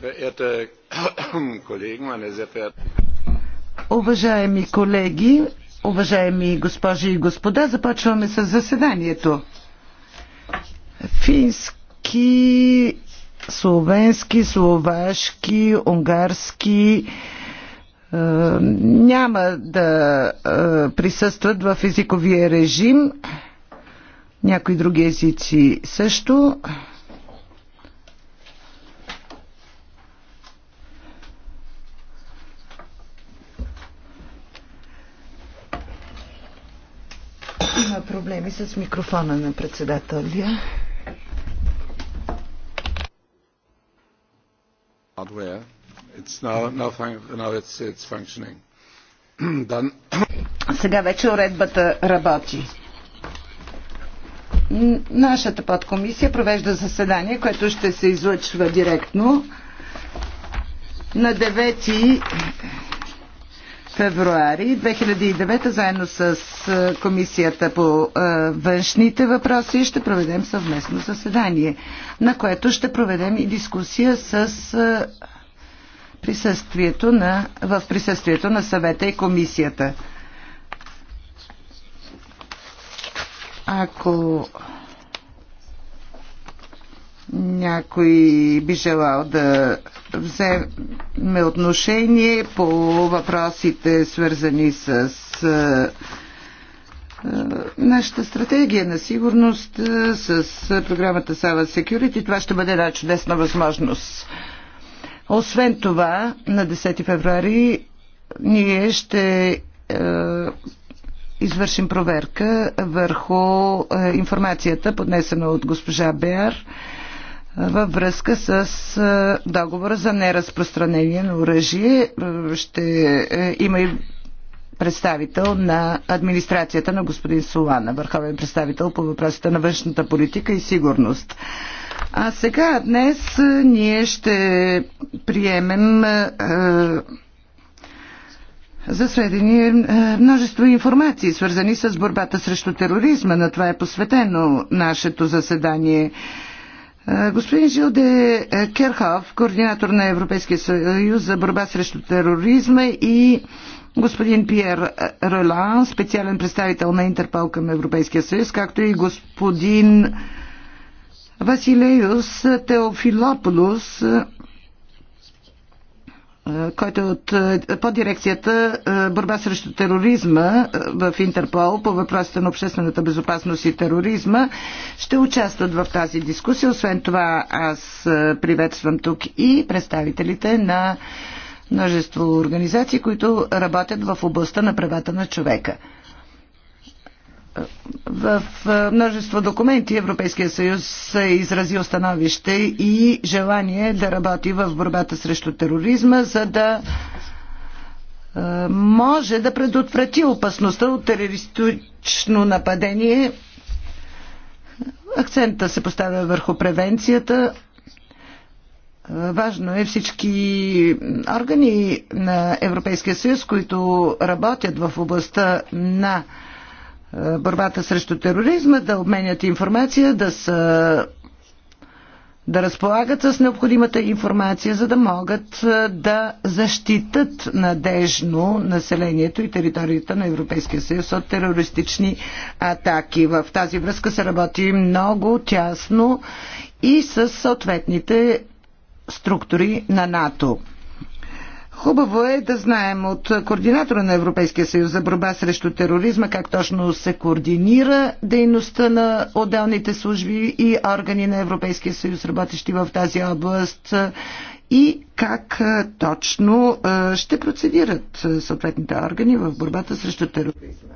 Уважаеми колеги, уважаеми госпожи и господа, започваме с заседанието. Фински, словенски, словашки, унгарски е, няма да е, присъстват в езиковия режим. Някои други езици също. проблеми с микрофона на председателя. Hardware. It's now, now it's, it's functioning. Сега вече уредбата работи. Нашата подкомисия провежда заседание, което ще се излъчва директно на 9 февруари 2009 заедно с Комисията по външните въпроси ще проведем съвместно заседание, на което ще проведем и дискусия с присъствието на, в присъствието на съвета и комисията. Ако някой би желал да вземе отношение по въпросите свързани с нашата стратегия на сигурност с програмата Sava Security. Това ще бъде една чудесна възможност. Освен това, на 10 февруари ние ще извършим проверка върху информацията, поднесена от госпожа Беар във връзка с договора за неразпространение на оръжие. Ще е, има и представител на администрацията на господин Солана, върховен представител по въпросите на външната политика и сигурност. А сега днес ние ще приемем е, за сведение множество информации, свързани с борбата срещу тероризма. На това е посветено нашето заседание. Е, господин Жилде е, Керхов, координатор на Европейския съюз за борба срещу тероризма и господин Пьер Ролан, специален представител на Интерпол към Европейския съюз, както и господин Василеус Теофилополус, е, който е от е, поддирекцията е, Борба срещу тероризма в Интерпол по въпросите на обществената безопасност и тероризма, ще участват в тази дискусия. Освен това, аз приветствам тук и представителите на множество организации, които работят в областта на правата на човека. В множество документи Европейския съюз е изразил становище и желание да работи в борбата срещу тероризма, за да е, може да предотврати опасността от терористично нападение. Акцента се поставя върху превенцията. Е, важно е всички органи на Европейския съюз, които работят в областта на борбата срещу тероризма, да обменят информация, да са да разполагат с необходимата информация, за да могат е, да защитат надежно населението и територията на Европейския съюз от терористични атаки. В тази връзка се работи много тясно и с съответните структури на НАТО. Хубаво е да знаем от координатора на Европейския съюз за борба срещу тероризма как точно се координира дейността на отделните служби и органи на Европейския съюз, работещи в тази област и как точно ще процедират съответните органи в борбата срещу тероризма.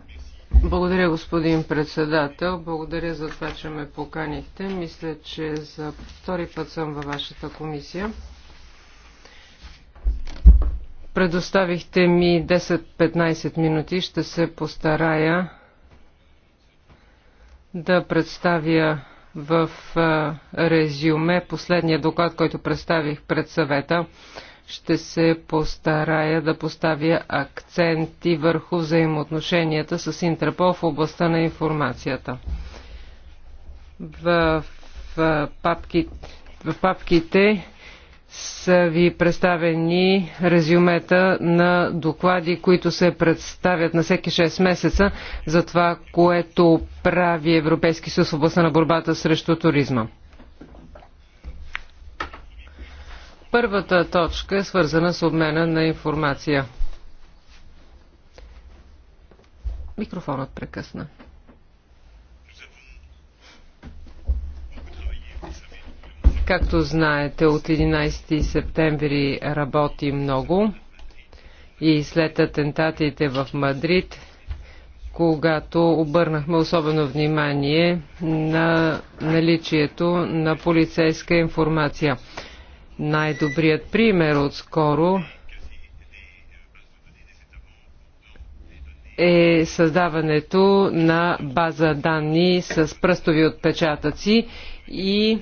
Благодаря, господин председател. Благодаря за това, че ме поканихте. Мисля, че за втори път съм във вашата комисия. Предоставихте ми 10-15 минути. Ще се постарая да представя в резюме последния доклад, който представих пред съвета. Ще се постарая да поставя акценти върху взаимоотношенията с Интерпол в областта на информацията. В, в, папки, в папките са ви представени резюмета на доклади, които се представят на всеки 6 месеца за това, което прави Европейски съюз в областта на борбата срещу туризма. Първата точка е свързана с обмена на информация. Микрофонът прекъсна. Както знаете, от 11 септември работи много и след атентатите в Мадрид, когато обърнахме особено внимание на наличието на полицейска информация. Най-добрият пример отскоро е създаването на база данни с пръстови отпечатъци и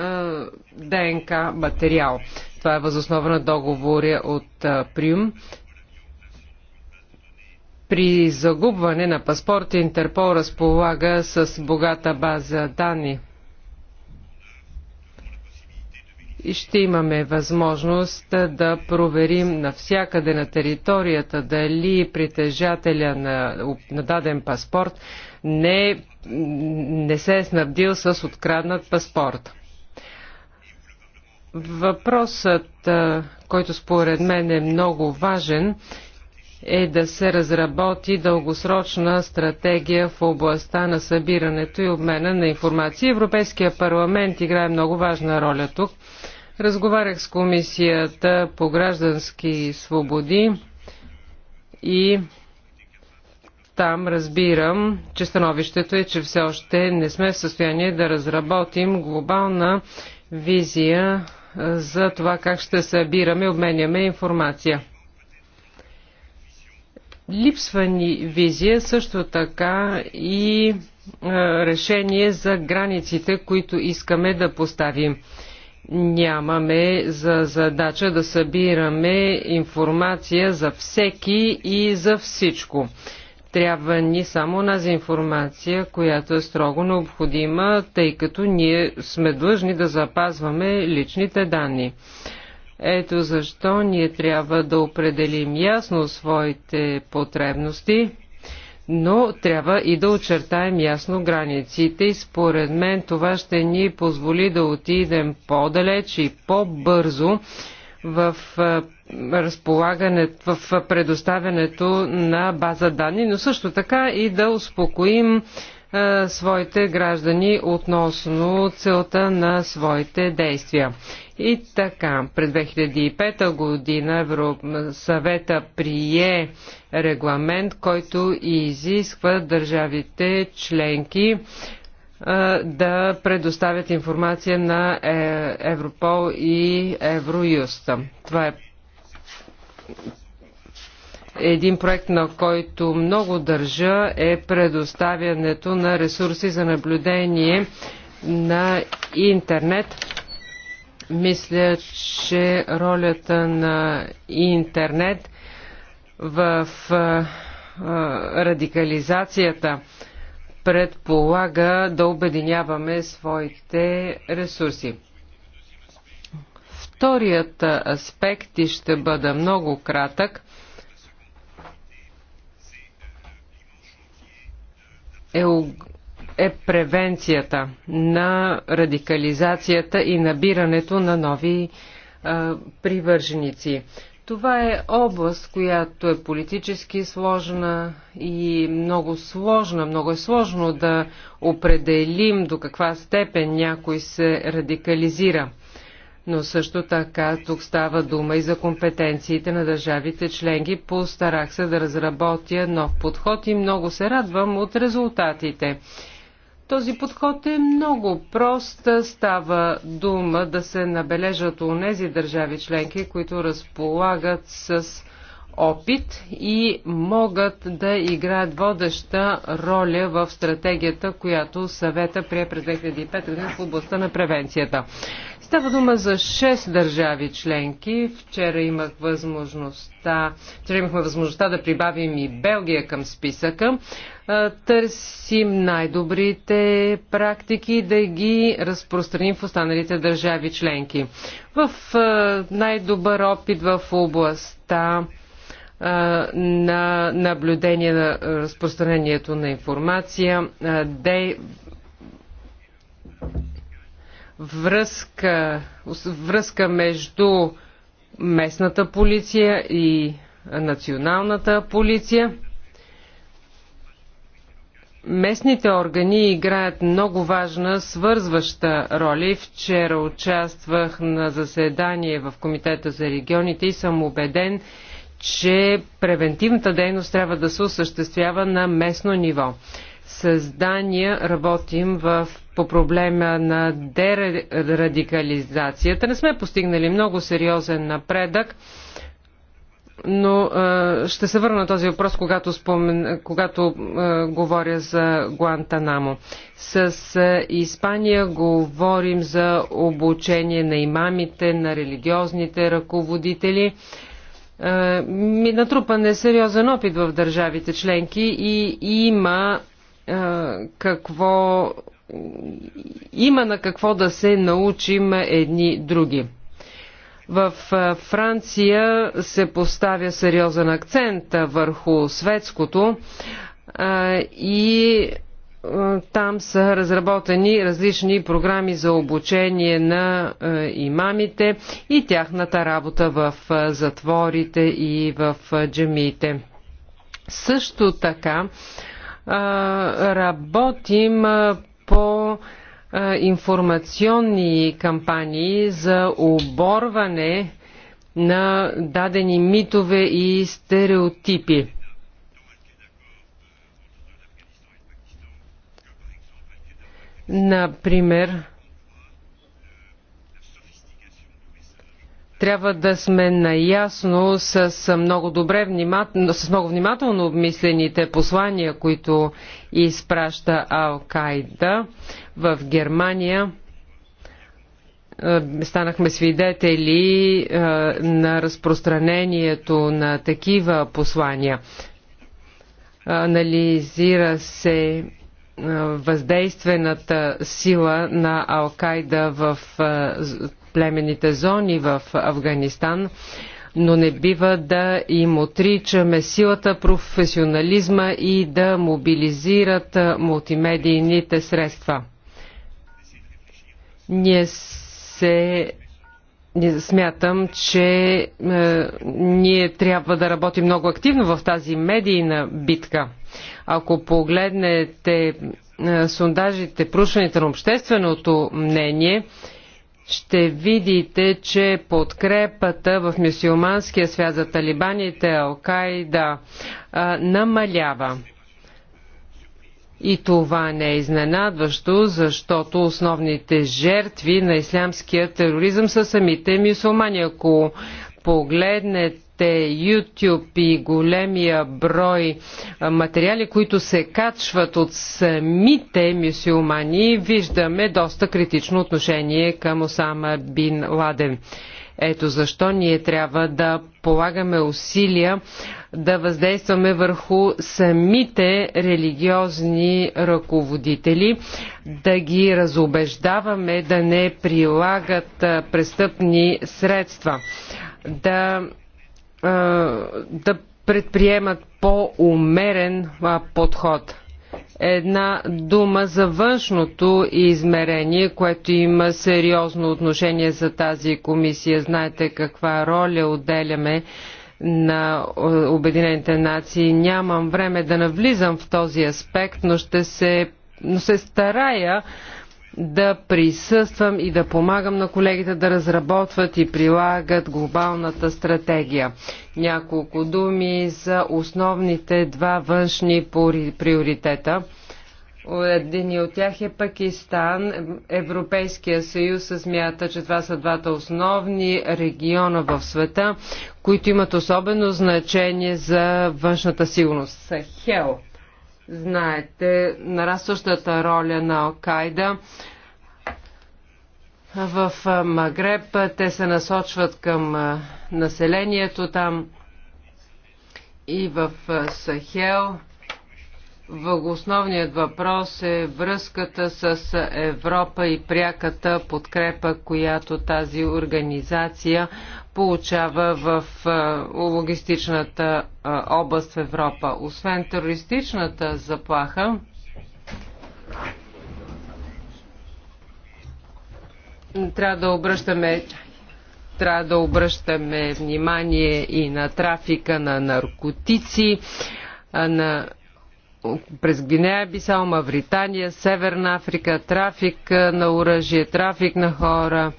е, ДНК материал. Това е възоснова на договори от е, Прим. При загубване на паспорт Интерпол разполага с богата база данни. И ще имаме възможност да проверим навсякъде на територията дали притежателя на, на даден паспорт не, не се е снабдил с откраднат паспорт. Въпросът, който според мен е много важен, е да се разработи дългосрочна стратегия в областта на събирането и обмена на информация. Европейския парламент играе много важна роля тук. Разговарях с комисията по граждански свободи и там разбирам, че становището е, че все още не сме в състояние да разработим глобална визия за това как ще събираме обменяме информация. Липсва ни визия, също така и решение за границите, които искаме да поставим. Нямаме за задача да събираме информация за всеки и за всичко. Трябва ни само онази информация, която е строго необходима, тъй като ние сме длъжни да запазваме личните данни. Ето защо ние трябва да определим ясно своите потребности, но трябва и да очертаем ясно границите и според мен това ще ни позволи да отидем по-далеч и по-бързо в разполагането, в предоставянето на база данни, но също така и да успокоим своите граждани относно целта на своите действия. И така, през 2005 година съвета прие регламент, който изисква държавите членки да предоставят информация на е, Европол и Евроюста. Това е един проект, на който много държа, е предоставянето на ресурси за наблюдение на интернет. Мисля, че ролята на интернет в радикализацията предполага да обединяваме своите ресурси. Вторият аспект и ще бъда много кратък е, е превенцията на радикализацията и набирането на нови а, привърженици. Това е област, която е политически сложна и много сложна. Много е сложно да определим до каква степен някой се радикализира. Но също така тук става дума и за компетенциите на държавите членки. Постарах се да разработя нов подход и много се радвам от резултатите. Този подход е много прост. Става дума да се набележат у нези държави членки, които разполагат с опит и могат да играят водеща роля в стратегията, която съвета прие през 2005 година в областта на превенцията. Става дума за 6 държави членки. Вчера имах възможността, вчера имахме възможността да прибавим и Белгия към списъка. Търсим най-добрите практики да ги разпространим в останалите държави членки. В най-добър опит в областта на наблюдение на разпространението на информация, връзка, връзка между местната полиция и националната полиция. Местните органи играят много важна свързваща роля. Вчера участвах на заседание в Комитета за регионите и съм убеден, че превентивната дейност трябва да се осъществява на местно ниво създания работим в, по проблема на дерадикализацията. Не сме постигнали много сериозен напредък, но е, ще се върна на този въпрос, когато, спомен, когато е, говоря за Гуантанамо. С е, Испания говорим за обучение на имамите, на религиозните ръководители натрупан е сериозен опит в държавите членки и има какво има на какво да се научим едни други. В Франция се поставя сериозен акцент върху светското и там са разработени различни програми за обучение на имамите и тяхната работа в затворите и в джамиите. Също така, работим по информационни кампании за оборване на дадени митове и стереотипи. Например, трябва да сме наясно с много, добре внимателно, с много внимателно обмислените послания, които изпраща Ал-Кайда в Германия. Е, станахме свидетели е, на разпространението на такива послания. Анализира се е, въздействената сила на Ал-Кайда в племените зони в Афганистан, но не бива да им отричаме силата, професионализма и да мобилизират мултимедийните средства. Ние се смятам, че е, ние трябва да работим много активно в тази медийна битка. Ако погледнете е, сондажите, прушените на общественото мнение, ще видите, че подкрепата в мюсюлманския свят за талибаните, Алкайда, намалява. И това не е изненадващо, защото основните жертви на ислямския тероризъм са самите мюсулмани. Ако погледнете сайтовете YouTube и големия брой материали, които се качват от самите мюсюлмани, виждаме доста критично отношение към Осама Бин Ладен. Ето защо ние трябва да полагаме усилия да въздействаме върху самите религиозни ръководители, да ги разобеждаваме да не прилагат престъпни средства, да да предприемат по-умерен подход. Една дума за външното измерение, което има сериозно отношение за тази комисия. Знаете каква роля отделяме на Обединените нации. Нямам време да навлизам в този аспект, но ще се, но се старая да присъствам и да помагам на колегите да разработват и прилагат глобалната стратегия. Няколко думи за основните два външни приоритета. Един от тях е Пакистан. Европейския съюз се смята, че това са двата основни региона в света, които имат особено значение за външната сигурност. Сахел Знаете, нарастващата роля на Окайда. в Магреб. Те се насочват към населението там и в Сахел. Основният въпрос е връзката с Европа и пряката подкрепа, която тази организация получава в логистичната област в Европа. Освен терористичната заплаха, трябва да обръщаме трябва да обръщаме внимание и на трафика на наркотици, на през Гвинея, Бисал, Мавритания, Северна Африка, трафик на оръжие, трафик на хора,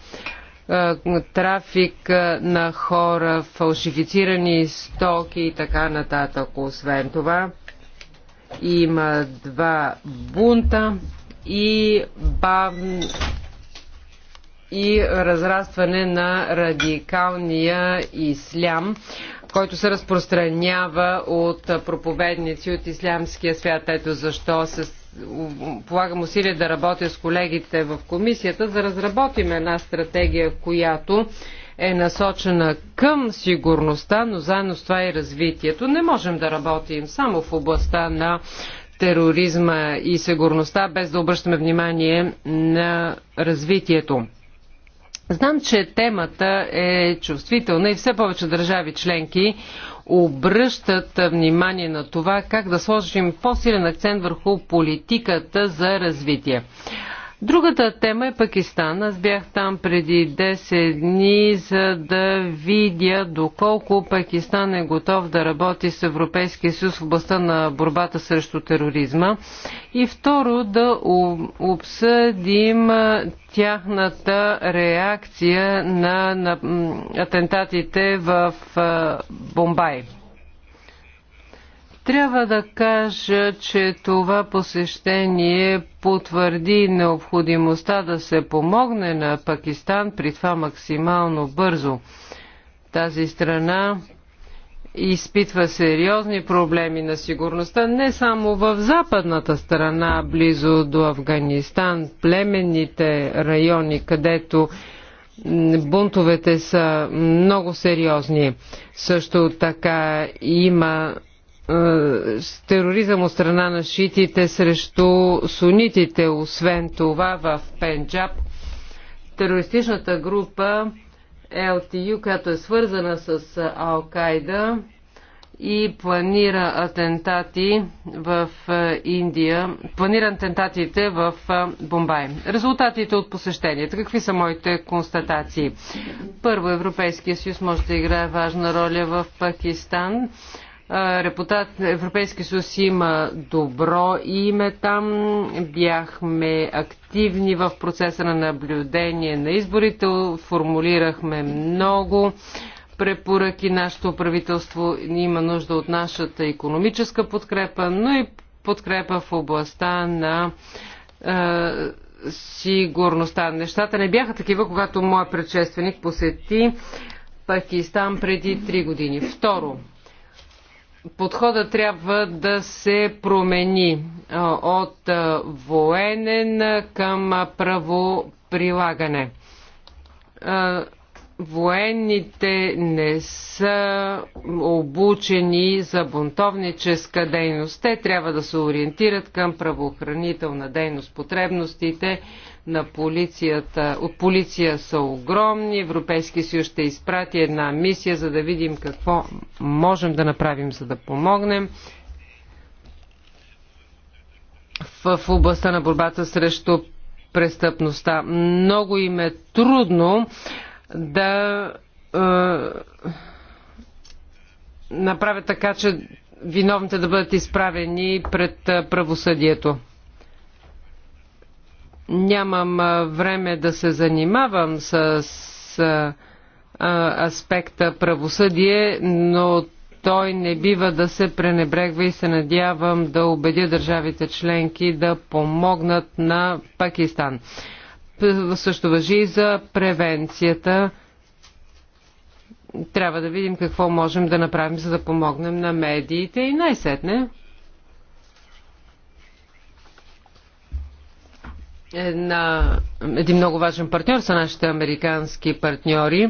е, трафик е, на хора, фалшифицирани стоки и така нататък. Освен това, има два бунта и бавн и разрастване на радикалния ислям, който се разпространява от проповедници от ислямския свят. Ето защо се полагам усилия да работя с колегите в комисията, да разработим една стратегия, която е насочена към сигурността, но заедно с това и развитието. Не можем да работим само в областта на тероризма и сигурността, без да обръщаме внимание на развитието. Знам, че темата е чувствителна и все повече държави членки обръщат внимание на това как да сложим по-силен акцент върху политиката за развитие. Другата тема е Пакистан. Аз бях там преди 10 дни, за да видя доколко Пакистан е готов да работи с Европейския съюз в областта на борбата срещу тероризма. И второ, да обсъдим тяхната реакция на, на атентатите в Бомбай. Трябва да кажа, че това посещение потвърди необходимостта да се помогне на Пакистан, при това максимално бързо. Тази страна изпитва сериозни проблеми на сигурността не само в западната страна, близо до Афганистан, племенните райони, където бунтовете са много сериозни. Също така има е, тероризъм от страна на шиитите срещу сунитите. Освен това в Пенджаб терористичната група LTU, която е свързана с Ал-Кайда и планира атентати в е, Индия, планира атентатите в е, Бомбай. Резултатите от посещението. Какви са моите констатации? Първо, Европейския съюз може да играе важна роля в Пакистан Репутат Европейски съюз има добро име там. Бяхме активни в процеса на наблюдение на изборите. Формулирахме много препоръки. Нашето правителство има нужда от нашата економическа подкрепа, но и подкрепа в областта на сигурността. Нещата не бяха такива, когато моят предшественик посети Пакистан преди три години. Второ, подхода трябва да се промени от военен към правоприлагане. Военните не са обучени за бунтовническа дейност. Те трябва да се ориентират към правоохранителна дейност. Потребностите на полицията, от полиция са огромни. Европейски съюз ще изпрати една мисия, за да видим какво можем да направим, за да помогнем. В областта на борбата срещу престъпността. Много им е трудно да е, направят така, че виновните да бъдат изправени пред е, правосъдието. Нямам време да се занимавам с аспекта правосъдие, но той не бива да се пренебрегва и се надявам да убедя държавите членки да помогнат на Пакистан. Също въжи и за превенцията. Трябва да видим какво можем да направим, за да помогнем на медиите и най-сетне. една, един много важен партньор са нашите американски партньори.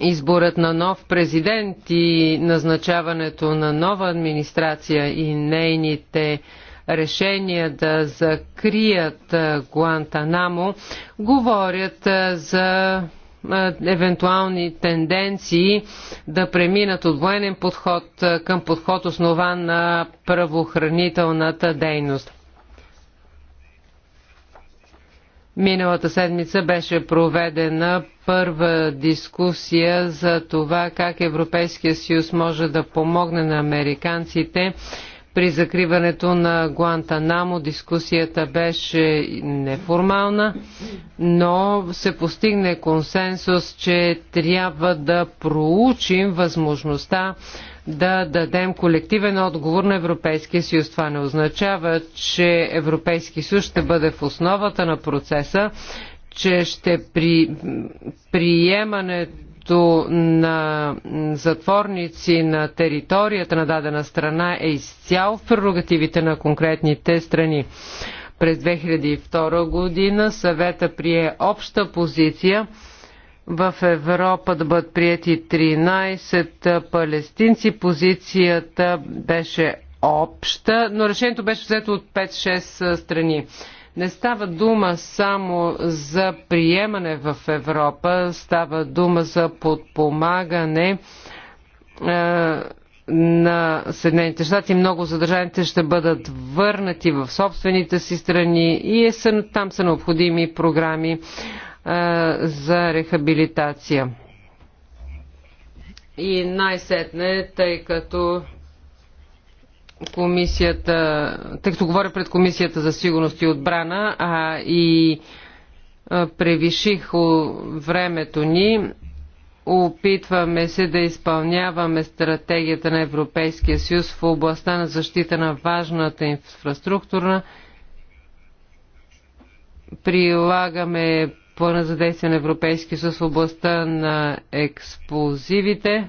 Изборът на нов президент и назначаването на нова администрация и нейните решения да закрият Гуантанамо говорят за евентуални тенденции да преминат от военен подход към подход основан на правоохранителната дейност. Миналата седмица беше проведена първа дискусия за това как Европейския съюз може да помогне на американците при закриването на Гуантанамо дискусията беше неформална, но се постигне консенсус, че трябва да проучим възможността да дадем колективен отговор на Европейския съюз. Това не означава, че Европейски съюз ще бъде в основата на процеса, че ще при приемането Положението на затворници на територията на дадена страна е изцяло в прерогативите на конкретните страни. През 2002 година съвета прие обща позиция в Европа да бъдат прияти 13 палестинци. Позицията беше обща, но решението беше взето от 5-6 страни. Не става дума само за приемане в Европа, става дума за подпомагане е, на Съединените щати. Много задържаните ще бъдат върнати в собствените си страни и е, там са необходими програми е, за рехабилитация. И най-сетне, тъй като комисията, тъй като говоря пред комисията за сигурност и отбрана, а и превиших времето ни, опитваме се да изпълняваме стратегията на Европейския съюз в областта на защита на важната инфраструктура. Прилагаме плана за действие на Европейския съюз в областта на експлозивите.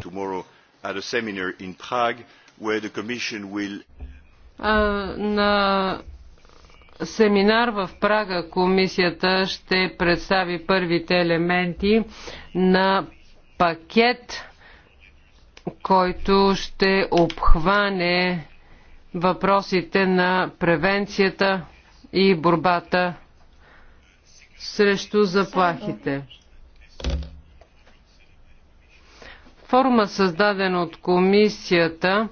Tomorrow at a seminar in Prague where the Commission will... на семинар в Прага комисията ще представи първите елементи на пакет, който ще обхване въпросите на превенцията и борбата срещу заплахите. Форма, създаден от комисията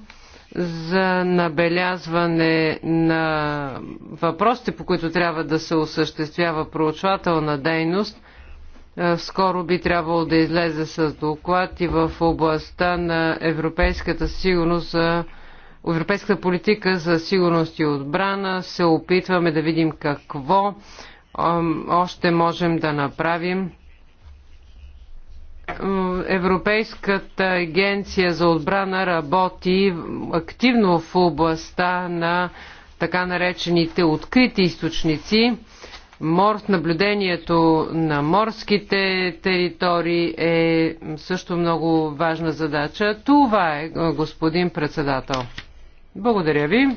за набелязване на въпросите, по които трябва да се осъществява проучвателна дейност, е, скоро би трябвало да излезе с доклад и в областта на европейската сигурност за Европейската политика за сигурност и отбрана се опитваме да видим какво още можем да направим. Европейската агенция за отбрана работи активно в областта на така наречените открити източници. Мор, наблюдението на морските територии е също много важна задача. Това е, господин председател. Благодаря ви.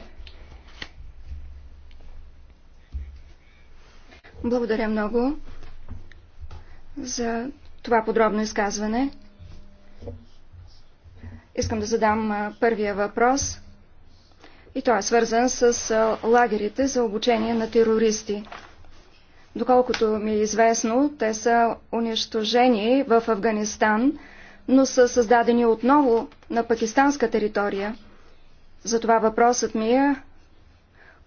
Благодаря много за това подробно изказване. Искам да задам първия въпрос и той е свързан с лагерите за обучение на терористи. Доколкото ми е известно, те са унищожени в Афганистан, но са създадени отново на пакистанска територия. Затова въпросът ми е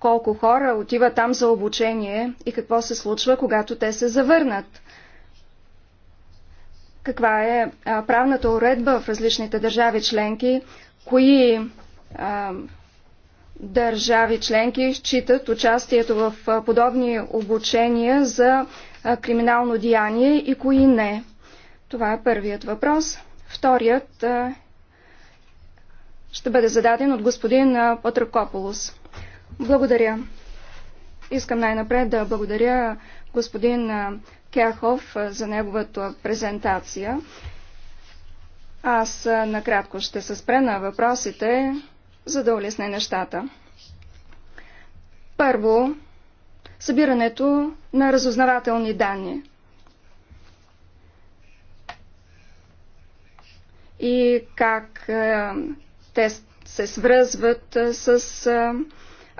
колко хора отиват там за обучение и какво се случва, когато те се завърнат каква е правната уредба в различните държави членки, кои а, държави членки считат участието в подобни обучения за криминално деяние и кои не. Това е първият въпрос. Вторият а, ще бъде зададен от господин Патракополос. Благодаря. Искам най-напред да благодаря господин Кяхов за неговата презентация. Аз накратко ще се спре на въпросите, за да улесне нещата. Първо, събирането на разузнавателни данни. И как те се свръзват с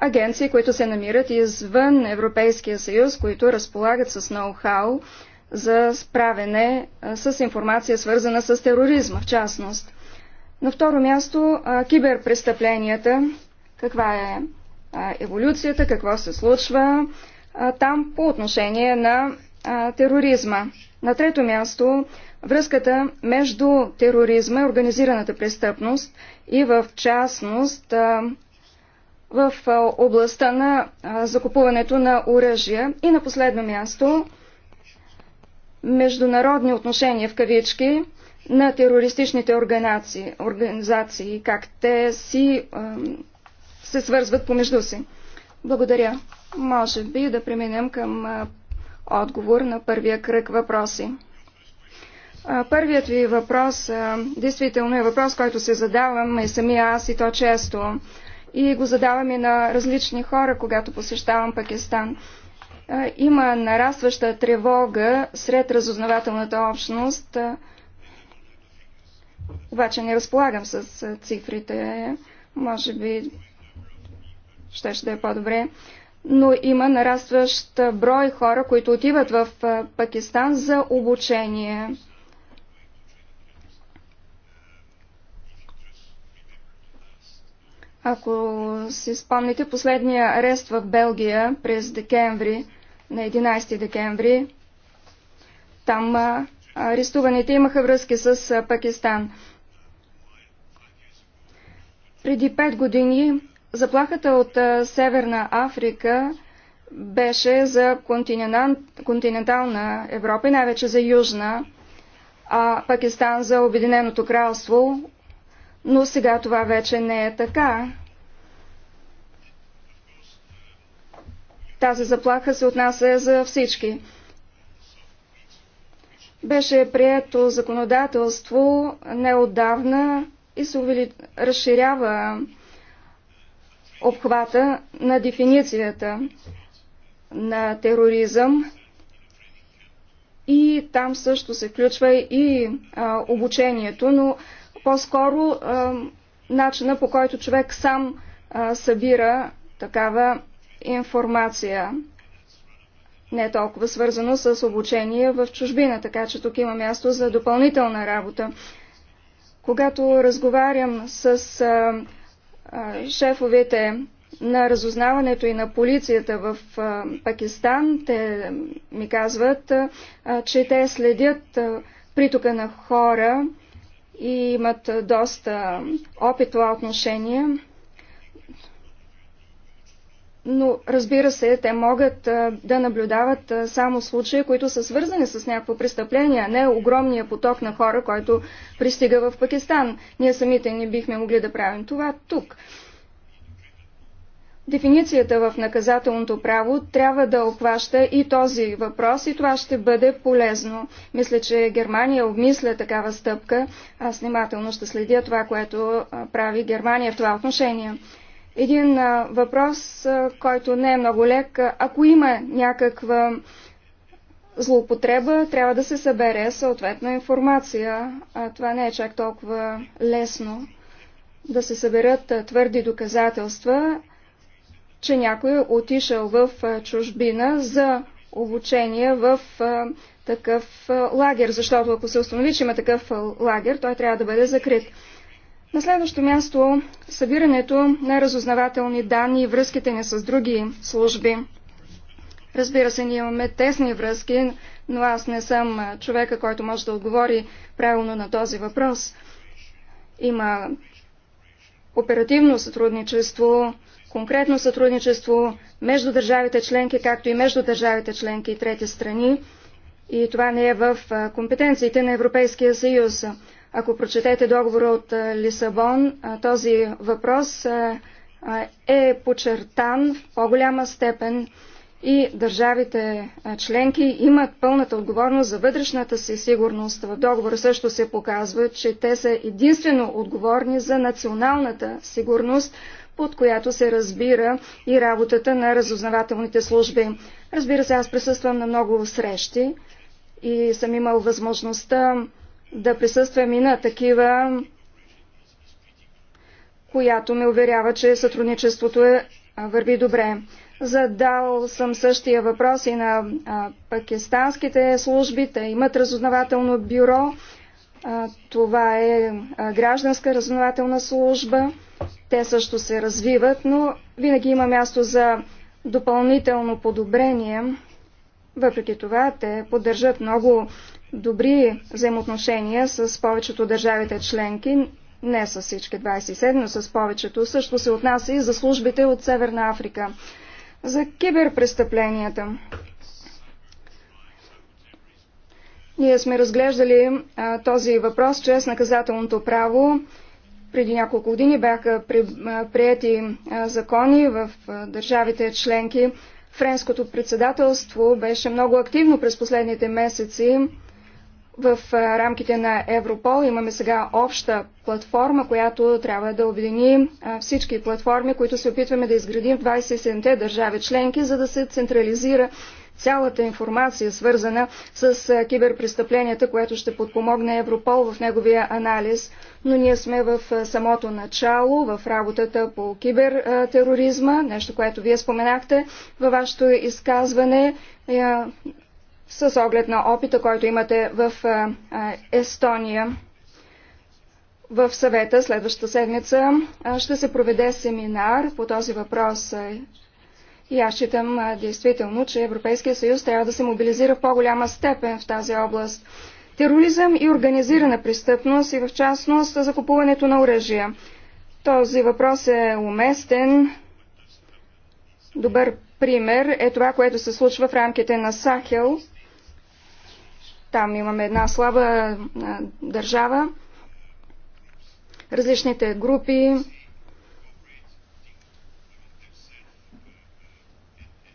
агенции, които се намират извън Европейския съюз, които разполагат с ноу-хау за справене с информация, свързана с тероризма, в частност. На второ място, киберпрестъпленията. Каква е еволюцията, какво се случва там по отношение на тероризма. На трето място, връзката между тероризма и организираната престъпност и в частност в областта на закупуването на оръжия. И на последно място, международни отношения в кавички на терористичните организации, организации как те си се свързват помежду си. Благодаря. Може би да преминем към отговор на първия кръг въпроси. Първият ви въпрос действително е въпрос, който се задавам и самия аз и то често и го задаваме на различни хора, когато посещавам Пакистан. Има нарастваща тревога сред разузнавателната общност, обаче не разполагам с цифрите. Може би ще ще да е по-добре. Но има нарастващ брой хора, които отиват в Пакистан за обучение. Ако си спомните последния арест в Белгия през декември, на 11 декември, там арестуваните имаха връзки с Пакистан. Преди пет години заплахата от Северна Африка беше за континентална Европа и най-вече за Южна, а Пакистан за Обединеното кралство но сега това вече не е така. Тази заплаха се отнася за всички. Беше прието законодателство неотдавна и се увели... разширява обхвата на дефиницията на тероризъм и там също се включва и а, обучението, но по-скоро начина по който човек сам събира такава информация. Не е толкова свързано с обучение в чужбина, така че тук има място за допълнителна работа. Когато разговарям с а, а, шефовете на разузнаването и на полицията в а, Пакистан, те ми казват, а, че те следят а, притока на хора, и имат доста опит това отношение. Но разбира се, те могат да наблюдават само случаи, които са свързани с някакво престъпление, а не огромния поток на хора, който пристига в Пакистан. Ние самите не бихме могли да правим това тук. Дефиницията в наказателното право трябва да обхваща и този въпрос и това ще бъде полезно. Мисля, че Германия обмисля такава стъпка. Аз внимателно ще следя това, което прави Германия в това отношение. Един въпрос, който не е много лек. Ако има някаква злоупотреба, трябва да се събере съответна информация. А това не е чак толкова лесно да се съберат твърди доказателства че някой е отишъл в чужбина за обучение в такъв лагер, защото ако се установи, че има такъв лагер, той трябва да бъде закрит. На следващо място събирането на разузнавателни данни и връзките ни с други служби. Разбира се, ние имаме тесни връзки, но аз не съм човека, който може да отговори правилно на този въпрос. Има оперативно сътрудничество, конкретно сътрудничество между държавите членки, както и между държавите членки и трети страни. И това не е в компетенциите на Европейския съюз. Ако прочетете договора от Лисабон, този въпрос е подчертан в по-голяма степен и държавите членки имат пълната отговорност за вътрешната си сигурност. В договора също се показва, че те са единствено отговорни за националната сигурност, под която се разбира и работата на разузнавателните служби. Разбира се, аз присъствам на много срещи и съм имал възможността да присъствам и на такива, която ме уверява, че сътрудничеството е, върви добре. Задал съм същия въпрос и на а, пакистанските служби. Те имат разузнавателно бюро. А, това е а, гражданска разузнавателна служба. Те също се развиват, но винаги има място за допълнително подобрение. Въпреки това, те поддържат много добри взаимоотношения с повечето държавите членки, не с всички 27, но с повечето. Също се отнася и за службите от Северна Африка. За киберпрестъпленията. Ние сме разглеждали а, този въпрос чрез наказателното право. Преди няколко години бяха прияти закони в държавите членки. Френското председателство беше много активно през последните месеци в рамките на Европол. Имаме сега обща платформа, която трябва да обедини всички платформи, които се опитваме да изградим в 27-те държави членки, за да се централизира цялата информация, свързана с киберпрестъпленията, което ще подпомогне Европол в неговия анализ. Но ние сме в самото начало, в работата по кибертероризма, нещо, което вие споменахте във вашето изказване с оглед на опита, който имате в Естония. В съвета следващата седмица ще се проведе семинар по този въпрос. И аз считам действително, че Европейския съюз трябва да се мобилизира в по-голяма степен в тази област. Тероризъм и организирана престъпност и в частност закупуването на оръжия. Този въпрос е уместен. Добър пример е това, което се случва в рамките на Сахел. Там имаме една слаба държава. Различните групи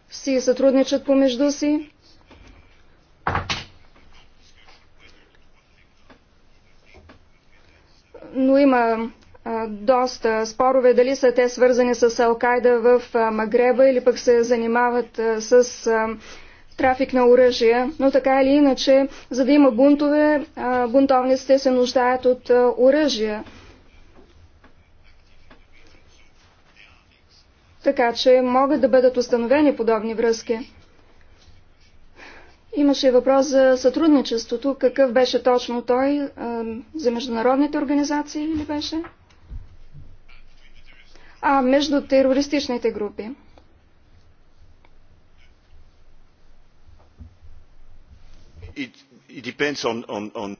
си сътрудничат помежду си. Но има а, доста спорове дали са те свързани с Алкайда в а, Магреба или пък се занимават а, с а, трафик на оръжие. Но така или иначе, за да има бунтове, а, бунтовниците се нуждаят от оръжие. оръжия. така че могат да бъдат установени подобни връзки. Имаше и въпрос за сътрудничеството. Какъв беше точно той? За международните организации ли беше? А, между терористичните групи. It, it on, on, on...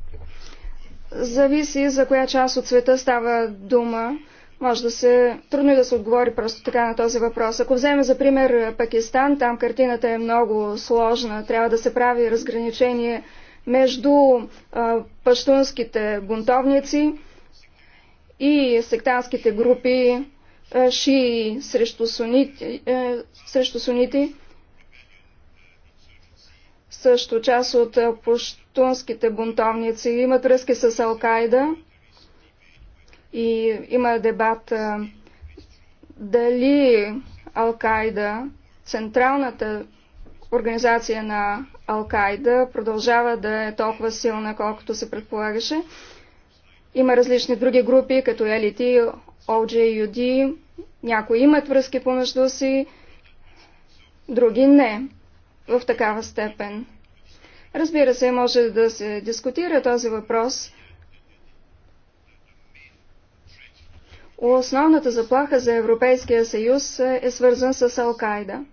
Зависи за коя част от света става дума може да се... Трудно е да се отговори просто така на този въпрос. Ако вземем за пример Пакистан, там картината е много сложна. Трябва да се прави разграничение между а, паштунските бунтовници и сектантските групи а, шии срещу сунити, а, е, срещу сунити. Също част от паштунските бунтовници имат връзки с Алкайда и има дебат дали Алкайда, централната организация на Алкайда, продължава да е толкова силна, колкото се предполагаше. Има различни други групи, като LT, OJUD. Някои имат връзки помежду си, други не в такава степен. Разбира се, може да се дискутира този въпрос, Основната заплаха за Европейския съюз е свързан с Ал-Кайда,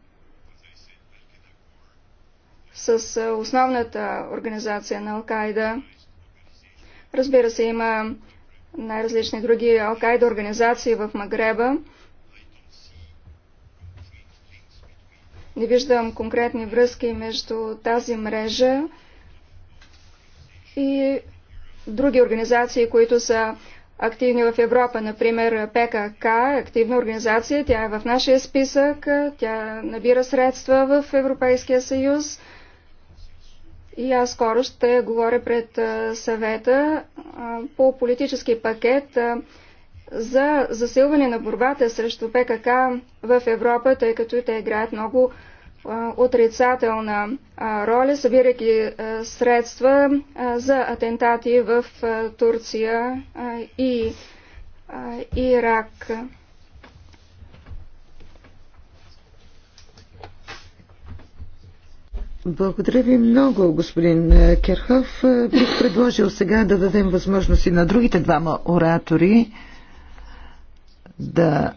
с основната организация на Ал-Кайда. Разбира се, има най-различни други Ал-Кайда организации в Магреба. Не виждам конкретни връзки между тази мрежа и други организации, които са активни в Европа, например ПКК, активна организация, тя е в нашия списък, тя набира средства в Европейския съюз. И аз скоро ще говоря пред съвета по политически пакет за засилване на борбата срещу ПКК в Европа, тъй като те играят много отрицателна роля, събирайки средства за атентати в Турция и Ирак. Благодаря ви много, господин Керхов. Бих предложил сега да дадем възможност и на другите двама оратори да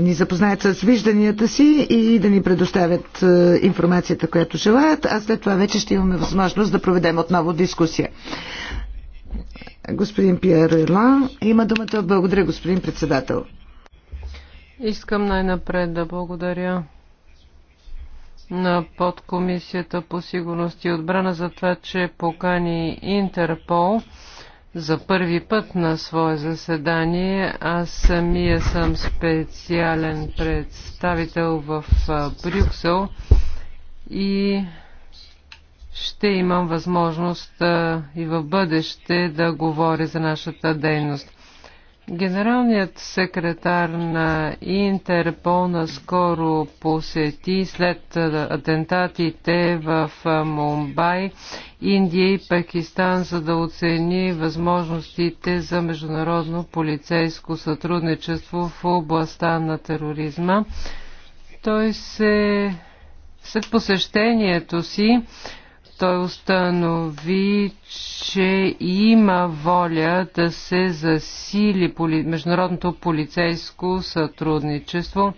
ни запознаят с вижданията си и да ни предоставят информацията, която желаят, а след това вече ще имаме възможност да проведем отново дискусия. Господин Пиер Ирлан има думата. Благодаря, господин председател. Искам най-напред да благодаря на подкомисията по сигурност и отбрана за това, че покани Интерпол за първи път на свое заседание аз самия съм специален представител в Брюксел и ще имам възможност и в бъдеще да говоря за нашата дейност. Генералният секретар на Интерпол наскоро посети след атентатите в Мумбай, Индия и Пакистан, за да оцени възможностите за международно полицейско сътрудничество в областта на тероризма. Той се след посещението си той установи, че има воля да се засили международното полицейско сътрудничество,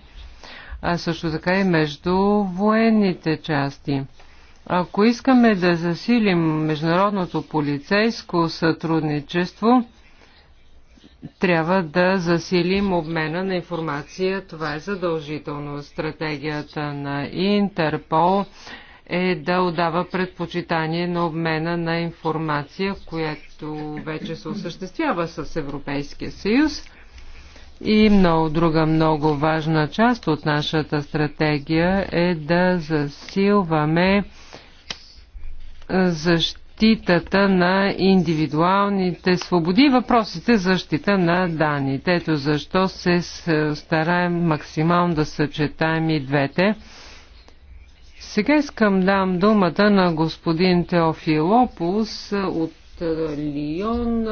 а също така и между военните части. Ако искаме да засилим международното полицейско сътрудничество, трябва да засилим обмена на информация. Това е задължително. Стратегията на Интерпол е да отдава предпочитание на обмена на информация, която вече се осъществява с Европейския съюз. И много друга много важна част от нашата стратегия е да засилваме защитата на индивидуалните свободи, въпросите защита на данните. Ето защо се стараем максимално да съчетаем и двете сега искам дам думата на господин Теофилопус от Лион,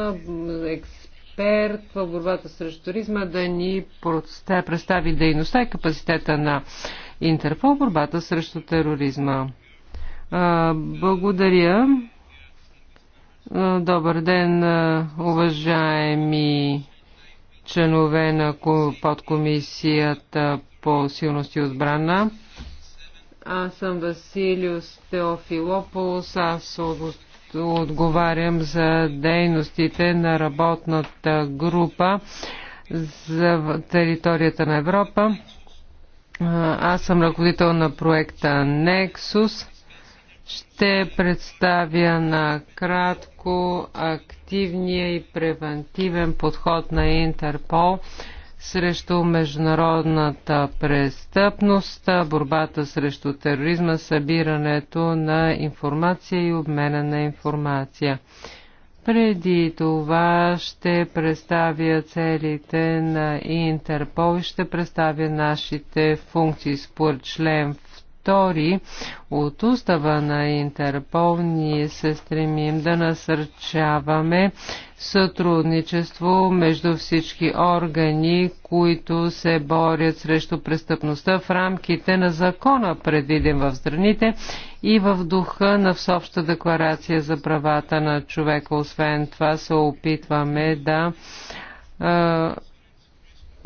експерт в борбата срещу туризма, да ни представи дейността и капацитета на Интерпол, борбата срещу тероризма. Благодаря. Добър ден, уважаеми членове на подкомисията по силност и отбрана. Аз съм Василиус Теофилополос, Аз отговарям за дейностите на работната група за територията на Европа. Аз съм ръководител на проекта Nexus. Ще представя на кратко активния и превентивен подход на Интерпол – срещу международната престъпност, борбата срещу тероризма, събирането на информация и обмена на информация. Преди това ще представя целите на Интерпол и ще представя нашите функции според член втори от устава на Интерпол ние се стремим да насърчаваме сътрудничество между всички органи, които се борят срещу престъпността в рамките на закона, предвиден в страните и в духа на Всеобща декларация за правата на човека. Освен това се опитваме да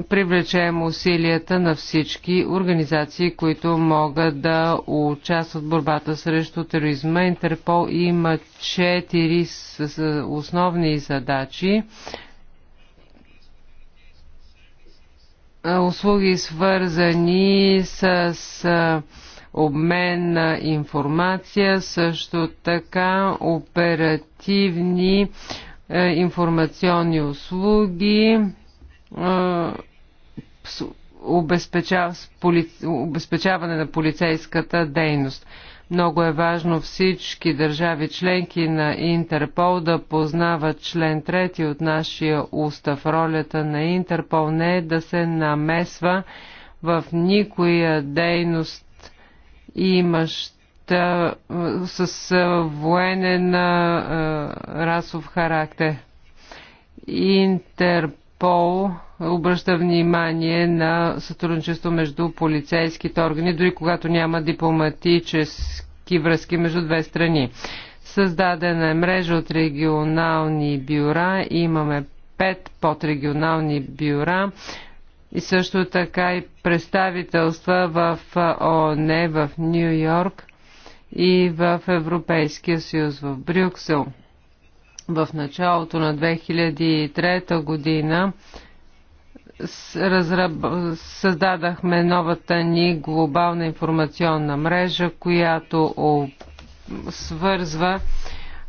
привлечем усилията на всички организации, които могат да участват в борбата срещу тероризма. Интерпол има четири основни задачи. Услуги свързани с обмен на информация, също така оперативни е, информационни услуги, е, обезпечаване на полицейската дейност. Много е важно всички държави членки на Интерпол да познават член 3 от нашия устав. Ролята на Интерпол не е да се намесва в никоя дейност имаща с военен расов характер. Интерпол Пол обръща внимание на сътрудничество между полицейските органи, дори когато няма дипломатически връзки между две страни. Създадена е мрежа от регионални бюра. Имаме пет подрегионални бюра и също така и представителства в ООН в Нью Йорк и в Европейския съюз в Брюксел в началото на 2003 година разраб... създадахме новата ни глобална информационна мрежа, която свързва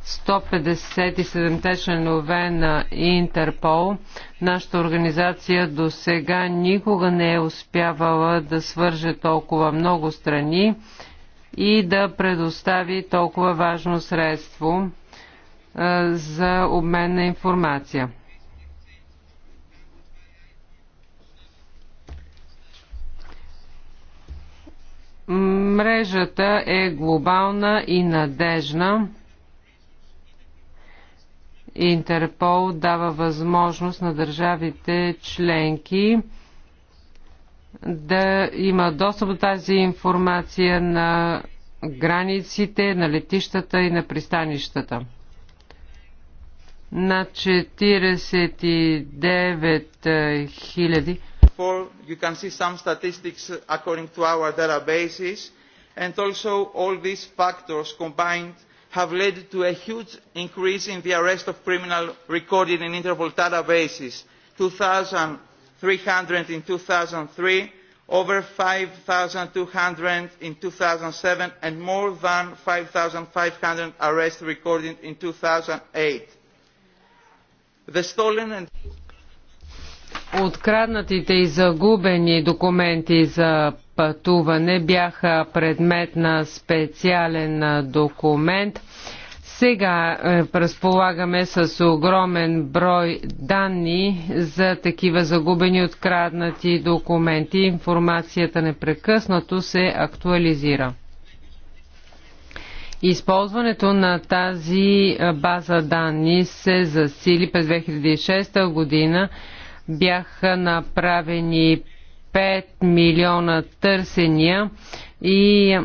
157-те членове на Интерпол. Нашата организация до сега никога не е успявала да свърже толкова много страни и да предостави толкова важно средство за обмен на информация. Мрежата е глобална и надежна. Интерпол дава възможност на държавите членки да има достъп до тази информация на границите, на летищата и на пристанищата на 49 хиляди. You can see some statistics according to our databases, and also all these factors combined have led to a huge increase in the arrest of criminal recorded in Interpol databases, 2,300 in 2003, over 5,200 in 2007, and more than 5,500 arrests recorded in 2008 е. Откраднатите и загубени документи за пътуване бяха предмет на специален документ. Сега е, разполагаме с огромен брой данни за такива загубени откраднати документи. Информацията непрекъснато се актуализира. Използването на тази база данни се засили през 2006 година. Бяха направени 5 милиона търсения и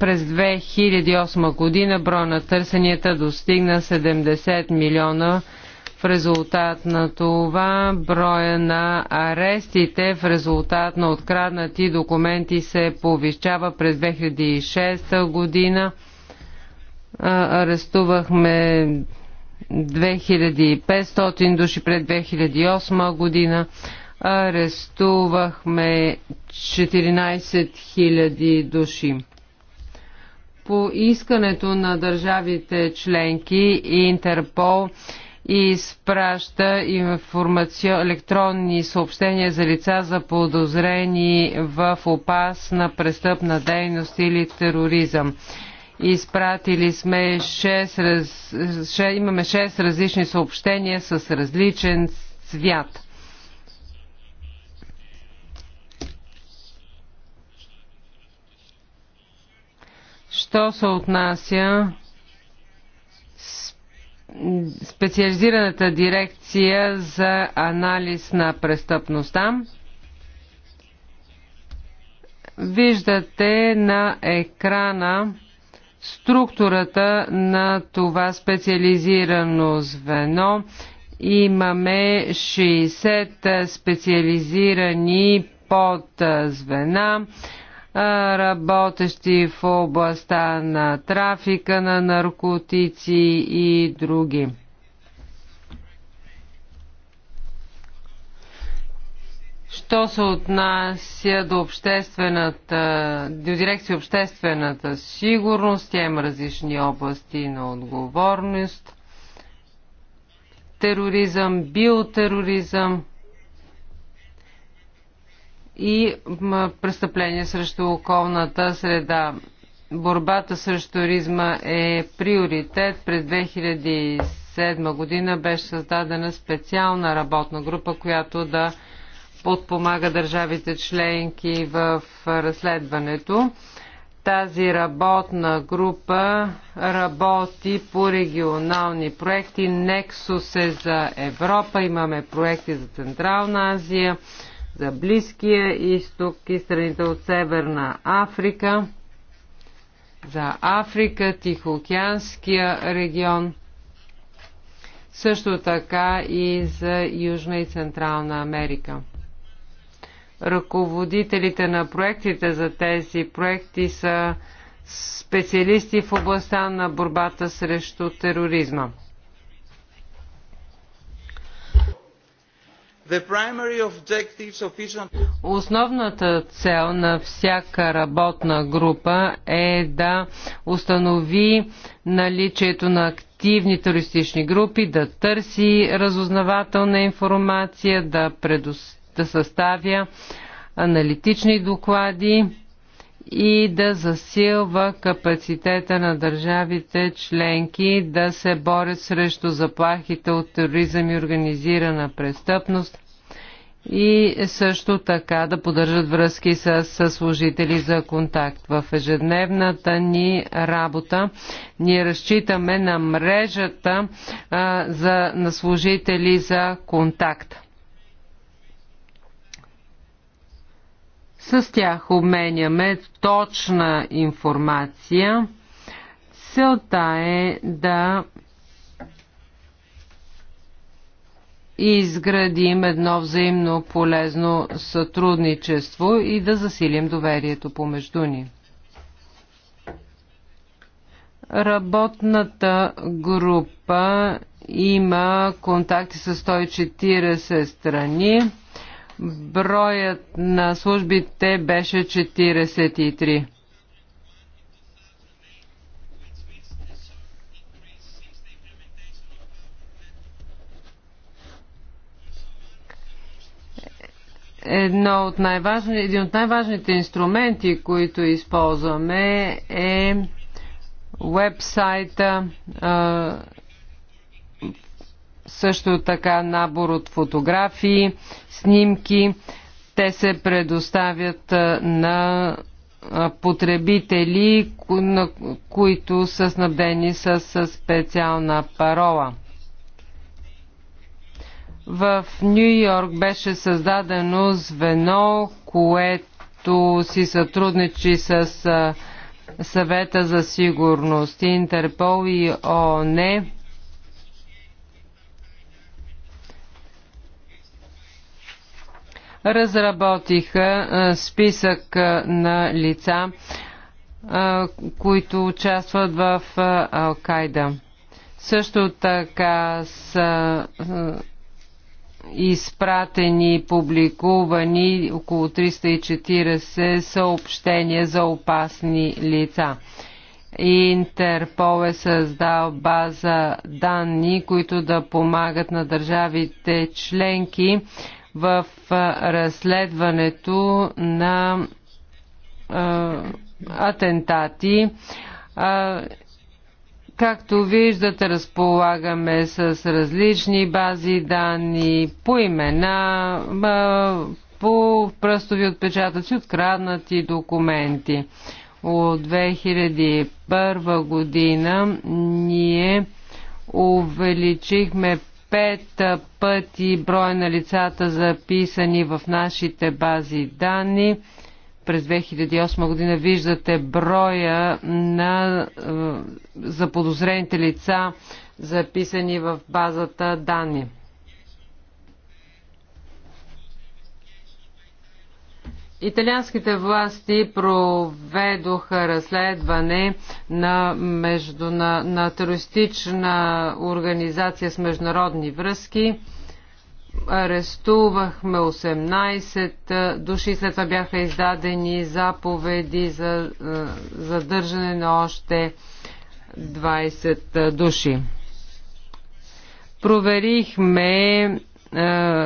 през 2008 година броя на търсенията достигна 70 милиона в резултат на това броя на арестите в резултат на откраднати документи се повишава през 2006 година. Арестувахме 2500 души пред 2008 година. Арестувахме 14 000 души по искането на държавите членки и Интерпол и изпраща информацион... електронни съобщения за лица за подозрени в опасна престъпна дейност или тероризъм. Изпратили сме 6, раз... 6, имаме 6 различни съобщения с различен цвят. Що се отнася специализираната дирекция за анализ на престъпността. Виждате на екрана структурата на това специализирано звено. Имаме 60 специализирани подзвена. звена работещи в областта на трафика на наркотици и други. Що се отнася до обществената, до дирекция обществената сигурност, тя има различни области на отговорност. Тероризъм, биотероризъм, и престъпления срещу околната среда. Борбата срещу туризма е приоритет. През 2007 година беше създадена специална работна група, която да подпомага държавите членки в разследването. Тази работна група работи по регионални проекти. Нексус е за Европа, имаме проекти за Централна Азия, за Близкия изток и страните от Северна Африка, за Африка, Тихоокеанския регион, също така и за Южна и Централна Америка. Ръководителите на проектите за тези проекти са специалисти в областта на борбата срещу тероризма. Основната цел на всяка работна група е да установи наличието на активни туристични групи, да търси разузнавателна информация, да, предос... да съставя аналитични доклади и да засилва капацитета на държавите членки да се борят срещу заплахите от тероризъм и организирана престъпност, и също така да поддържат връзки с, служители за контакт. В ежедневната ни работа ние разчитаме на мрежата а, за, на служители за контакт. С тях обменяме точна информация. Целта е да изградим едно взаимно полезно сътрудничество и да засилим доверието помежду ни. Работната група има контакти с 140 страни. Броят на службите беше 43. Едно от най-важни, един от най-важните инструменти, които използваме е вебсайта, също така набор от фотографии, снимки. Те се предоставят на потребители, които са снабдени с специална парола. В Нью Йорк беше създадено звено, което си сътрудничи с съвета за сигурност, Интерпол и ООН. Разработиха списък на лица, които участват в Алкайда. Също така са изпратени, публикувани около 340 съобщения за опасни лица. Интерпол е създал база данни, които да помагат на държавите членки в разследването на а, атентати. А, Както виждате, разполагаме с различни бази данни по имена, по пръстови отпечатъци, откраднати документи. От 2001 година ние увеличихме пет пъти броя на лицата записани в нашите бази данни през 2008 година виждате броя на е, заподозрените лица, записани в базата данни. Италианските власти проведоха разследване на, междуна, на терористична организация с международни връзки арестувахме 18 души, след това бяха издадени заповеди за задържане на още 20 души. Проверихме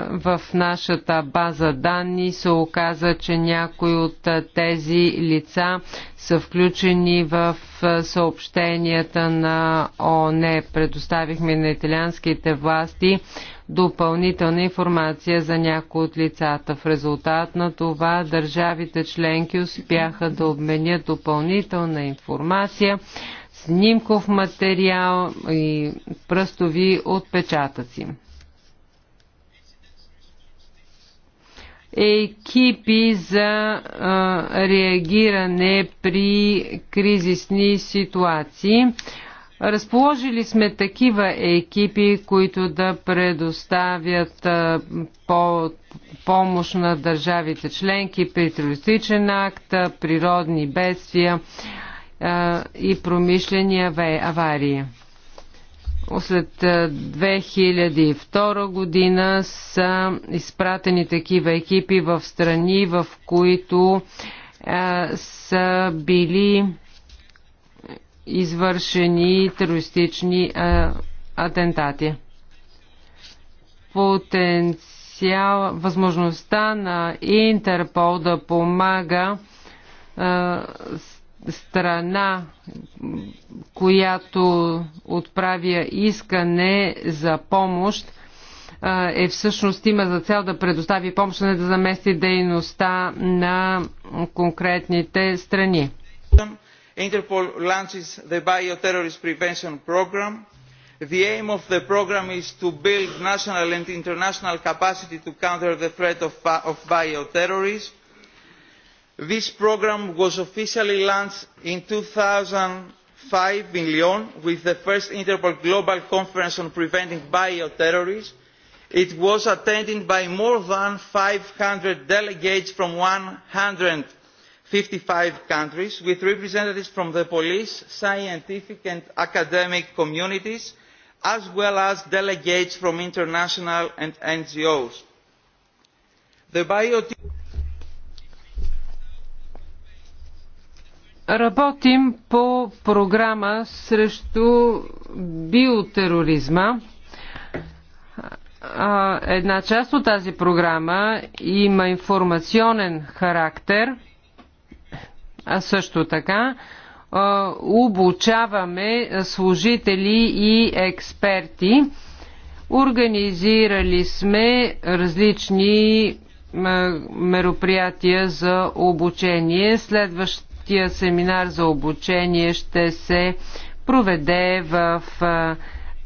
в нашата база данни се оказа, че някои от тези лица са включени в съобщенията на ОНЕ. Предоставихме на италианските власти допълнителна информация за някои от лицата. В резултат на това държавите членки успяха да обменят допълнителна информация, снимков материал и пръстови отпечатъци. екипи за а, реагиране при кризисни ситуации. Разположили сме такива екипи, които да предоставят по помощ на държавите членки при терористичен акт, природни бедствия и промишлени аварии. След 2002 година са изпратени такива екипи в страни, в които са били извършени терористични а, атентати. Потенциал, възможността на Интерпол да помага а, страна, която отправя искане за помощ, е всъщност има за цел да предостави помощ, не да замести дейността на конкретните страни interpol launches the bioterrorism prevention programme. the aim of the programme is to build national and international capacity to counter the threat of bioterrorism. this programme was officially launched in two thousand and five in lyon with the first interpol global conference on preventing bioterrorism. it was attended by more than five hundred delegates from one hundred fifty five countries with representatives from the police scientific and academic communities as well as delegates from international and ngos. Работим по програма срещу биотероризма. Една част от тази програма има информационен характер – а също така обучаваме служители и експерти. Организирали сме различни мероприятия за обучение. Следващия семинар за обучение ще се проведе в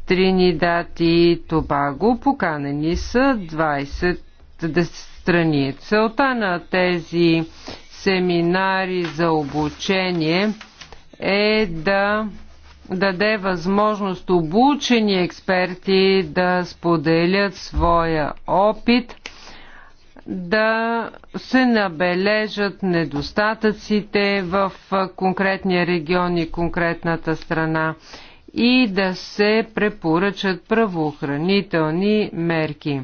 Тринидад и Тобаго. Поканени са 20 страни. Целта на тези семинари за обучение е да даде възможност обучени експерти да споделят своя опит, да се набележат недостатъците в конкретния регион и конкретната страна и да се препоръчат правоохранителни мерки.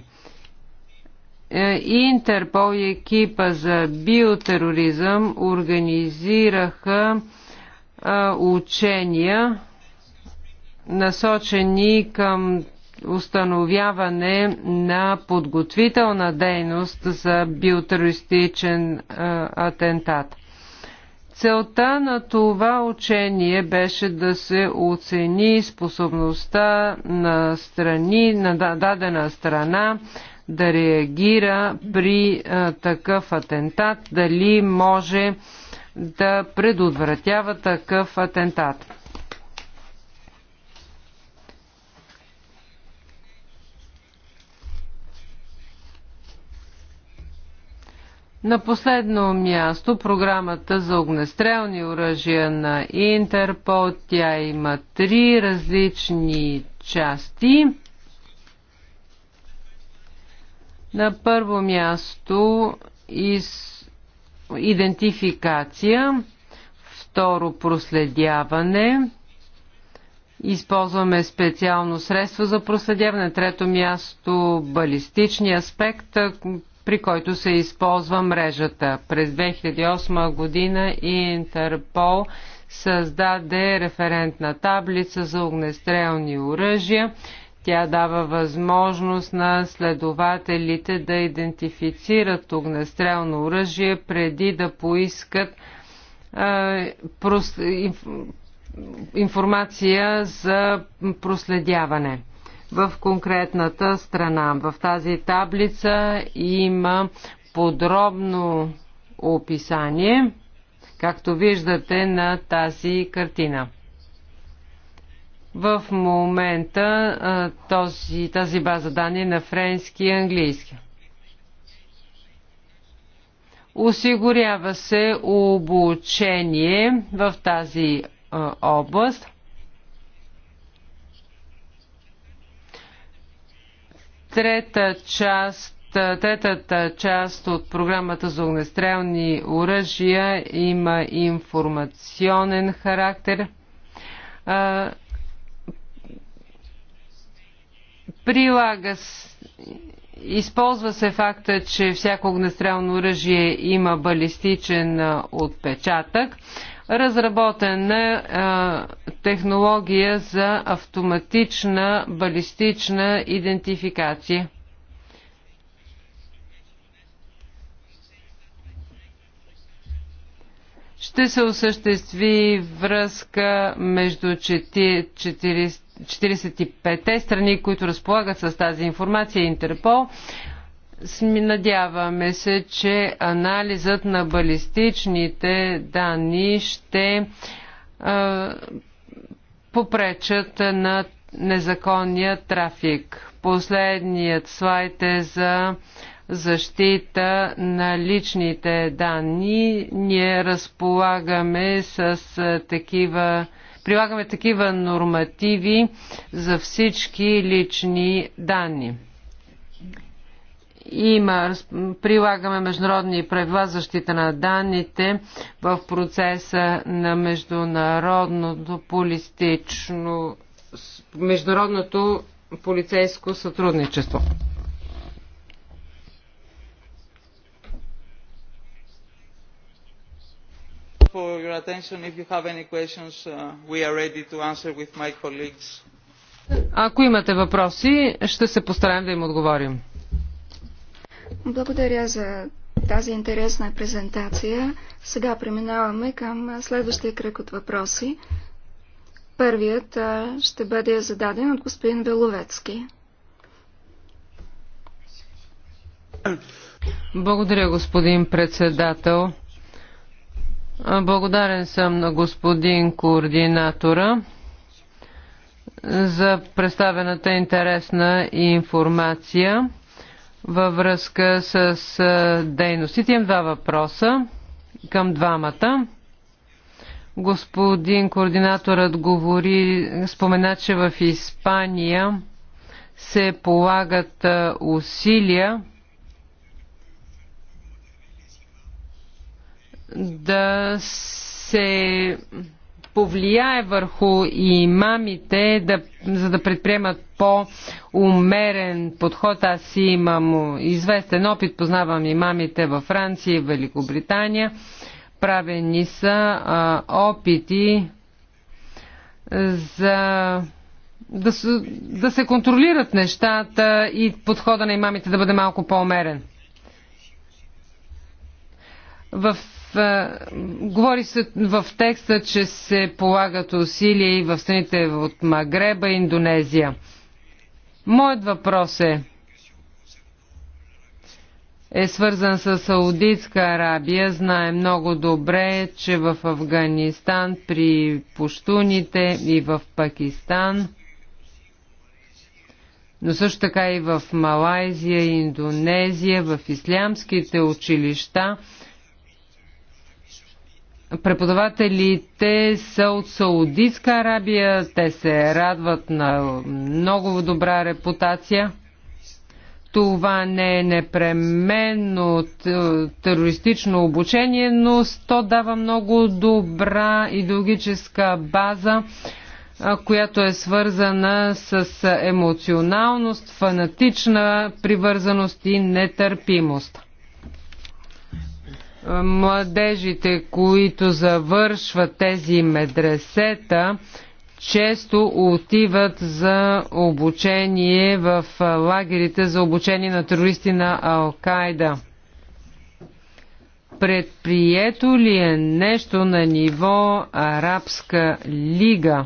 Е, Интерпол и екипа за биотероризъм организираха учения, насочени към установяване на подготвителна дейност за биотерористичен атентат. Целта на това учение беше да се оцени способността на страни, на дадена страна да реагира при а, такъв атентат, дали може да предотвратява такъв атентат. На последно място програмата за огнестрелни оръжия на Интерпол. Тя има три различни части. На първо място из... идентификация, второ проследяване, използваме специално средство за проследяване, трето място балистичния аспект, при който се използва мрежата. През 2008 година Интерпол създаде референтна таблица за огнестрелни оръжия тя дава възможност на следователите да идентифицират огнестрелно оръжие преди да поискат информация за проследяване в конкретната страна. В тази таблица има подробно описание, както виждате на тази картина. В момента този, тази база данни е на френски и английски. Осигурява се обучение в тази област. Трета част, третата част от програмата за огнестрелни оръжия има информационен характер Прилага Използва се факта, че всяко огнестрелно оръжие има балистичен отпечатък. Разработена е, технология за автоматична балистична идентификация. Ще се осъществи връзка между 4, 45-те страни, които разполагат с тази информация Интерпол. Надяваме се, че анализът на балистичните данни ще а, попречат на незаконния трафик. Последният слайд е за защита на личните данни. Ние разполагаме с такива прилагаме такива нормативи за всички лични данни. Има, прилагаме международни правила защита на данните в процеса на международното полистично, международното полицейско сътрудничество. for your attention. If you have any questions, uh, we are ready to answer with my colleagues. Ако имате въпроси, ще се постараем да им отговорим. Благодаря за тази интересна презентация. Сега преминаваме към следващия кръг от въпроси. Първият ще бъде зададен от господин Беловецки. Благодаря, господин председател. Благодарен съм на господин координатора за представената интересна информация във връзка с дейностите. Имам два въпроса към двамата. Господин координаторът говори, спомена, че в Испания се полагат усилия да се повлияе върху имамите, да, за да предприемат по-умерен подход. Аз имам известен опит, познавам имамите във Франция и Великобритания. Правени са а, опити за да, да се контролират нещата и подхода на имамите да бъде малко по-умерен. В е, говори се в текста, че се полагат усилия и в страните от Магреба и Индонезия. Моят въпрос е е свързан с Саудитска Арабия. Знае много добре, че в Афганистан при пуштуните и в Пакистан, но също така и в Малайзия, Индонезия, в ислямските училища – Преподавателите са от Саудитска Арабия, те се радват на много добра репутация. Това не е непременно терористично обучение, но то дава много добра идеологическа база, която е свързана с емоционалност, фанатична привързаност и нетърпимост младежите, които завършват тези медресета, често отиват за обучение в лагерите за обучение на терористи на Ал-Кайда. Предприето ли е нещо на ниво Арабска лига?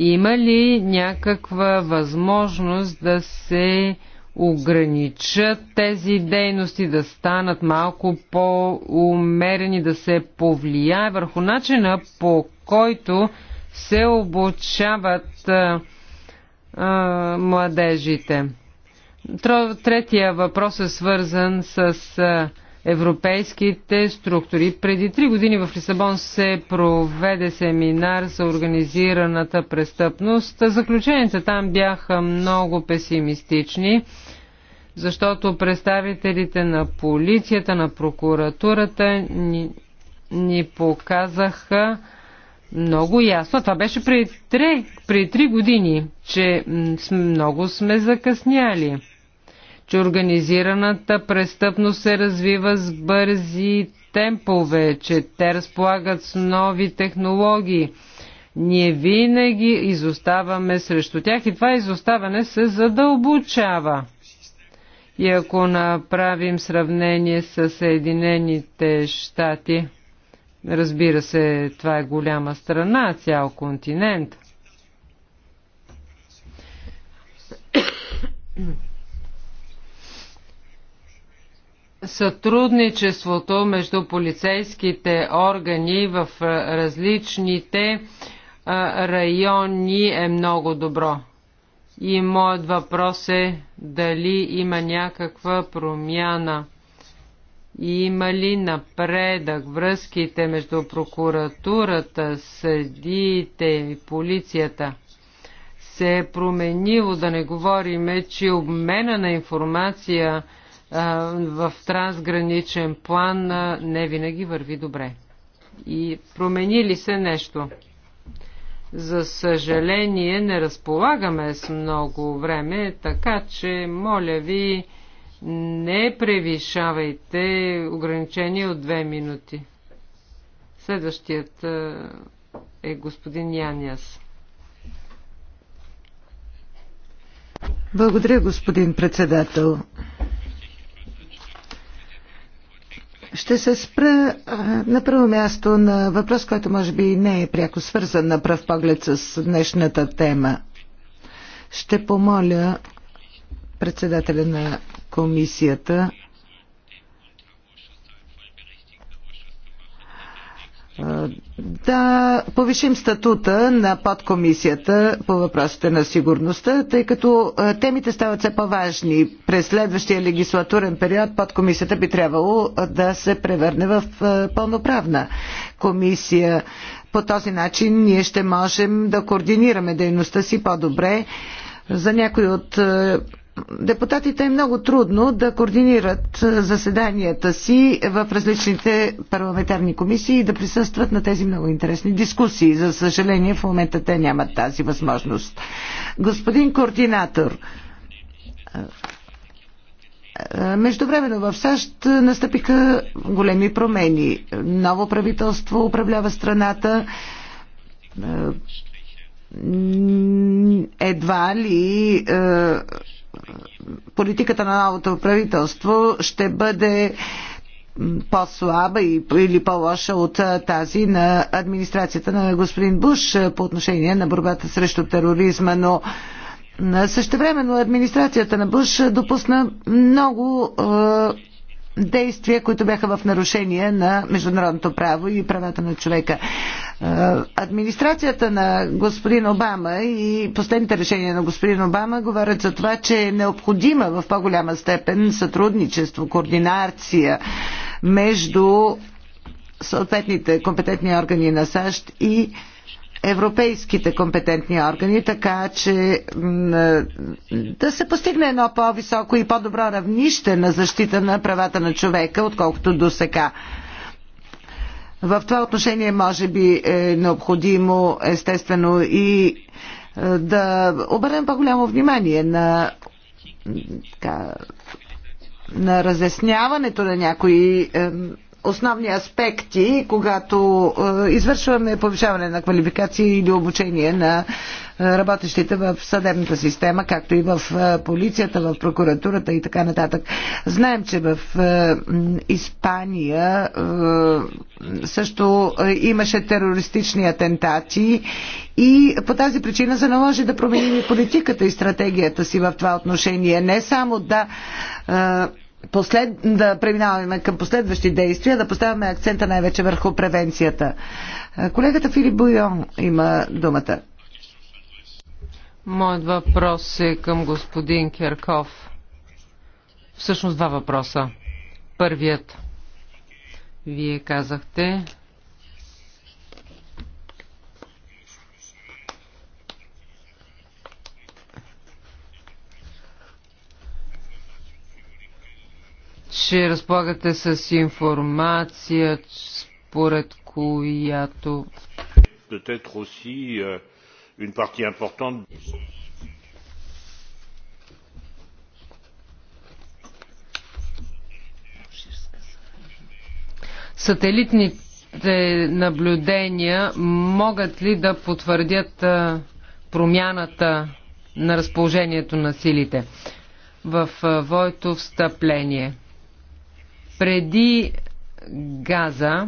Има ли някаква възможност да се ограничат тези дейности, да станат малко по-умерени, да се повлияе върху начина по който се обучават а, а, младежите. Третия въпрос е свързан с а, европейските структури. Преди три години в Лисабон се проведе семинар за организираната престъпност. Заключенията там бяха много песимистични, защото представителите на полицията, на прокуратурата ни, ни показаха много ясно. Това беше при три, три години, че много сме закъсняли че организираната престъпност се развива с бързи темпове, че те разполагат с нови технологии. Ние винаги изоставаме срещу тях и това изоставане се задълбочава. И ако направим сравнение с Съединените щати, разбира се, това е голяма страна, цял континент. сътрудничеството между полицейските органи в различните райони е много добро. И моят въпрос е дали има някаква промяна. Има ли напредък връзките между прокуратурата, съдиите и полицията? Се е променило, да не говориме, че обмена на информация – в трансграничен план не винаги върви добре. И промени ли се нещо? За съжаление не разполагаме с много време, така че моля ви не превишавайте ограничение от две минути. Следващият е господин Яняс. Благодаря, господин председател. Ще се спра на първо място на въпрос, който може би не е пряко свързан на пръв поглед с днешната тема. Ще помоля председателя на комисията да повишим статута на подкомисията по въпросите на сигурността, тъй като темите стават все по-важни. През следващия легислатурен период подкомисията би трябвало да се превърне в пълноправна комисия. По този начин ние ще можем да координираме дейността си по-добре. За някои от депутатите е много трудно да координират заседанията си в различните парламентарни комисии и да присъстват на тези много интересни дискусии. За съжаление, в момента те нямат тази възможност. Господин координатор, Междувременно в САЩ настъпиха големи промени. Ново правителство управлява страната. Едва ли политиката на новото правителство ще бъде по-слаба или по-лоша от тази на администрацията на господин Буш по отношение на борбата срещу тероризма, но същевременно администрацията на Буш допусна много действия, които бяха в нарушение на международното право и правата на човека. Е, администрацията на господин Обама и последните решения на господин Обама говорят за това, че е необходима в по-голяма степен сътрудничество, координация между съответните компетентни органи на САЩ и европейските компетентни органи, така че да се постигне едно по-високо и по-добро равнище на защита на правата на човека, отколкото до сега. В това отношение може би е необходимо естествено и да обърнем по-голямо внимание на, така, на разясняването на някои основни аспекти, когато е, извършваме повишаване на квалификация или обучение на е, работещите в съдебната система, както и в е, полицията, в прокуратурата и така нататък. Знаем, че в Испания също имаше терористични атентати и по тази причина се наложи да променим политиката и стратегията си в това отношение. Не само да послед... да преминаваме към последващи действия, да поставяме акцента най-вече върху превенцията. Колегата Филип Буйон има думата. Моят въпрос е към господин Керков. Всъщност два въпроса. Първият. Вие казахте, че разполагате с информация, според която euh, Сателитните наблюдения могат ли да потвърдят промяната на разположението на силите в Войто встъпление? Преди газа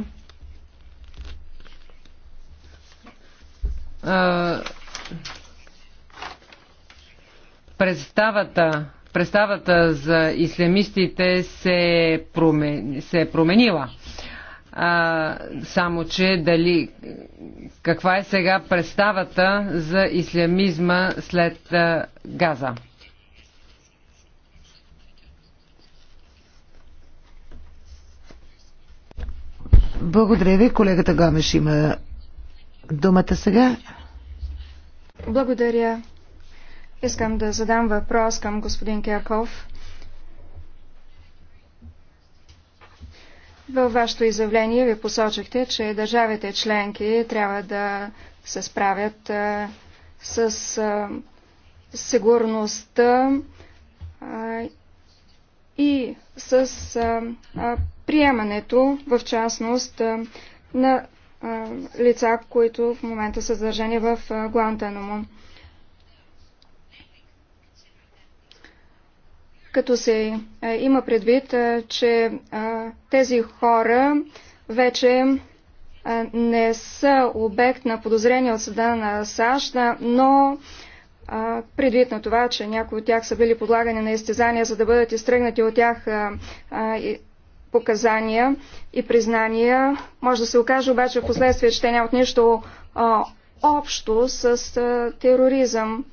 представата, представата за ислямистите се, промен, се е променила. А, само, че дали каква е сега представата за ислямизма след а, Газа? Благодаря ви. Колегата Гамеш има думата сега. Благодаря. Искам да задам въпрос към господин Кяков. Във вашето изявление ви посочихте, че държавите членки трябва да се справят с сигурността и с приемането, в частност, на лица, които в момента са задържани в Гуантанамо. Като се има предвид, че тези хора вече не са обект на подозрение от съда на САЩ, но предвид на това, че някои от тях са били подлагани на изтезания, за да бъдат изтръгнати от тях показания и признания. Може да се окаже обаче в последствие, че те нямат нищо а, общо с а, тероризъм.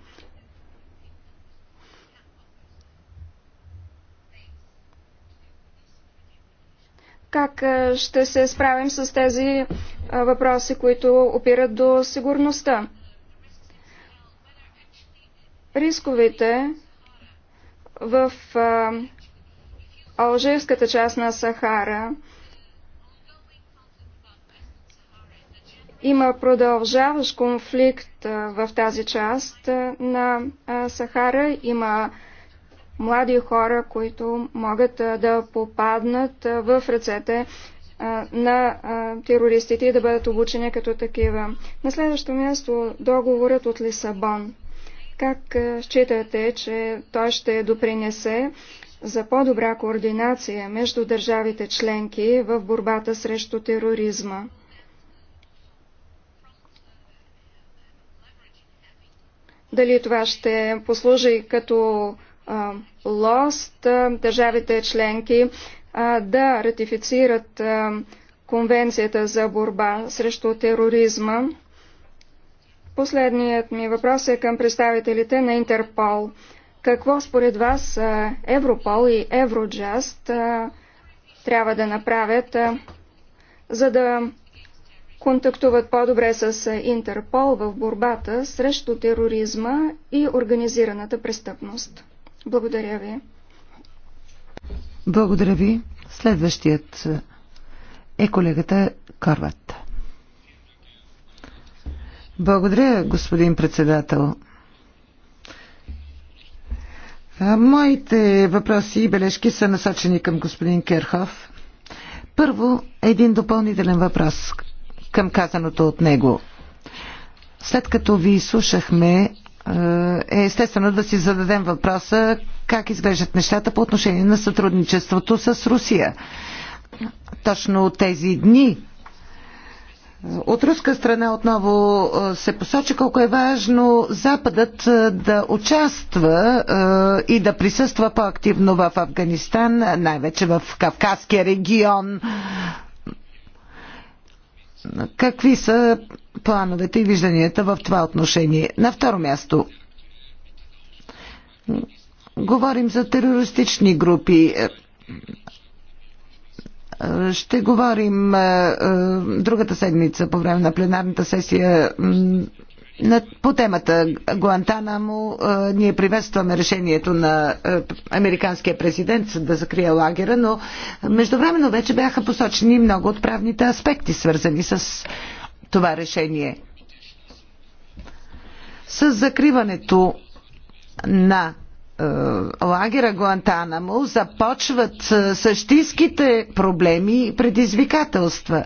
Как а, ще се справим с тези а, въпроси, които опират до сигурността? Рисковете в а, алжирската част на Сахара. Има продължаващ конфликт в тази част на Сахара. Има млади хора, които могат да попаднат в ръцете на терористите и да бъдат обучени като такива. На следващо място договорът от Лисабон. Как считате, че той ще допринесе за по-добра координация между държавите членки в борбата срещу тероризма. Дали това ще послужи като а, лост а, държавите членки а, да ратифицират а, Конвенцията за борба срещу тероризма? Последният ми въпрос е към представителите на Интерпол. Какво според вас Европол и Евроджаст трябва да направят, за да контактуват по-добре с Интерпол в борбата срещу тероризма и организираната престъпност? Благодаря ви. Благодаря ви. Следващият е колегата Карват. Благодаря, господин председател. Моите въпроси и бележки са насочени към господин Керхов. Първо, един допълнителен въпрос към казаното от него. След като ви слушахме, е, е естествено да си зададем въпроса как изглеждат нещата по отношение на сътрудничеството с Русия. Точно тези дни от руска страна отново се посочи колко е важно Западът да участва и да присъства по-активно в Афганистан, най-вече в Кавказския регион. Какви са плановете и вижданията в това отношение? На второ място. Говорим за терористични групи. Ще говорим е, е, другата седмица по време на пленарната сесия по темата Гуантанамо е, ние приветстваме решението на американския президент да закрие лагера, но междувременно вече бяха посочени много от правните аспекти, свързани с това решение. С закриването на е, лагера Гуантанамо започват е, същинските проблеми и предизвикателства.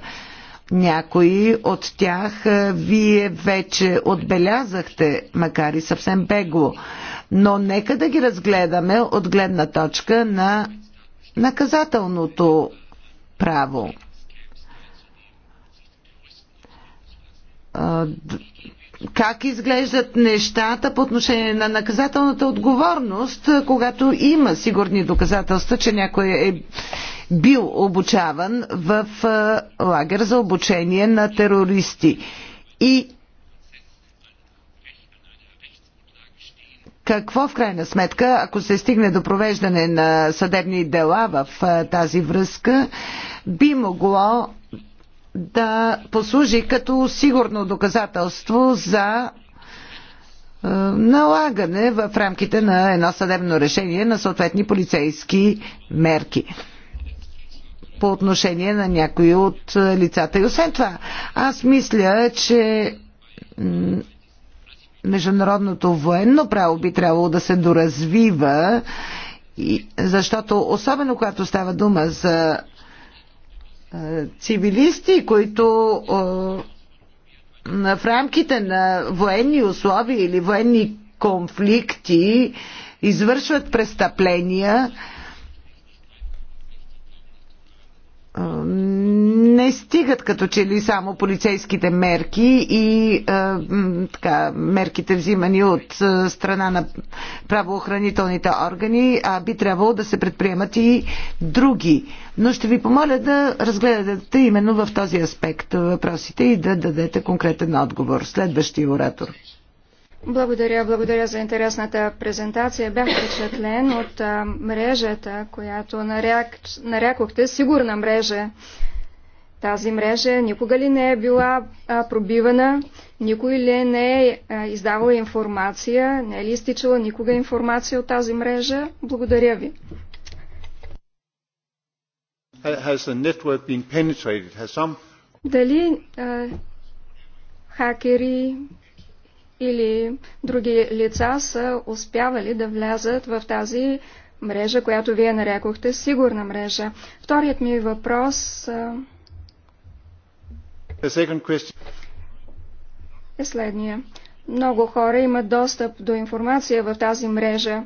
Някои от тях е, вие вече отбелязахте, макар и съвсем бегло. Но нека да ги разгледаме от гледна точка на наказателното право как изглеждат нещата по отношение на наказателната отговорност, когато има сигурни доказателства, че някой е бил обучаван в лагер за обучение на терористи. И какво в крайна сметка, ако се стигне до провеждане на съдебни дела в тази връзка, би могло да послужи като сигурно доказателство за е, налагане в рамките на едно съдебно решение на съответни полицейски мерки по отношение на някои от е, лицата. И освен това, аз мисля, че международното военно право би трябвало да се доразвива, защото особено когато става дума за цивилисти, които в рамките на военни условия или военни конфликти извършват престъпления не стигат като че ли само полицейските мерки и е, така, мерките взимани от страна на правоохранителните органи, а би трябвало да се предприемат и други. Но ще ви помоля да разгледате именно в този аспект въпросите и да дадете конкретен отговор. Следващия оратор. Благодаря, благодаря за интересната презентация. Бях впечатлен от а, мрежата, която наряк, нарякохте сигурна мрежа тази мрежа никога ли не е била пробивана, никой ли не е издавала информация, не е ли изтичала никога информация от тази мрежа? Благодаря ви. Some... Дали а, хакери или други лица са успявали да влязат в тази мрежа, която вие нарекохте сигурна мрежа? Вторият ми въпрос а, е следния. Много хора имат достъп до информация в тази мрежа.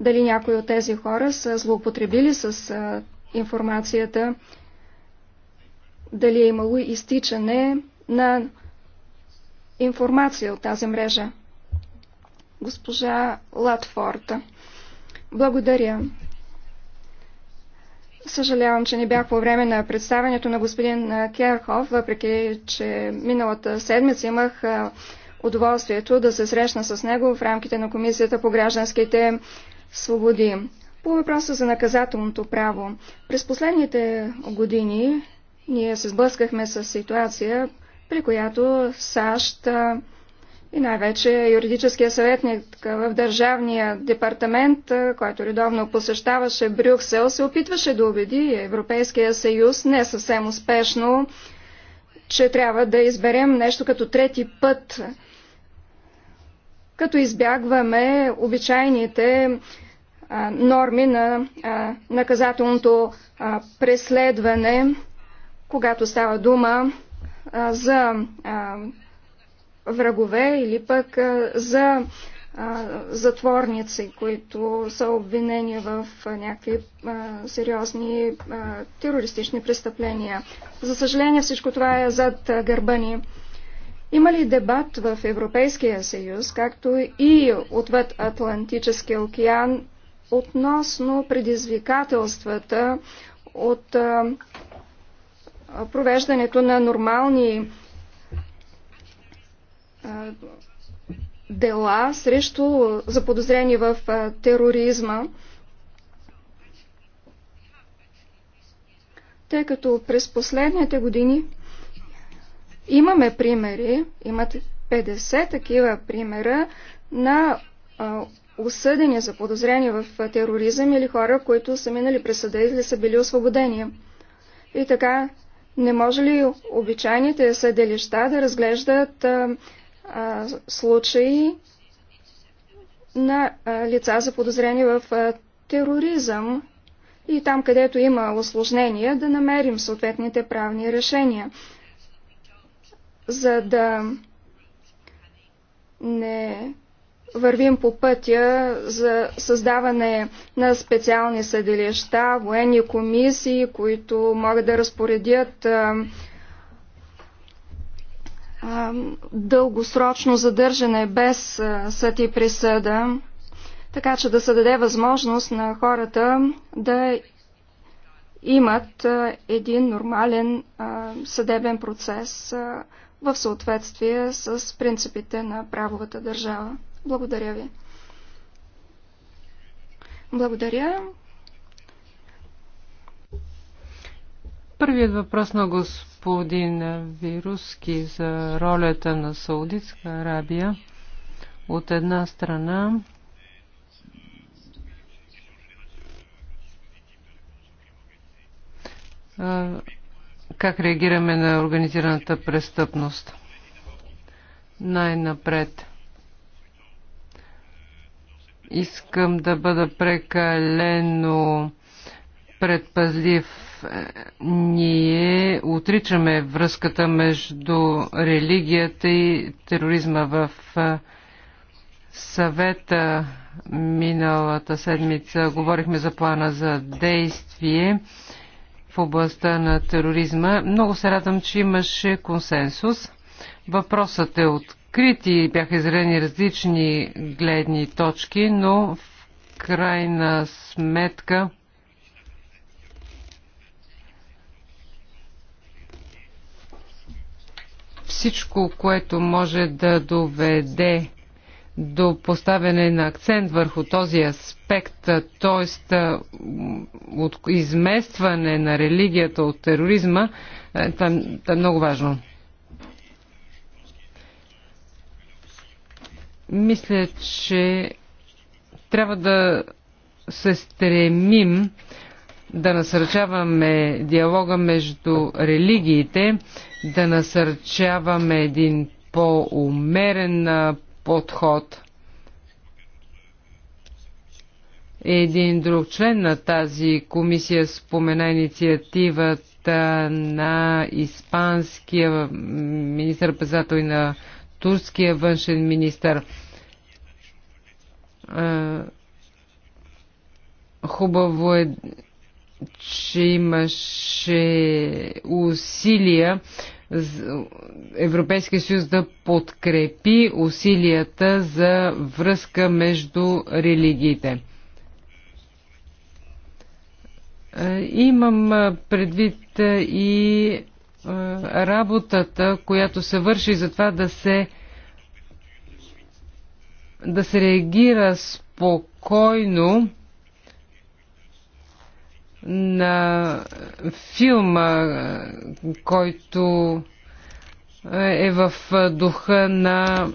Дали някои от тези хора са злоупотребили с информацията, дали е имало изтичане на информация от тази мрежа. Госпожа Латфорта. Благодаря. Съжалявам, че не бях по време на представянето на господин Керхов, въпреки че миналата седмица имах удоволствието да се срещна с него в рамките на Комисията по гражданските свободи. По въпроса за наказателното право. През последните години ние се сблъскахме с ситуация, при която САЩ и най-вече юридическия съветник в Държавния департамент, който редовно посещаваше Брюксел, се опитваше да убеди Европейския съюз не съвсем успешно, че трябва да изберем нещо като трети път, като избягваме обичайните норми на наказателното преследване, когато става дума за врагове или пък за затворници, които са обвинени в някакви сериозни терористични престъпления. За съжаление всичко това е зад гърба ни. Има ли дебат в Европейския съюз, както и отвъд Атлантическия океан, относно предизвикателствата от провеждането на нормални дела срещу заподозрени в тероризма, тъй като през последните години имаме примери, имат 50 такива примера на осъдени за подозрение в тероризъм или хора, които са минали през съда или са били освободени. И така, не може ли обичайните съделища да разглеждат а, случаи на лица за подозрени в тероризъм и там, където има осложнения, да намерим съответните правни решения, за да не вървим по пътя за създаване на специални съдилища, военни комисии, които могат да разпоредят дългосрочно задържане без съд и присъда, така че да се даде възможност на хората да имат един нормален съдебен процес в съответствие с принципите на правовата държава. Благодаря ви. Благодаря. Първият въпрос на господин господин Вируски за ролята на Саудитска Арабия. От една страна как реагираме на организираната престъпност. Най-напред искам да бъда прекалено предпазлив ние отричаме връзката между религията и тероризма в съвета миналата седмица. Говорихме за плана за действие в областта на тероризма. Много се радвам, че имаше консенсус. Въпросът е открит и бяха изредени различни гледни точки, но в крайна сметка всичко, което може да доведе до поставяне на акцент върху този аспект, т.е. от изместване на религията от тероризма, е, това е много важно. Мисля, че трябва да се стремим да насърчаваме диалога между религиите, да насърчаваме един по-умерен подход. Един друг член на тази комисия спомена инициативата на испанския министър-председател и на турския външен министър. Хубаво е че имаше усилия Европейския съюз да подкрепи усилията за връзка между религиите. Е, имам предвид и работата, която се върши за това да се да се реагира спокойно на филма, който е в духа на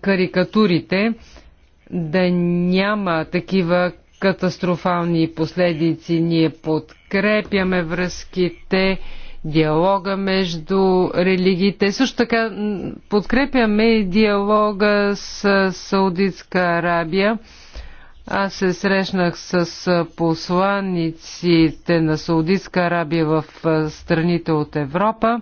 карикатурите, да няма такива катастрофални последици. Ние подкрепяме връзките, диалога между религиите. Също така подкрепяме и диалога с Саудитска Арабия. Аз се срещнах с посланиците на Саудитска Арабия в страните от Европа.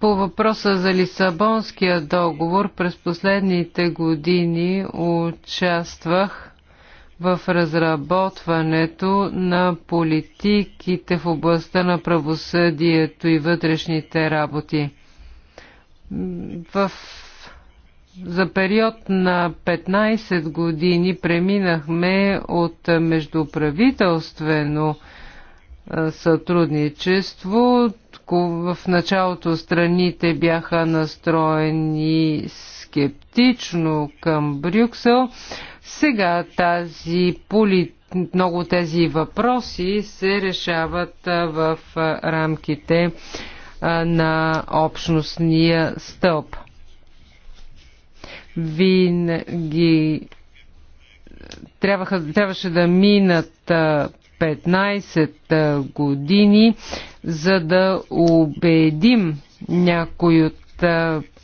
По въпроса за Лисабонския договор през последните години участвах в разработването на политиките в областта на правосъдието и вътрешните работи. В, за период на 15 години преминахме от междуправителствено сътрудничество. В началото страните бяха настроени скептично към Брюксел сега тази поли... много тези въпроси се решават в рамките на общностния стълб. Винаги трябваха, трябваше да минат 15 години, за да убедим някои от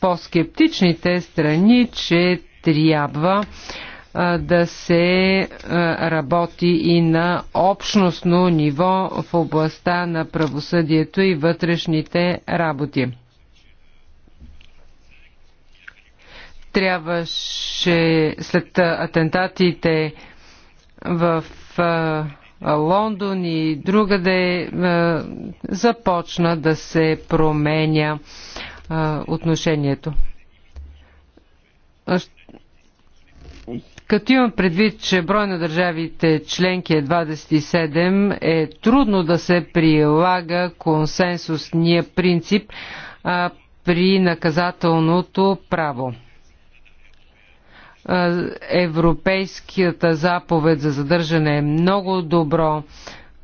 по-скептичните страни, че трябва да се работи и на общностно ниво в областта на правосъдието и вътрешните работи. Трябваше след атентатите в Лондон и другаде започна да се променя отношението. Като имам предвид, че брой на държавите членки е 27, е трудно да се прилага консенсусния принцип а, при наказателното право. Европейската заповед за задържане е много добро,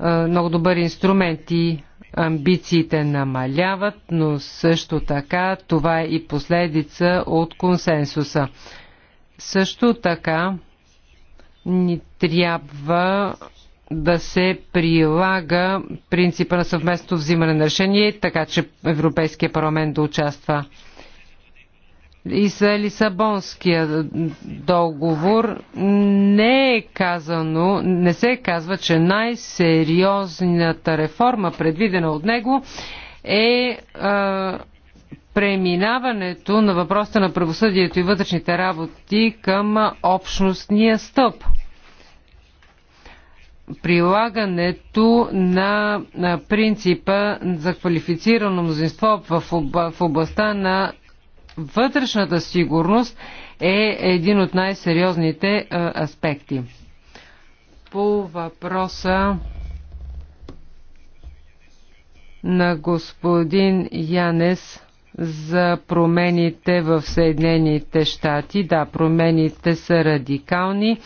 много добър инструмент и амбициите намаляват, но също така това е и последица от консенсуса. Също така ни трябва да се прилага принципа на съвместно взимане на решение, така че Европейския парламент да участва. И за Лисабонския договор не е казано, не се казва, че най-сериозната реформа, предвидена от него, е преминаването на въпроса на правосъдието и вътрешните работи към общностния стъп. Прилагането на принципа за квалифицирано мнозинство в областта на вътрешната сигурност е един от най-сериозните е, аспекти. По въпроса на господин Янес за промените в Съединените щати. Да, промените са радикални.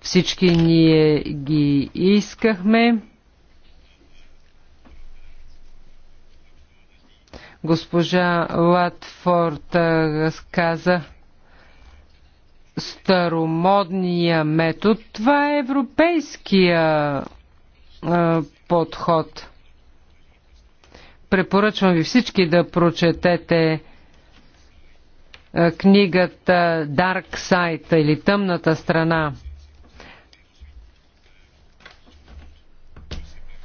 Всички ние ги искахме. Госпожа Латфорд каза старомодния метод. Това е европейския подход – препоръчвам ви всички да прочетете е, книгата Dark Side или Тъмната страна.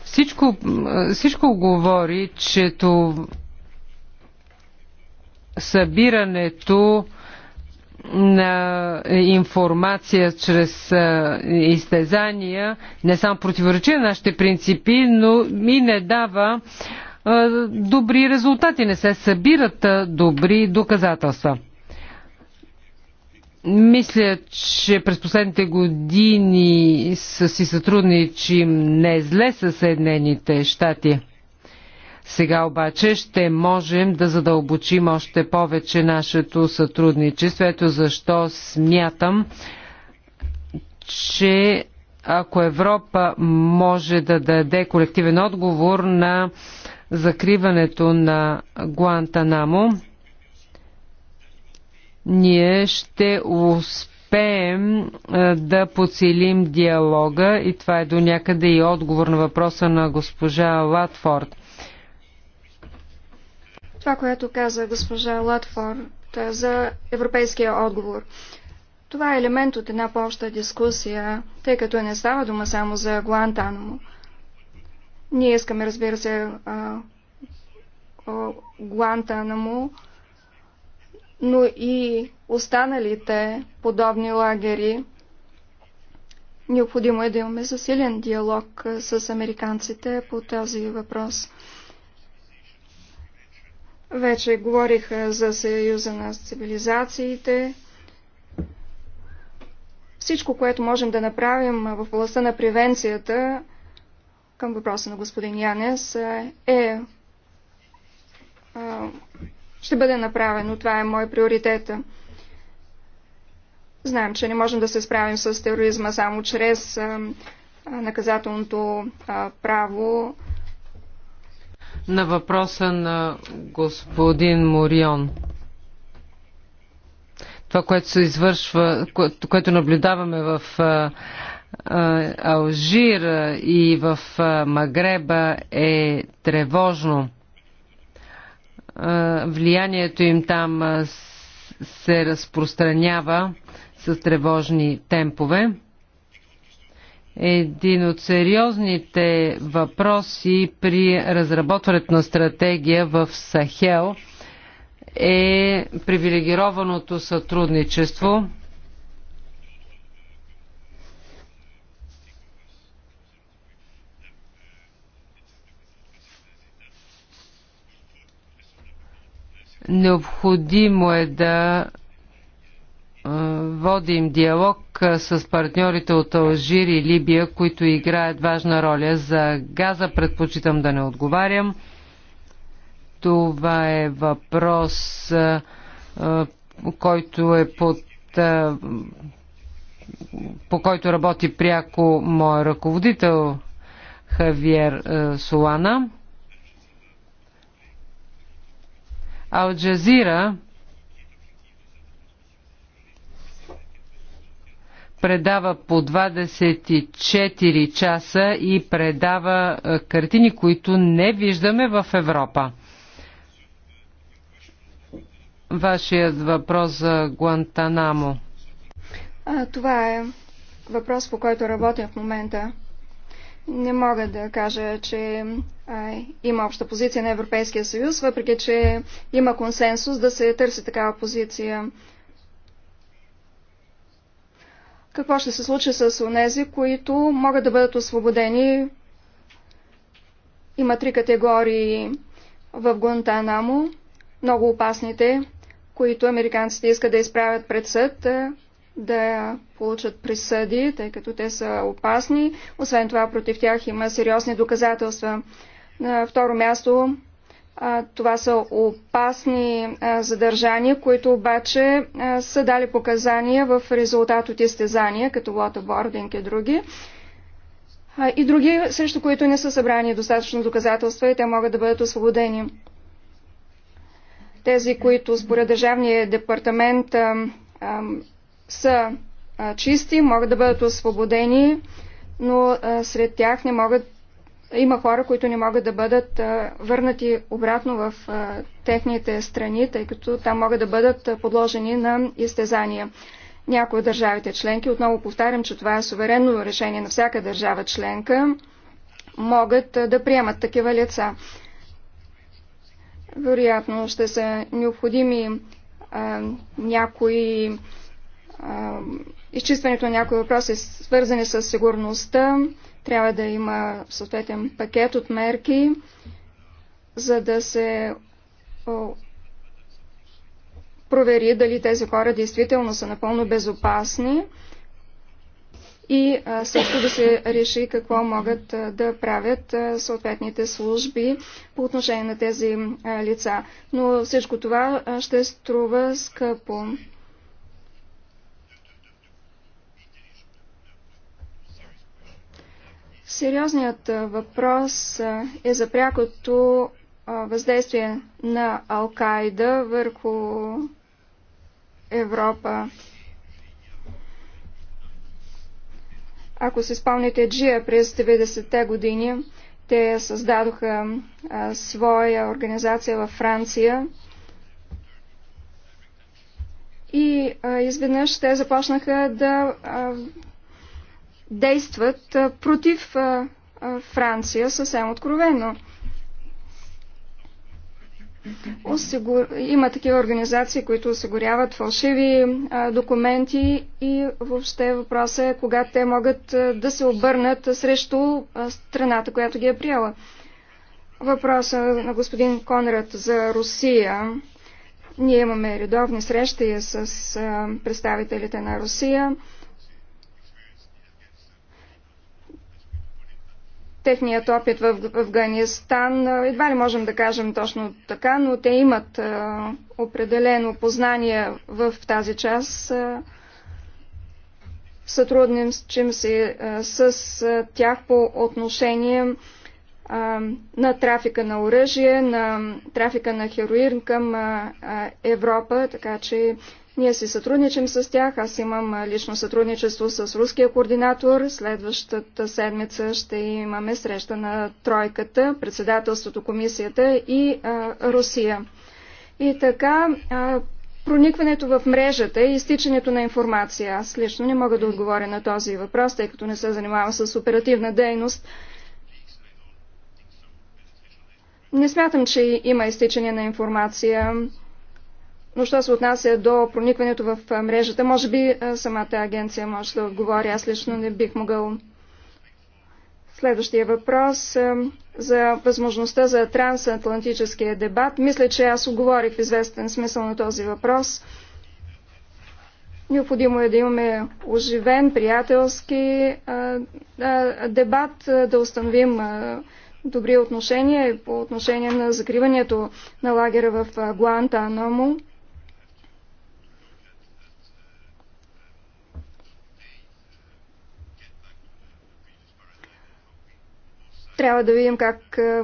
Всичко, е, всичко говори, че то събирането на информация чрез е, изтезания не само противоречи на нашите принципи, но и не дава добри резултати, не се събират добри доказателства. Мисля, че през последните години са си сътрудничи не зле с Съединените щати. Сега обаче ще можем да задълбочим още повече нашето сътрудничество. Ето защо смятам, че ако Европа може да даде колективен отговор на закриването на Гуантанамо, ние ще успеем е, да подсилим диалога и това е до някъде и отговор на въпроса на госпожа Латфорд. Това, което каза госпожа Латфорд е за европейския отговор. Това е елемент от една по-обща дискусия, тъй като не става дума само за Гуантанамо. Ние искаме, разбира се, Гуанта на му, но и останалите подобни лагери. Необходимо е да имаме засилен диалог с американците по този въпрос. Вече говорих за Съюза на цивилизациите. Всичко, което можем да направим в областта на превенцията, към въпроса на господин Янес е, е ще бъде направено. Това е мой приоритет. Знаем, че не можем да се справим с тероризма само чрез наказателното право. На въпроса на господин Морион. Това, което се извършва, което, което наблюдаваме в Алжир и в Магреба е тревожно. Влиянието им там се разпространява с тревожни темпове. Един от сериозните въпроси при разработването на стратегия в Сахел е привилегированото сътрудничество Необходимо е да водим диалог с партньорите от Алжир и Либия, които играят важна роля. За газа предпочитам да не отговарям. Това е въпрос, който е под по който работи пряко мой ръководител Хавиер Солана. Джазира предава по 24 часа и предава е, картини, които не виждаме в Европа. Вашият въпрос за Гуантанамо. А, това е въпрос, по който работя в момента. Не мога да кажа, че а, има обща позиция на Европейския съюз, въпреки че има консенсус да се търси такава позиция. Какво ще се случи с онези, които могат да бъдат освободени? Има три категории в Гонтанамо, много опасните, които американците искат да изправят пред съд, да получат присъди, тъй като те са опасни. Освен това, против тях има сериозни доказателства. На второ място, това са опасни задържания, които обаче са дали показания в резултат от изтезания, като лотобординг и други. И други, срещу които не са събрани достатъчно доказателства и те могат да бъдат освободени. Тези, които според Държавния департамент са чисти, могат да бъдат освободени, но сред тях не могат има хора, които не могат да бъдат върнати обратно в техните страни, тъй като там могат да бъдат подложени на изтезания. Някои от държавите членки, отново повтарям, че това е суверенно решение на всяка държава членка, могат да приемат такива лица. Вероятно ще са необходими а, някои изчистването на някои въпроси, свързани с сигурността. Трябва да има съответен пакет от мерки, за да се провери дали тези хора действително са напълно безопасни и също да се реши какво могат да правят съответните служби по отношение на тези лица. Но всичко това ще струва скъпо. Сериозният въпрос е за прякото въздействие на Алкайда върху Европа. Ако се спомните Джия през 90-те години, те създадоха а, своя организация във Франция и а, изведнъж те започнаха да а, действат против Франция съвсем откровено. Осигур... Има такива организации, които осигуряват фалшиви а, документи и въобще въпросът е кога те могат а, да се обърнат срещу а, страната, която ги е приела. Въпроса на господин Конрад за Русия. Ние имаме редовни срещи с а, представителите на Русия. техният опит в Афганистан. Едва ли можем да кажем точно така, но те имат определено познание в тази част. Сътрудничим се с тях по отношение на трафика на оръжие, на трафика на хероин към Европа, така че ние си сътрудничим с тях. Аз имам лично сътрудничество с руския координатор. Следващата седмица ще имаме среща на тройката, председателството, комисията и а, Русия. И така, а, проникването в мрежата и изтичането на информация. Аз лично не мога да отговоря на този въпрос, тъй като не се занимавам с оперативна дейност. Не смятам, че има изтичане на информация. Но що се отнася до проникването в мрежата, може би самата агенция може да отговори. Аз лично не бих могъл. Следващия въпрос за възможността за трансатлантическия дебат. Мисля, че аз отговорих в известен смисъл на този въпрос. Необходимо е да имаме оживен, приятелски дебат, да установим добри отношения по отношение на закриването на лагера в Гуантанамо. Трябва да видим как е,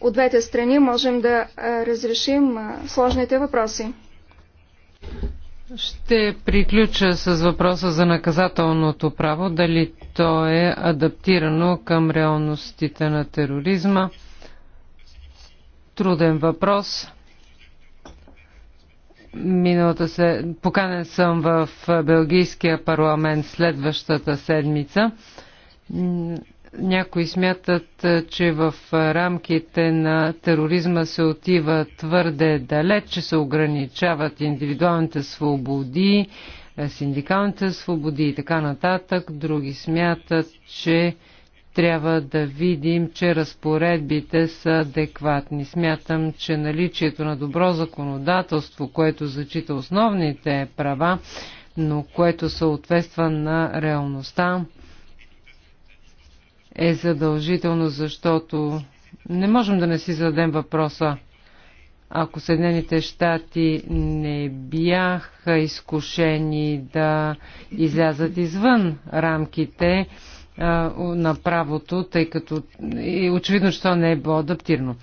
от двете страни можем да е, разрешим е, сложните въпроси. Ще приключа с въпроса за наказателното право, дали то е адаптирано към реалностите на тероризма. Труден въпрос. Миналата се... Поканен съм в Белгийския парламент следващата седмица. Някои смятат, че в рамките на тероризма се отива твърде далеч, че се ограничават индивидуалните свободи, е, синдикалните свободи и така нататък. Други смятат, че трябва да видим, че разпоредбите са адекватни. Смятам, че наличието на добро законодателство, което зачита основните права, но което съответства на реалността, е задължително, защото не можем да не си зададем въпроса. Ако Съединените щати не бяха изкушени да излязат извън рамките а, на правото, тъй като и очевидно, че то не е било адаптирано.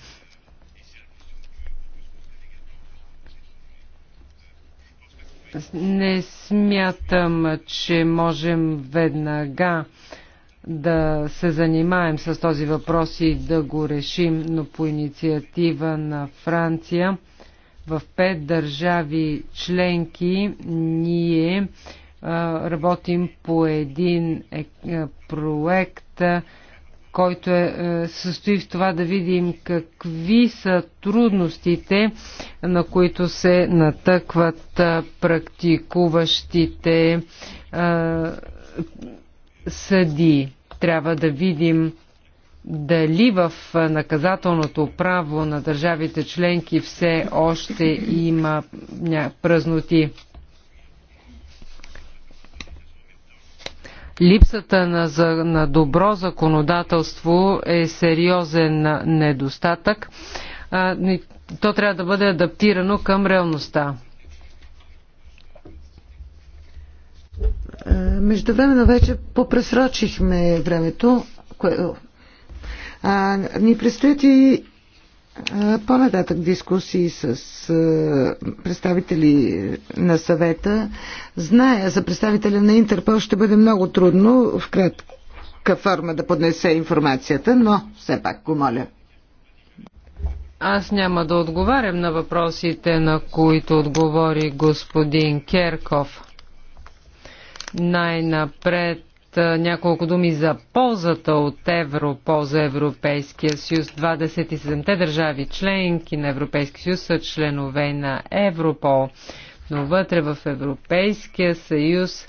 Не смятам, че можем веднага а, да се занимаем с този въпрос и да го решим, но по инициатива на Франция в пет държави членки ние работим по един е, проект, който е, е, състои в това да видим какви са трудностите, на които се натъкват практикуващите съди. Трябва да видим дали в наказателното право на държавите членки все още има празноти. Липсата на, за, на добро законодателство е сериозен недостатък. А, то трябва да бъде адаптирано към реалността. Е, междувременно вече попресрочихме времето, кое... а, ни предстоят и е, по-нататък дискусии с е, представители на съвета. Зная за представителя на Интерпол ще бъде много трудно в кратка форма да поднесе информацията, но все пак го моля. Аз няма да отговарям на въпросите, на които отговори господин Керков. Най-напред няколко думи за ползата от Европол за Европейския съюз. 27-те държави членки на Европейския съюз са членове на Европол. Но вътре в Европейския съюз,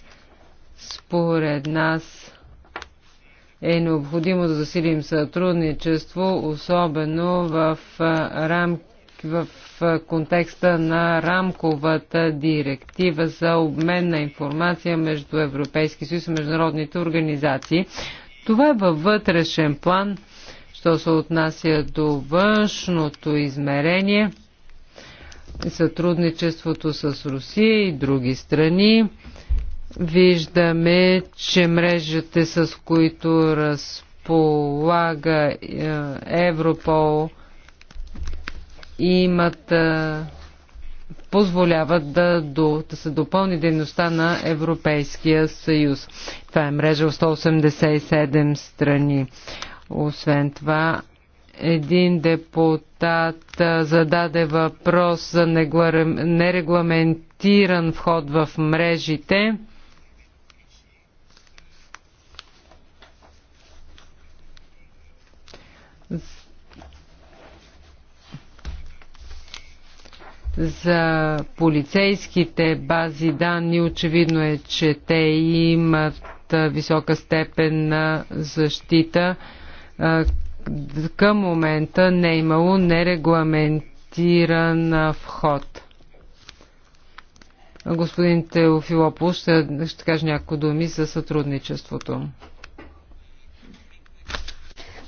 според нас, е необходимо да засилим сътрудничество, особено в рамки в контекста на рамковата директива за обмен на информация между Европейски съюз и международните организации. Това е във вътрешен план, що се отнася до външното измерение, сътрудничеството с Русия и други страни. Виждаме, че мрежите, с които разполага е, Европол, имат позволяват да, до, да се допълни дейността на Европейския съюз. Това е мрежа от 187 страни. Освен това, един депутат зададе въпрос за нерегламентиран вход в мрежите. За полицейските бази данни очевидно е, че те имат висока степен на защита. Към момента не е имало нерегламентиран вход. Господин Теофилопол ще, ще каже някои думи за сътрудничеството.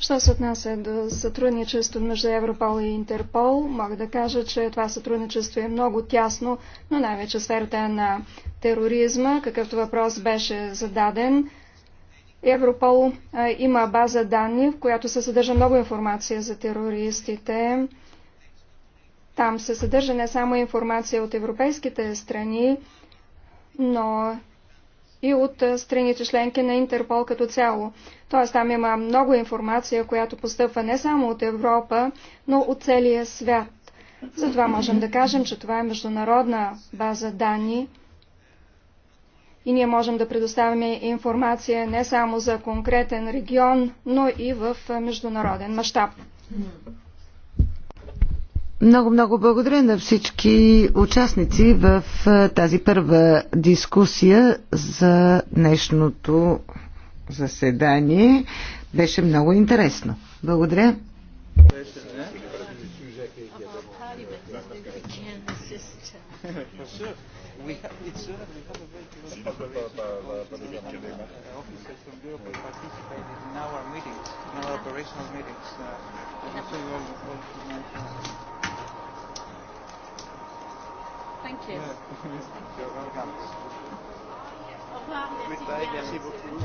Що се отнася до сътрудничество между Европол и Интерпол, мога да кажа, че това сътрудничество е много тясно, но най-вече сферата на тероризма, какъвто въпрос беше зададен. Европол а, има база данни, в която се съдържа много информация за терористите. Там се съдържа не само информация от европейските страни, но и от страните членки на Интерпол като цяло. Т.е. там има много информация, която постъпва не само от Европа, но от целия свят. Затова можем да кажем, че това е международна база данни и ние можем да предоставяме информация не само за конкретен регион, но и в международен мащаб. Много-много благодаря на всички участници в тази първа дискусия за днешното заседание. Беше много интересно. Благодаря. We have Yes. Au revoir, Merci beaucoup.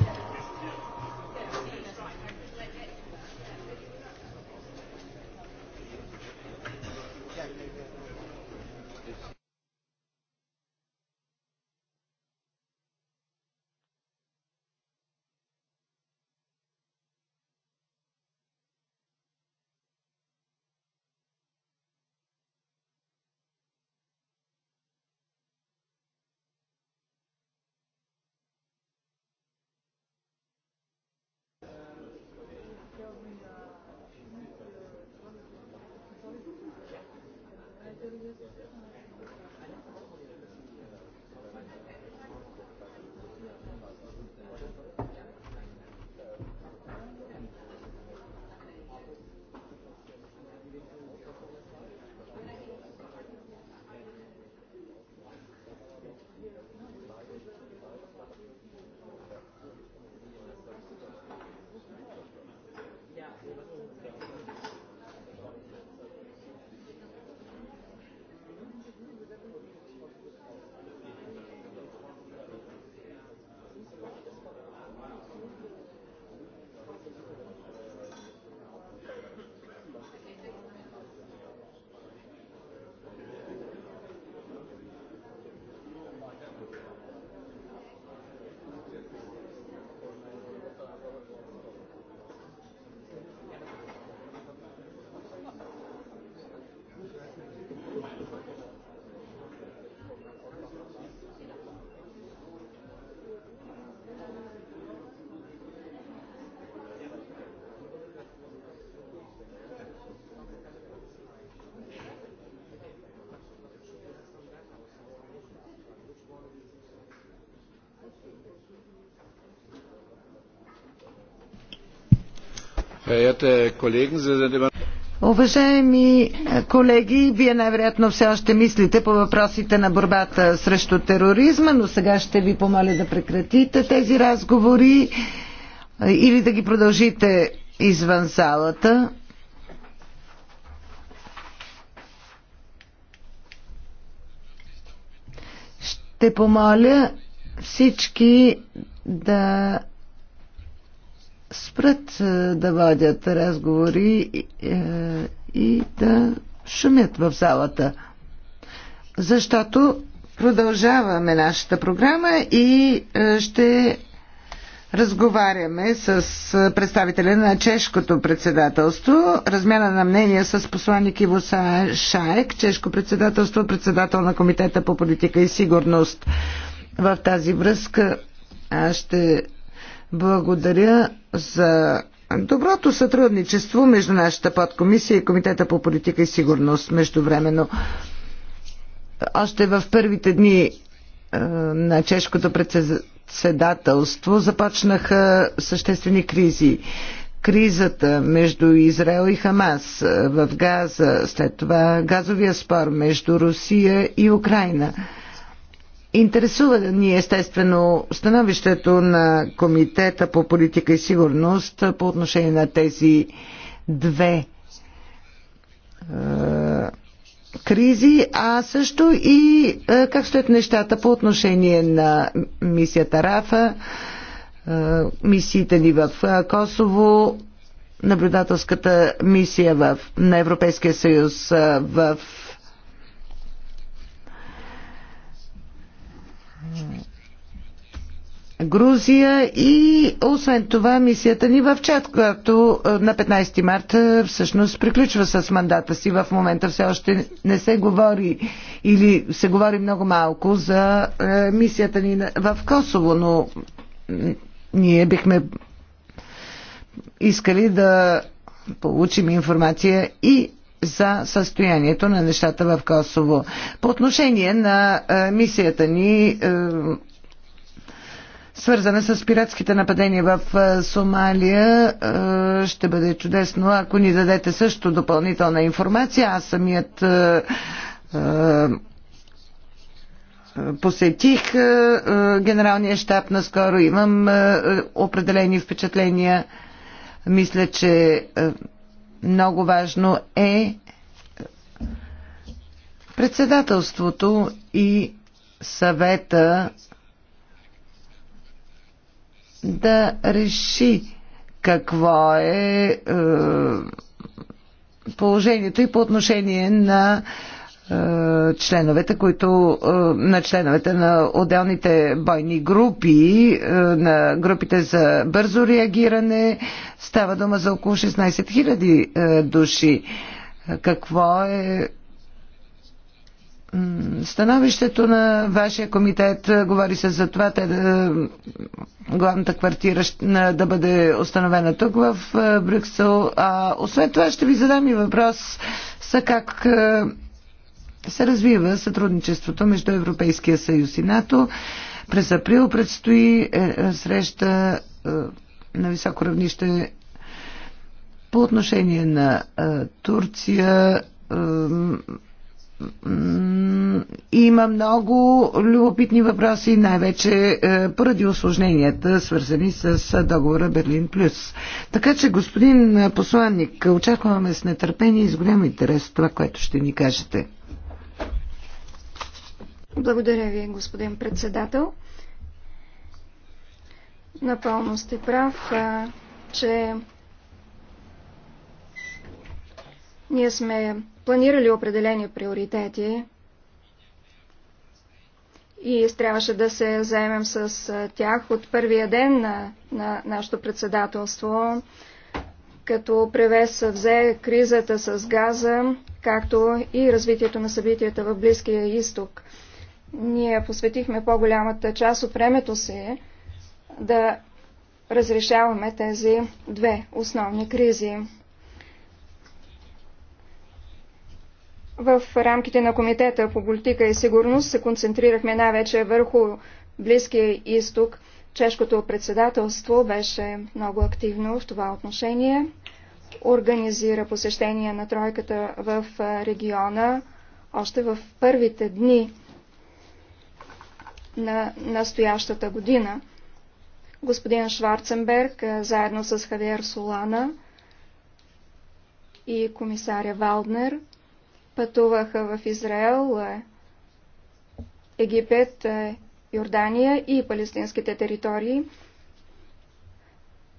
Е, Уважаеми е, колеги, вие най-вероятно все още мислите по въпросите на борбата срещу тероризма, но сега ще ви помоля да прекратите тези разговори е, или да ги продължите извън залата. Ще помоля всички да спрат е, да водят разговори е, и да шумят в залата. Защото продължаваме нашата програма и е, ще разговаряме с представителя на чешкото председателство, размяна на мнения с посланник Иво Шаек, чешко председателство, председател на Комитета по политика и сигурност. В тази връзка ще благодаря за доброто сътрудничество между нашата подкомисия и Комитета по политика и сигурност междувременно. Още в първите дни е, на чешкото председателство започнаха съществени кризи. Кризата между Израел и Хамас е, в Газа, след това газовия спор между Русия и Украина – Интересува ни естествено становището на Комитета по политика и сигурност по отношение на тези две е, кризи, а също и е, как стоят нещата по отношение на мисията Рафа, е, мисиите ни в Косово, наблюдателската мисия в, на Европейския съюз в Грузия и освен това мисията ни в Чад, която е, на 15 марта е, всъщност приключва с мандата си. В момента все още не се говори или се говори много малко за е, мисията ни в Косово, но ние бихме искали да получим информация и за състоянието на нещата в Косово. По отношение на е, мисията ни е, свързана с пиратските нападения в е, Сомалия. Ще бъде чудесно, ако ни дадете също допълнителна информация. Аз самият посетих генералния щаб наскоро. Имам определени впечатления. Мисля, че много важно е председателството и съвета да реши какво е, е положението и по отношение на е, е, членовете, които, е, на членовете на отделните бойни групи, е, на групите за бързо реагиране. Става дума за около 16 000 души. Какво е становището на вашия комитет? Говори се за това те, да главната квартира да бъде установена тук в Брюксел. А освен това ще ви задам и въпрос Са как се развива сътрудничеството между Европейския съюз и НАТО. През април предстои е, е, среща е, на високо равнище по отношение на Турция има много любопитни въпроси, най-вече поради осложненията, свързани с договора Берлин Плюс. Така че, господин посланник, очакваме с нетърпение и с голям интерес това, което ще ни кажете. Благодаря ви, господин председател. Напълно сте прав, че ние сме планирали определени приоритети и трябваше да се заемем с тях от първия ден на, на нашето председателство, като превес взе кризата с газа, както и развитието на събитията в Близкия изток – ние посветихме по-голямата част от времето си да разрешаваме тези две основни кризи. В рамките на Комитета по политика и сигурност се концентрирахме най-вече върху Близкия изток. Чешкото председателство беше много активно в това отношение. Организира посещение на тройката в региона още в първите дни на настоящата година. Господин Шварценберг, е, заедно с Хавиер Солана и комисаря Валднер, пътуваха в Израел, е, Египет, е, Йордания и палестинските територии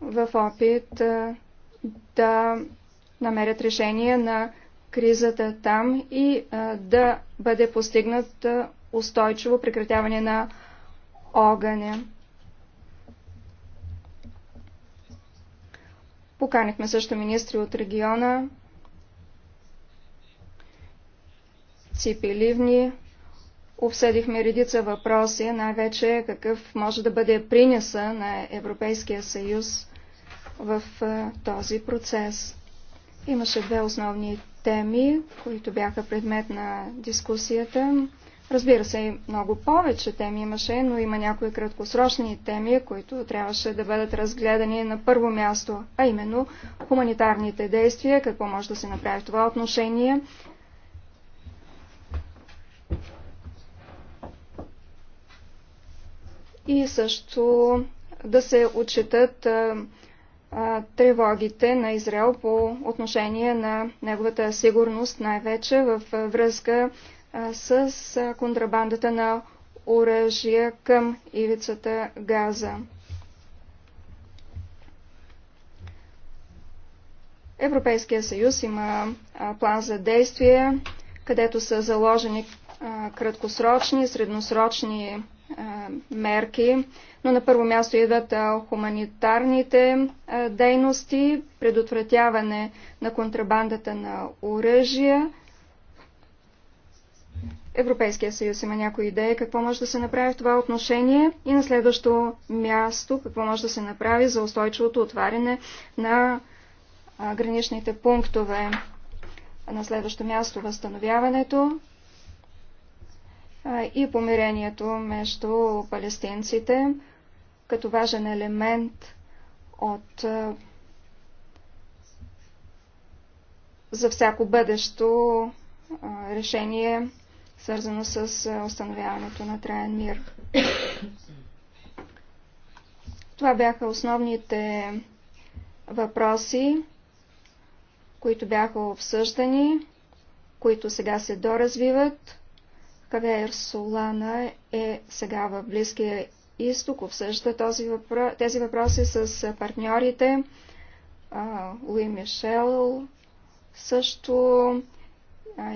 в опит да намерят решение на кризата там и да бъде постигнат устойчиво прекратяване на огъня. Поканихме също министри от региона, ципеливни, обсъдихме редица въпроси, най-вече какъв може да бъде приноса на Европейския съюз в този процес. Имаше две основни теми, които бяха предмет на дискусията. Разбира се, много повече теми имаше, но има някои краткосрочни теми, които трябваше да бъдат разгледани на първо място, а именно хуманитарните действия, какво може да се направи в това отношение. И също да се отчитат тревогите на Израел по отношение на неговата сигурност, най-вече в връзка с контрабандата на оръжия към ивицата Газа. Европейския съюз има план за действие, където са заложени краткосрочни, средносрочни мерки, но на първо място идват хуманитарните дейности, предотвратяване на контрабандата на оръжия, Европейския съюз има някои идеи какво може да се направи в това отношение и на следващо място какво може да се направи за устойчивото отваряне на граничните пунктове. На следващо място възстановяването и помирението между палестинците като важен елемент от за всяко бъдещо решение свързано с установяването на траен мир. Това бяха основните въпроси, които бяха обсъждани, които сега се доразвиват. Кавеер Солана е сега в Близкия изток, обсъжда този въпро... тези въпроси с партньорите. Луи Мишел също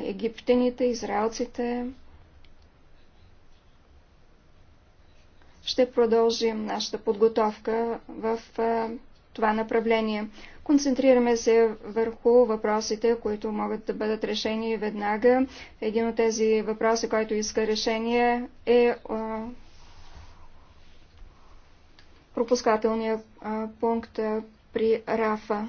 египтяните, израелците. Ще продължим нашата подготовка в това направление. Концентрираме се върху въпросите, които могат да бъдат решени веднага. Един от тези въпроси, който иска решение е пропускателния пункт при рафа.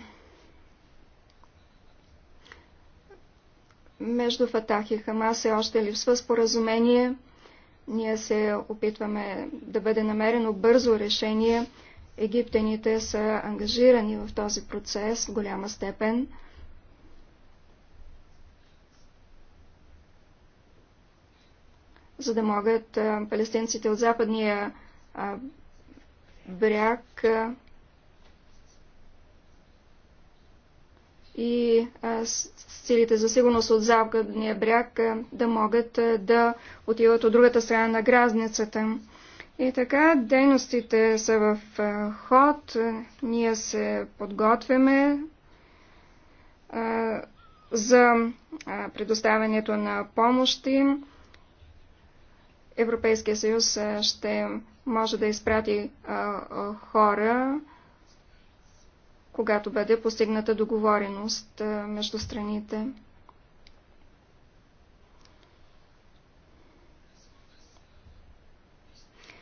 между Фатах и Хамас е още липсва споразумение. Ние се опитваме да бъде намерено бързо решение. Египтяните са ангажирани в този процес в голяма степен. за да могат палестинците от западния бряг и силите за сигурност от западния бряг да могат да отиват от другата страна на гразницата. И така, дейностите са в ход, ние се подготвяме за предоставянето на помощи. Европейския съюз ще може да изпрати хора, когато бъде постигната договореност между страните.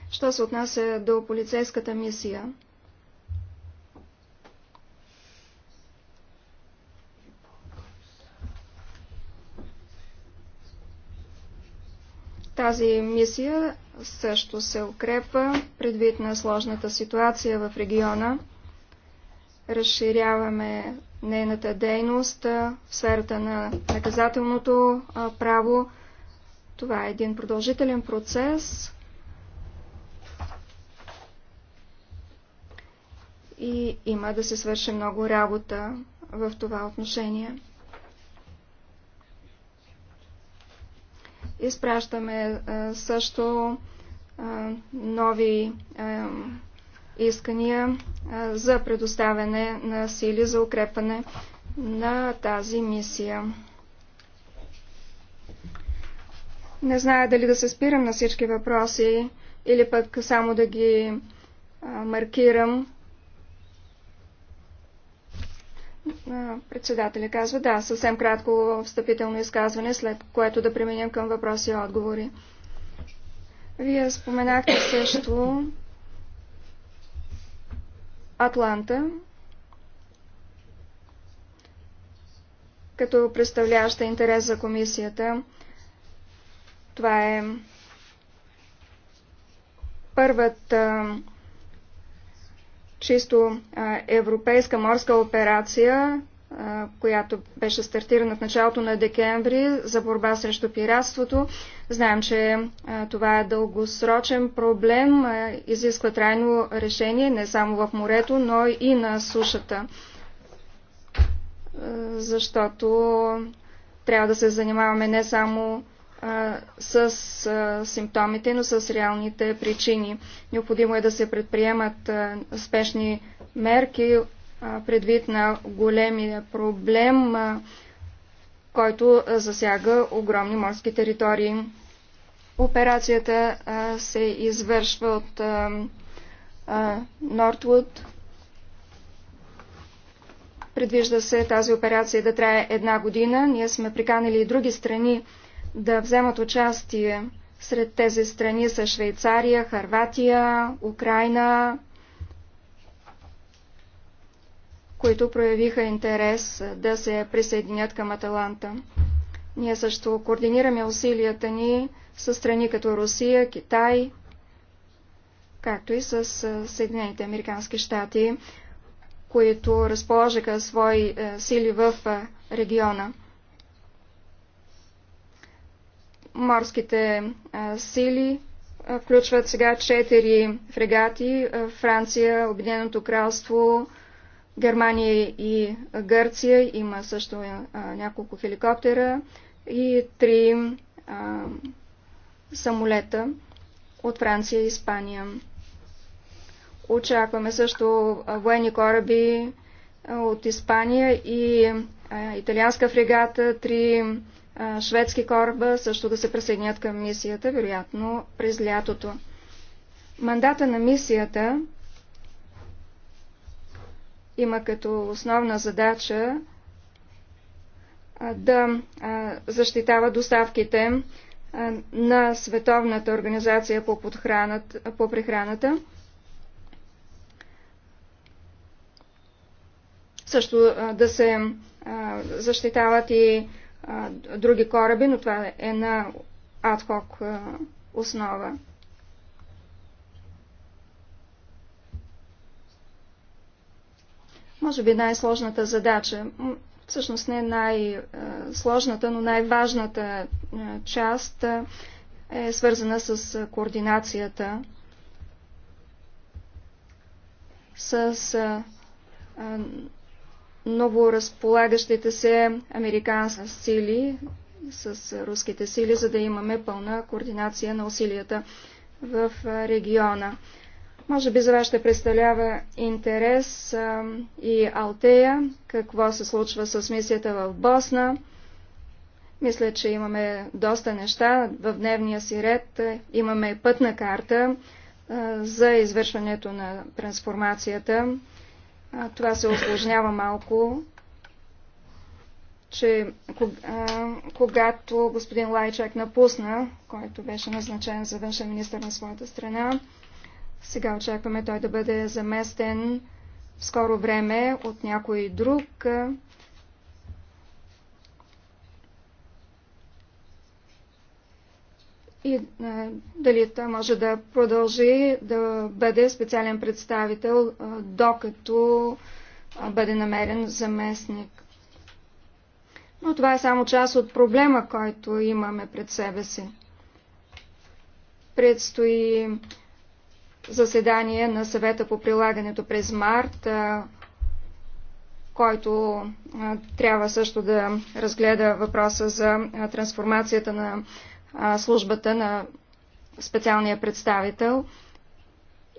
Що се отнася до полицейската мисия? Тази мисия също се укрепва предвид на сложната ситуация в региона разширяваме нейната дейност в сферата на наказателното право. Това е един продължителен процес. И има да се свърши много работа в това отношение. Изпращаме също нови искания за предоставяне на сили за укрепване на тази мисия. Не зная дали да се спирам на всички въпроси или пък само да ги маркирам. Председателя казва, да, съвсем кратко встъпително изказване, след което да преминем към въпроси и отговори. Вие споменахте също Атланта, като представляваща интерес за комисията. Това е първата чисто европейска морска операция която беше стартирана в началото на декември за борба срещу пиратството. Знаем, че това е дългосрочен проблем, изисква трайно решение не само в морето, но и на сушата. Защото трябва да се занимаваме не само с симптомите, но с реалните причини. Необходимо е да се предприемат спешни мерки предвид на големия проблем, който засяга огромни морски територии. Операцията се извършва от Нортвуд. Предвижда се тази операция да трае една година. Ние сме приканили и други страни да вземат участие. Сред тези страни са Швейцария, Харватия, Украина, които проявиха интерес да се присъединят към Аталанта. Ние също координираме усилията ни с страни като Русия, Китай, както и с Съединените Американски щати, които разположиха свои сили в региона. Морските сили включват сега четири фрегати Франция, Обединеното кралство, Германия и Гърция има също а, няколко хеликоптера и три а, самолета от Франция и Испания. Очакваме също военни кораби от Испания и а, италианска фрегата, три а, шведски кораба също да се присъединят към мисията, вероятно през лятото. Мандата на мисията има като основна задача да защитава доставките на Световната организация по, по прехраната. Също да се защитават и други кораби, но това е на адхок основа. Може би най-сложната задача, всъщност не най-сложната, но най-важната е, част е, е свързана с е, координацията, с новоразполагащите се американски сили, с руските сили, за да имаме пълна координация на усилията в региона. Може би за вас ще представлява интерес а, и Алтея, какво се случва с мисията в Босна. Мисля, че имаме доста неща в дневния си ред. Имаме пътна карта а, за извършването на трансформацията. А, това се осложнява малко, че а, когато господин Лайчак напусна, който беше назначен за външен министр на своята страна, сега очакваме той да бъде заместен в скоро време от някой друг. И е, дали той може да продължи да бъде специален представител, е, докато е, бъде намерен заместник. Но това е само част от проблема, който имаме пред себе си. Предстои заседание на съвета по прилагането през март, който трябва също да разгледа въпроса за трансформацията на службата на специалния представител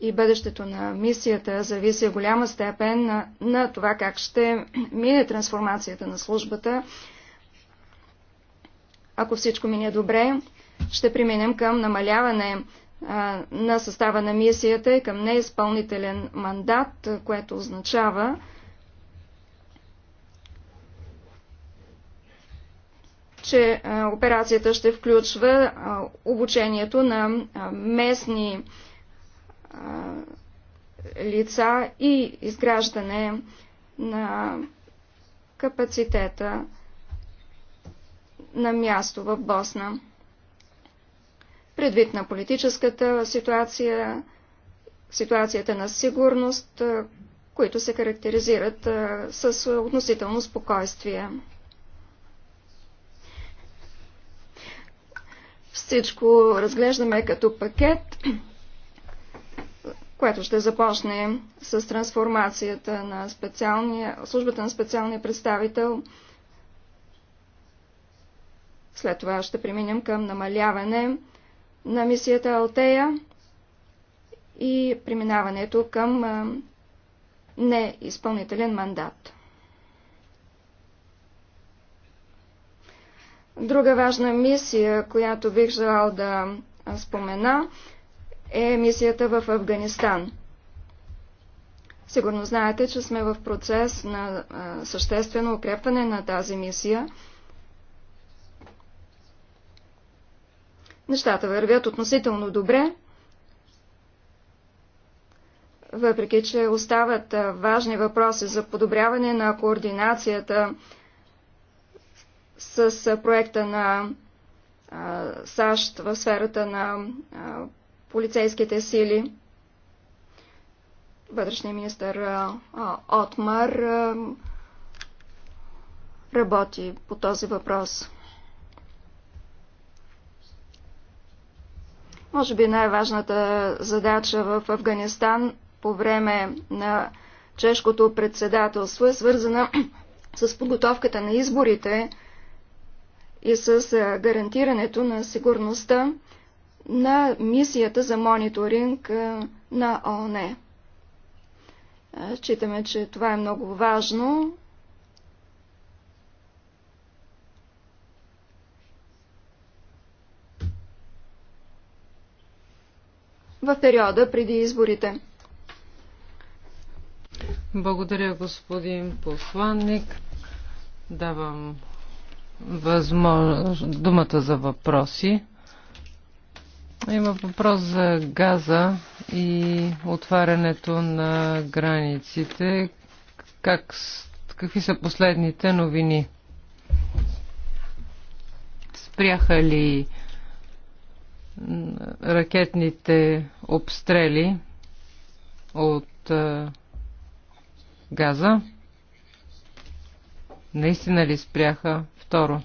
и бъдещето на мисията зависи в голяма степен на, на това как ще мине трансформацията на службата. Ако всичко мине добре, ще преминем към намаляване на състава на мисията и е към неизпълнителен мандат, което означава, че операцията ще включва обучението на местни лица и изграждане на капацитета на място в Босна предвид на политическата ситуация, ситуацията на сигурност, които се характеризират с относително спокойствие. Всичко разглеждаме като пакет, което ще започне с трансформацията на специалния, службата на специалния представител. След това ще преминем към намаляване на мисията Алтея и преминаването към неизпълнителен мандат. Друга важна мисия, която бих желал да спомена, е мисията в Афганистан. Сигурно знаете, че сме в процес на съществено укрепване на тази мисия – Нещата вървят относително добре, въпреки че остават важни въпроси за подобряване на координацията с проекта на САЩ в сферата на полицейските сили. Вътрешния министр Отмар работи по този въпрос. Може би най-важната задача в Афганистан по време на чешкото председателство е свързана с подготовката на изборите и с гарантирането на сигурността на мисията за мониторинг на ООН. Считаме, че това е много важно в периода преди изборите. Благодаря, господин посланник. Давам възмож... думата за въпроси. Има въпрос за газа и отварянето на границите. Как, какви са последните новини? Спряха ли ракетните обстрели от газа. Наистина ли спряха? Второ.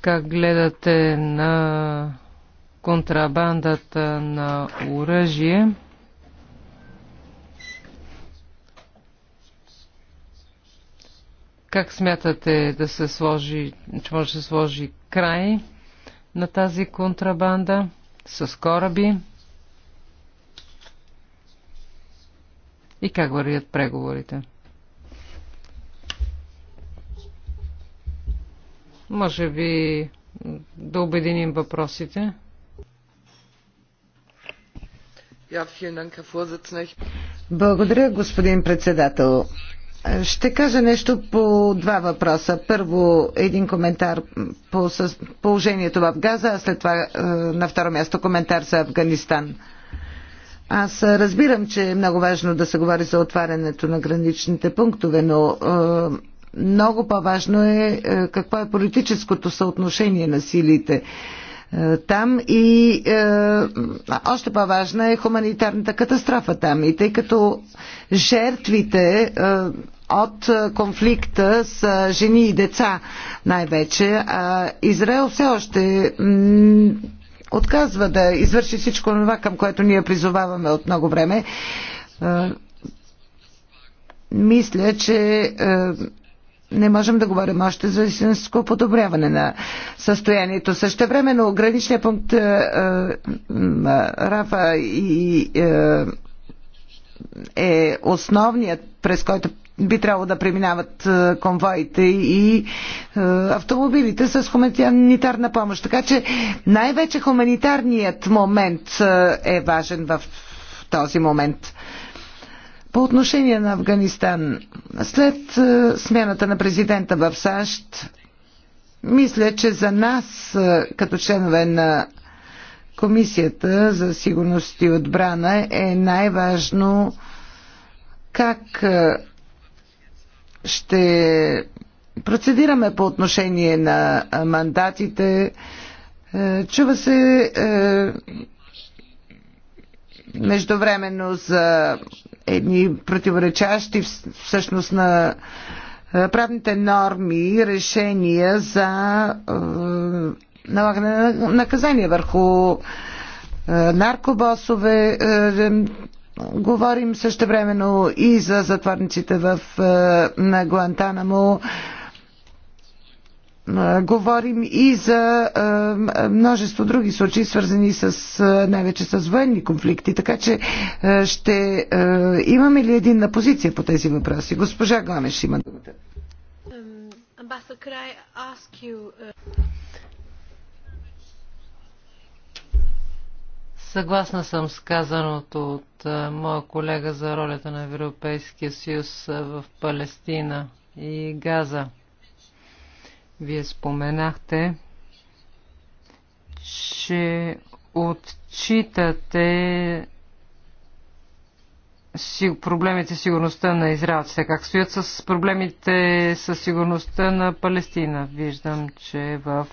Как гледате на контрабандата на оръжие? Как смятате да се сложи, че може да се сложи край на тази контрабанда с кораби? И как вървят преговорите? Може би да обединим въпросите. Благодаря, господин председател. Ще кажа нещо по два въпроса. Първо един коментар по положението в Газа, а след това е, на второ място коментар за Афганистан. Аз разбирам, че е много важно да се говори за отварянето на граничните пунктове, но е, много по-важно е, е какво е политическото съотношение на силите. Е, там и е, още по-важна е хуманитарната катастрофа там. И тъй като жертвите е, от конфликта с жени и деца най-вече, а Израел все още отказва да извърши всичко това, към което ние призоваваме от много време. Е, мисля, че е, не можем да говорим още за истинско подобряване на състоянието. Също време но граничният пункт е, е, Рафа и е, е основният, през който би трябвало да преминават е, конвоите и е, автомобилите с хуманитарна помощ. Така че най-вече хуманитарният момент е, е важен в този момент. По отношение на Афганистан, след е, смяната на президента в САЩ, мисля, че за нас, е, като членове на Комисията за сигурност и отбрана, е най-важно как е, ще процедираме по отношение на мандатите. Чува се междувременно за едни противоречащи всъщност на е, правните норми и решения за е, налагане на наказание върху е, наркобосове. Говорим също времено и за затворниците в Гуантанамо говорим и за множество други случаи, свързани с, най-вече с военни конфликти. Така че ще имаме ли един на позиция по тези въпроси? Госпожа Гламеш има думата. Съгласна съм с казаното от моя колега за ролята на Европейския съюз в Палестина и Газа. Вие споменахте, че отчитате проблемите с сигурността на израелците? Как стоят с проблемите с сигурността на Палестина? Виждам, че в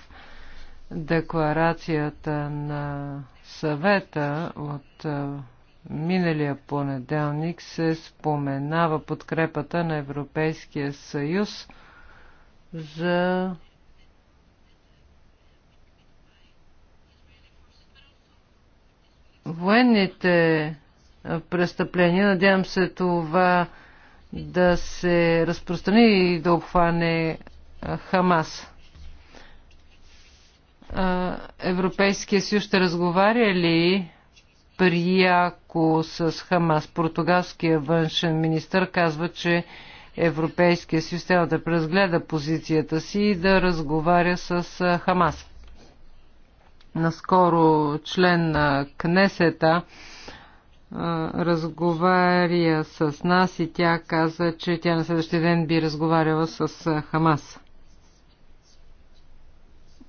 декларацията на съвета от миналия понеделник се споменава подкрепата на Европейския съюз – за военните престъпления. Надявам се това да се разпространи и да обхване Хамас. Европейския съюз ще разговаря ли пряко с Хамас? Португалския външен министр казва, че Европейския съюз трябва да преразгледа позицията си и да разговаря с Хамас. Наскоро член на Кнесета разговаря с нас и тя каза, че тя на следващия ден би разговаряла с Хамас.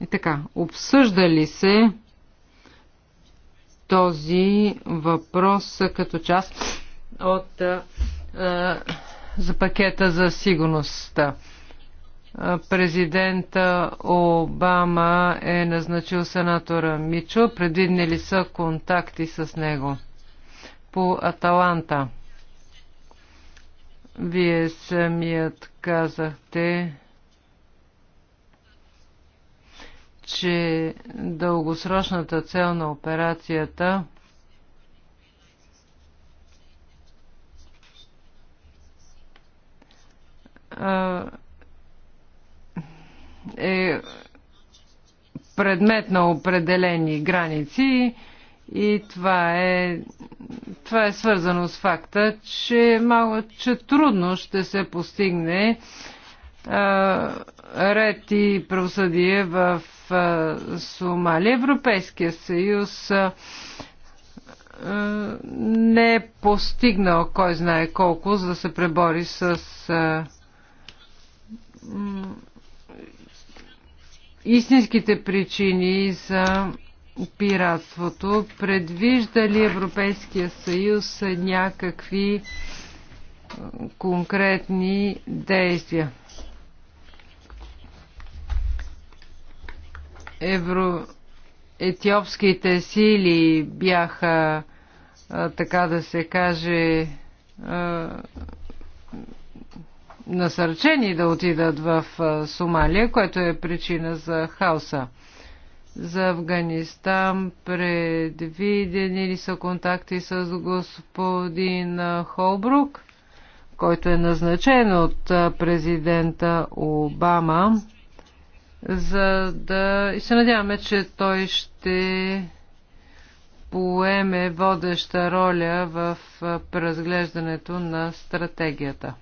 И така, обсъждали се този въпрос като част от а, за пакета за сигурността. Президента Обама е назначил сенатора Мичо. Предвидни ли са контакти с него? По Аталанта. Вие самият казахте, че дългосрочната цел на операцията е предмет на определени граници и това е, това е свързано с факта, че, мало, че трудно ще се постигне а, ред и правосъдие в а, Сомалия. Европейския съюз а, не е постигнал кой знае колко, за да се пребори с а, истинските причини за пиратството? Предвижда ли Европейския съюз някакви конкретни действия? Евро... Етиопските сили бяха, така да се каже, насърчени да отидат в Сомалия, което е причина за хаоса. За Афганистан предвидени ли са контакти с господин Холбрук, който е назначен от президента Обама, за да... И се надяваме, че той ще поеме водеща роля в разглеждането на стратегията.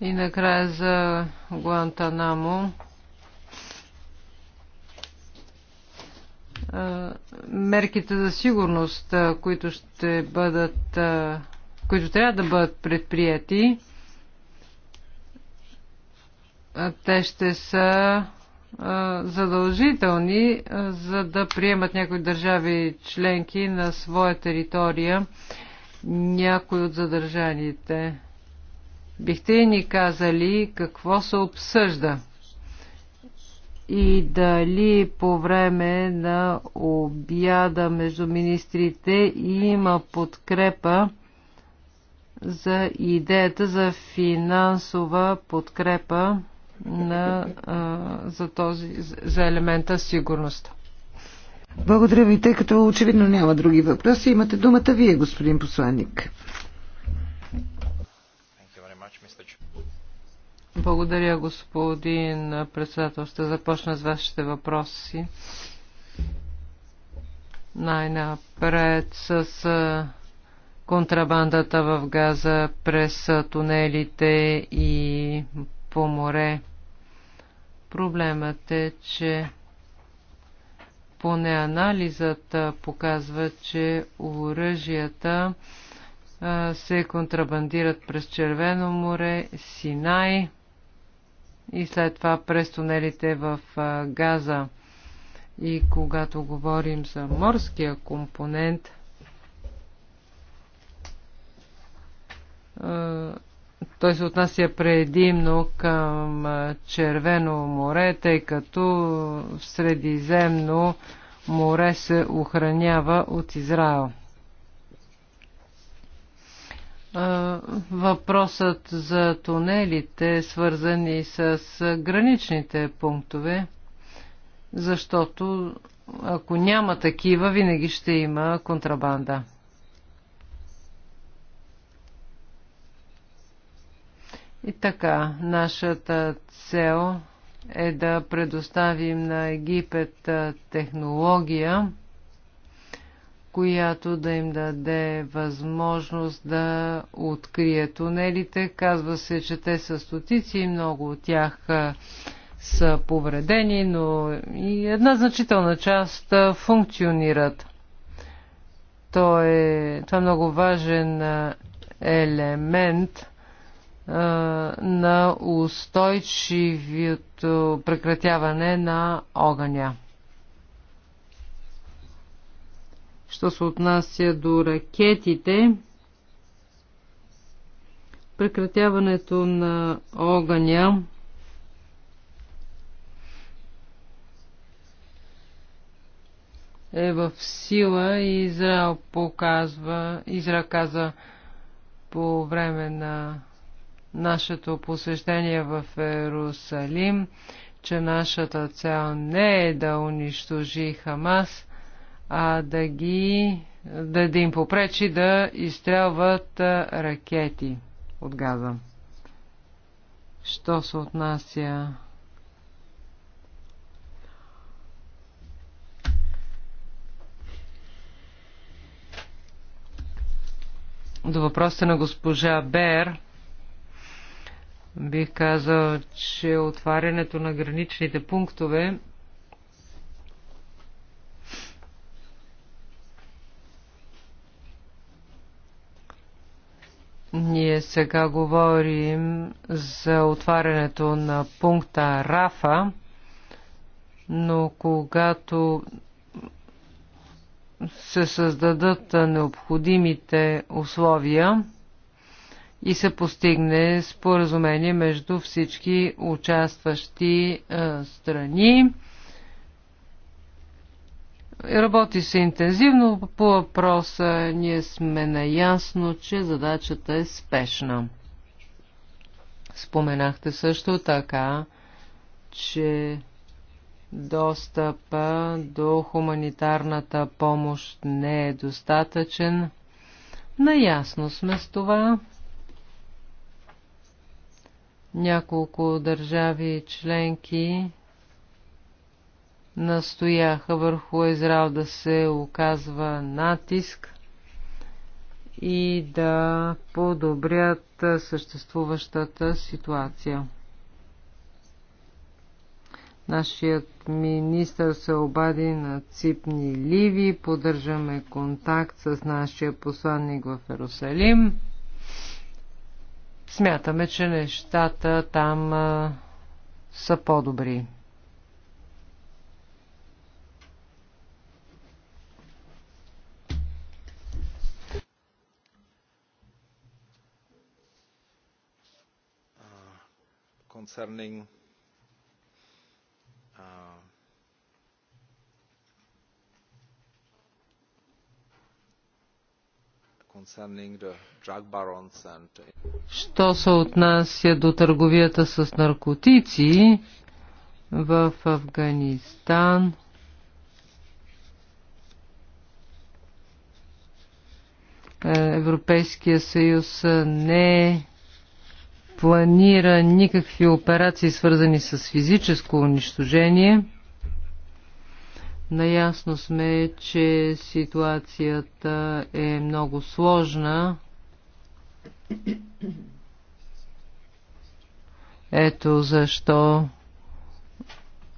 И накрая за Гуантанамо. Мерките за сигурност, които ще бъдат, които трябва да бъдат предприяти, те ще са задължителни, за да приемат някои държави членки на своя територия някои от задържаните. Бихте ни казали какво се обсъжда и дали по време на обяда между министрите има подкрепа за идеята за финансова подкрепа на, а, за, този, за елемента сигурност. Благодаря ви, тъй като очевидно няма други въпроси. Имате думата вие, господин посланник. Благодаря, господин председател. Ще започна с вашите въпроси. Най-напред с контрабандата в Газа през тунелите и по море. Проблемът е, че поне анализът показва, че оръжията се контрабандират през Червено море, Синай, и след това през тунелите в Газа. И когато говорим за морския компонент, той се отнася предимно към Червено море, тъй като в Средиземно море се охранява от Израел. Въпросът за тунелите, свързани с граничните пунктове, защото ако няма такива, винаги ще има контрабанда. И така, нашата цел е да предоставим на Египет технология, която да им даде възможност да открият тунелите. Казва се, че те са стотици и много от тях са повредени, но и една значителна част функционират. То е, това е много важен елемент а, на устойчивото прекратяване на огъня. Що се отнася до ракетите, прекратяването на огъня е в сила и Израел показва, Израел каза по време на нашето посещение в Ерусалим, че нашата цел не е да унищожи Хамас, а да ги да, да им попречи да изстрелват ракети от газа. Що се отнася до въпроса на госпожа Бер, бих казал, че отварянето на граничните пунктове Ние сега говорим за отварянето на пункта Рафа, но когато се създадат необходимите условия и се постигне споразумение между всички участващи страни, Работи се интензивно по въпроса. Ние сме наясно, че задачата е спешна. Споменахте също така, че достъпа до хуманитарната помощ не е достатъчен. Наясно сме с това. Няколко държави членки настояха върху Израел да се оказва натиск и да подобрят съществуващата ситуация. Нашият министр се обади на Ципни Ливи. Поддържаме контакт с нашия посланник в Ерусалим. Смятаме, че нещата там са по-добри. concerning uh, Що се отнася до търговията с наркотици в Афганистан, е, Европейския съюз не е планира никакви операции, свързани с физическо унищожение. Наясно сме, че ситуацията е много сложна. Ето защо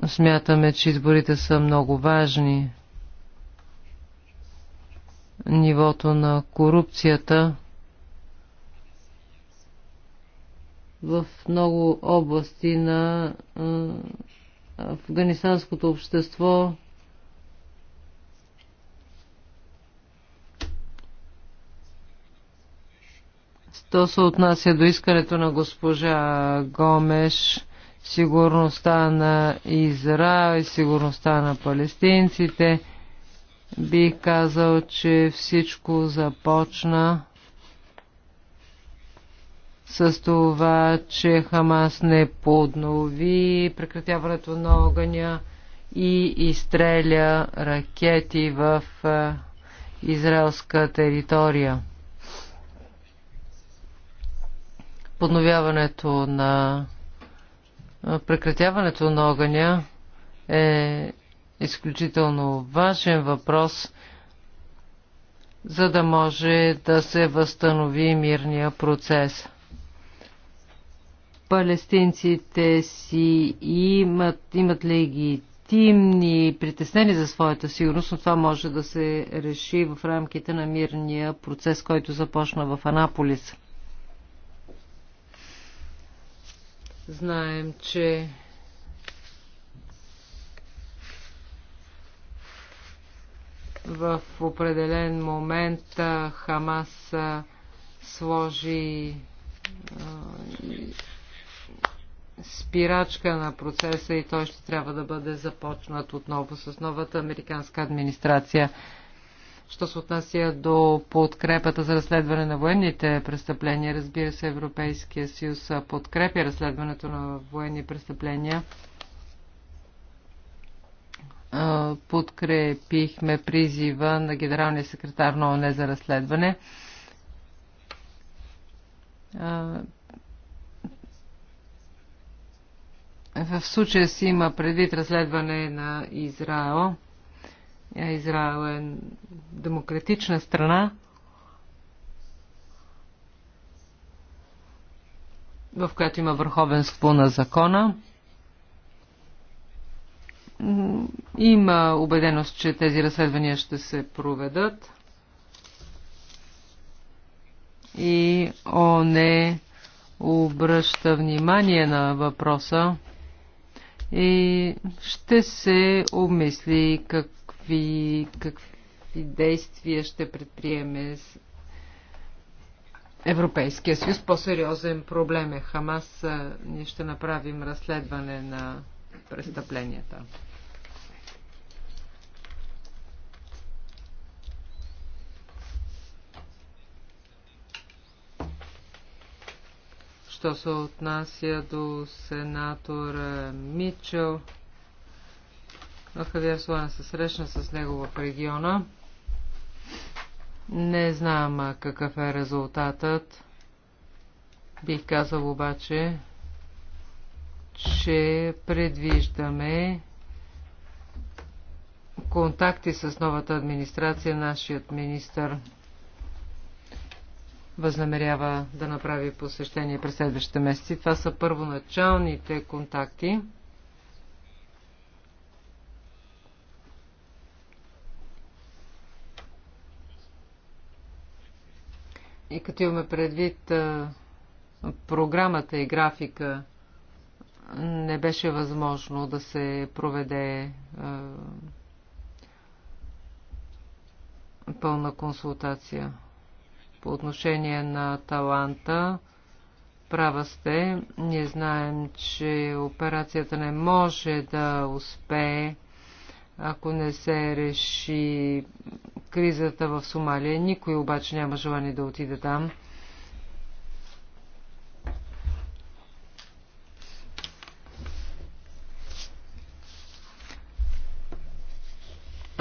смятаме, че изборите са много важни. Нивото на корупцията в много области на афганистанското общество То се отнася до искането на госпожа Гомеш, сигурността на Израел, сигурността на палестинците. Бих казал, че всичко започна с това, че Хамас не поднови прекратяването на огъня и изстреля ракети в е, израелска територия. Подновяването на е, прекратяването на огъня е изключително важен въпрос, за да може да се възстанови мирния процес палестинците си имат, имат легитимни притеснения за своята сигурност, но това може да се реши в рамките на мирния процес, който започна в Анаполис. Знаем, че в определен момент Хамас сложи спирачка на процеса и той ще трябва да бъде започнат отново с новата американска администрация. Що се отнася до подкрепата за разследване на военните престъпления, разбира се, Европейския съюз подкрепя разследването на военни престъпления. Подкрепихме призива на генералния секретар на ОНЕ за разследване В случая си има предвид разследване на Израел. Е, Израел е демократична страна. в която има върховенство на закона. Има убеденост, че тези разследвания ще се проведат. И ОНЕ обръща внимание на въпроса и ще се обмисли какви, какви действия ще предприеме Европейския съюз. По-сериозен проблем е Хамас. Ние ще направим разследване на престъпленията. Що се отнася до сенатора Мичел, Хавиер Солана се срещна с него в региона. Не знам какъв е резултатът. Бих казал обаче, че предвиждаме контакти с новата администрация, нашият министър възнамерява да направи посещение през следващите месеци. Това са първоначалните контакти. И като имаме предвид програмата и графика, не беше възможно да се проведе пълна консултация. По отношение на таланта, права сте. Ние знаем, че операцията не може да успее, ако не се реши кризата в Сомалия. Никой обаче няма желание да отиде там.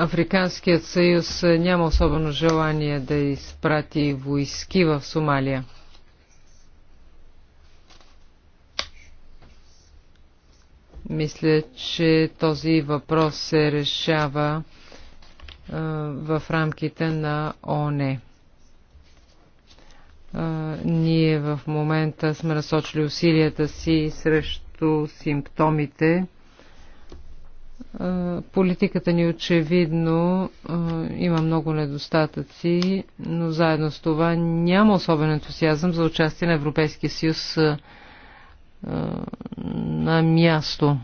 Африканският съюз няма особено желание да изпрати войски в Сомалия. Мисля, че този въпрос се решава в рамките на ОНЕ. ние в момента сме насочили усилията си срещу симптомите Политиката ни очевидно има много недостатъци, но заедно с това няма особен ентусиазъм за участие на Европейския съюз на място.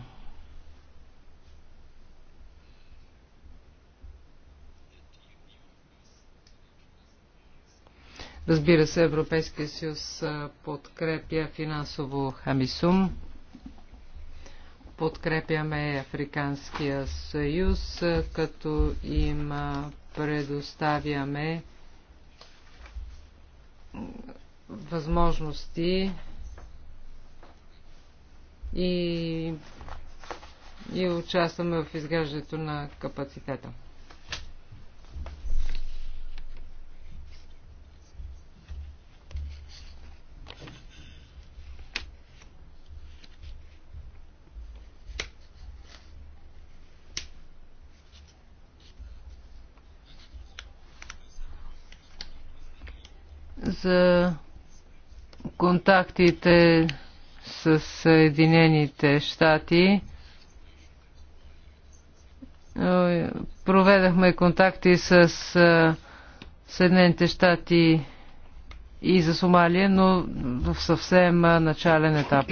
Разбира се, Европейския съюз подкрепя финансово Хамисум подкрепяме Африканския съюз, като им предоставяме възможности и, и участваме в изграждането на капацитета. контактите с Съединените щати. Проведахме контакти с Съединените щати и за Сомалия, но в съвсем начален етап.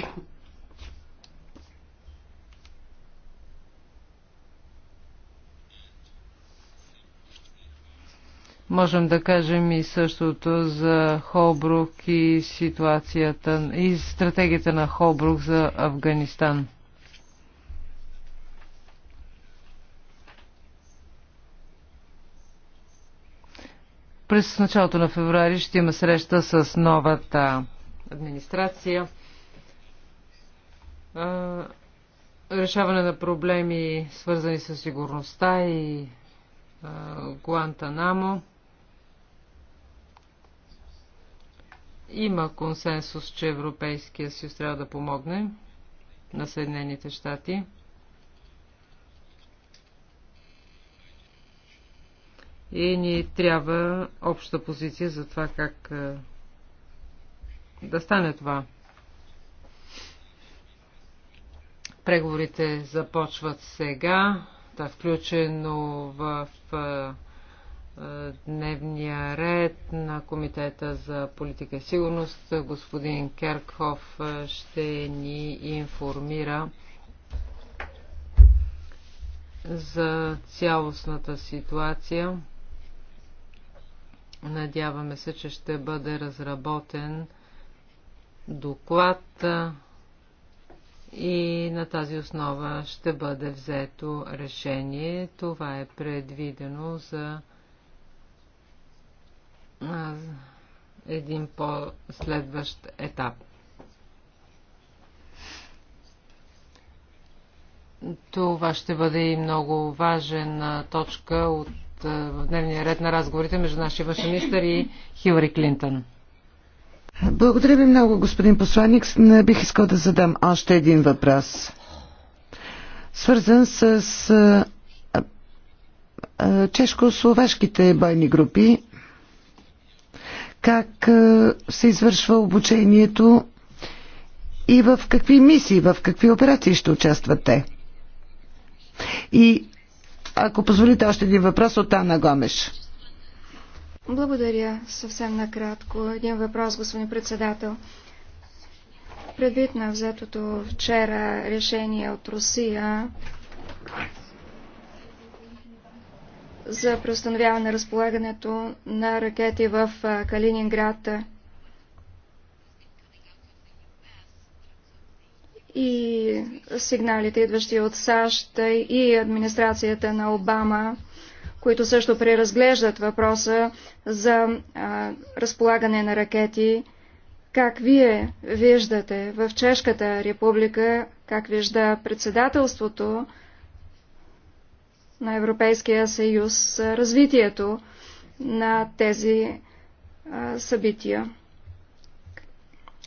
Можем да кажем и същото за Холбрук и ситуацията и стратегията на Холбрук за Афганистан. През началото на феврари ще има среща с новата администрация. Решаване на проблеми, свързани с сигурността и Гуантанамо. Има консенсус, че Европейския съюз трябва да помогне на Съединените щати. И ни трябва обща позиция за това как е, да стане това. Преговорите започват сега. Това е включено в е, дневния ред на Комитета за политика и сигурност. Господин Керкхоф ще ни информира за цялостната ситуация. Надяваме се, че ще бъде разработен доклад и на тази основа ще бъде взето решение. Това е предвидено за един по-следващ етап. Това ще бъде и много важен точка от дневния ред на разговорите между нашия външен министър и Хилари Клинтон. Благодаря ви много, господин посланник. Не бих искал да задам още един въпрос. Свързан с чешко словешките бойни групи, как се извършва обучението и в какви мисии, в какви операции ще участват те. И ако позволите още един въпрос от Ана Гомеш. Благодаря. Съвсем накратко. Един въпрос, господин председател. Предвид на взетото вчера решение от Русия за преустановяване на разполагането на ракети в Калининград. И сигналите, идващи от САЩ и администрацията на Обама, които също преразглеждат въпроса за а, разполагане на ракети. Как вие виждате в Чешката република, как вижда председателството, на Европейския съюз, развитието на тези събития.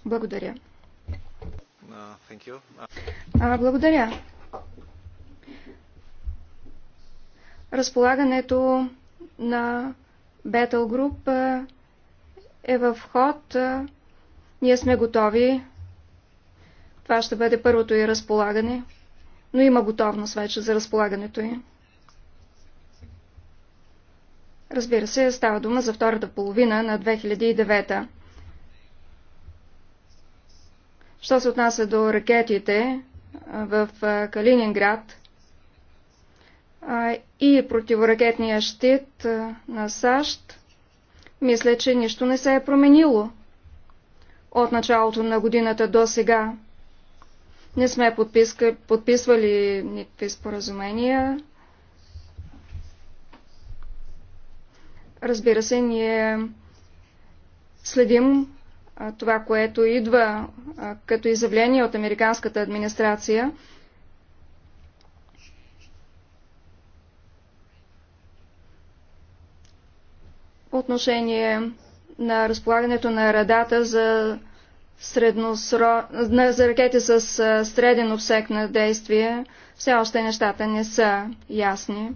Благодаря. Благодаря. Разполагането на Battle Group е в ход. Ние сме готови. Това ще бъде първото и разполагане, но има готовност вече за разполагането й. Разбира се, става дума за втората половина на 2009. Що се отнася до ракетите в Калининград и противоракетния щит на САЩ, мисля, че нищо не се е променило от началото на годината до сега. Не сме подписвали никакви споразумения Разбира се, ние следим това, което идва като изявление от американската администрация. отношение на разполагането на радата за, средносро... за ракети с среден обсек на действие, все още нещата не са ясни.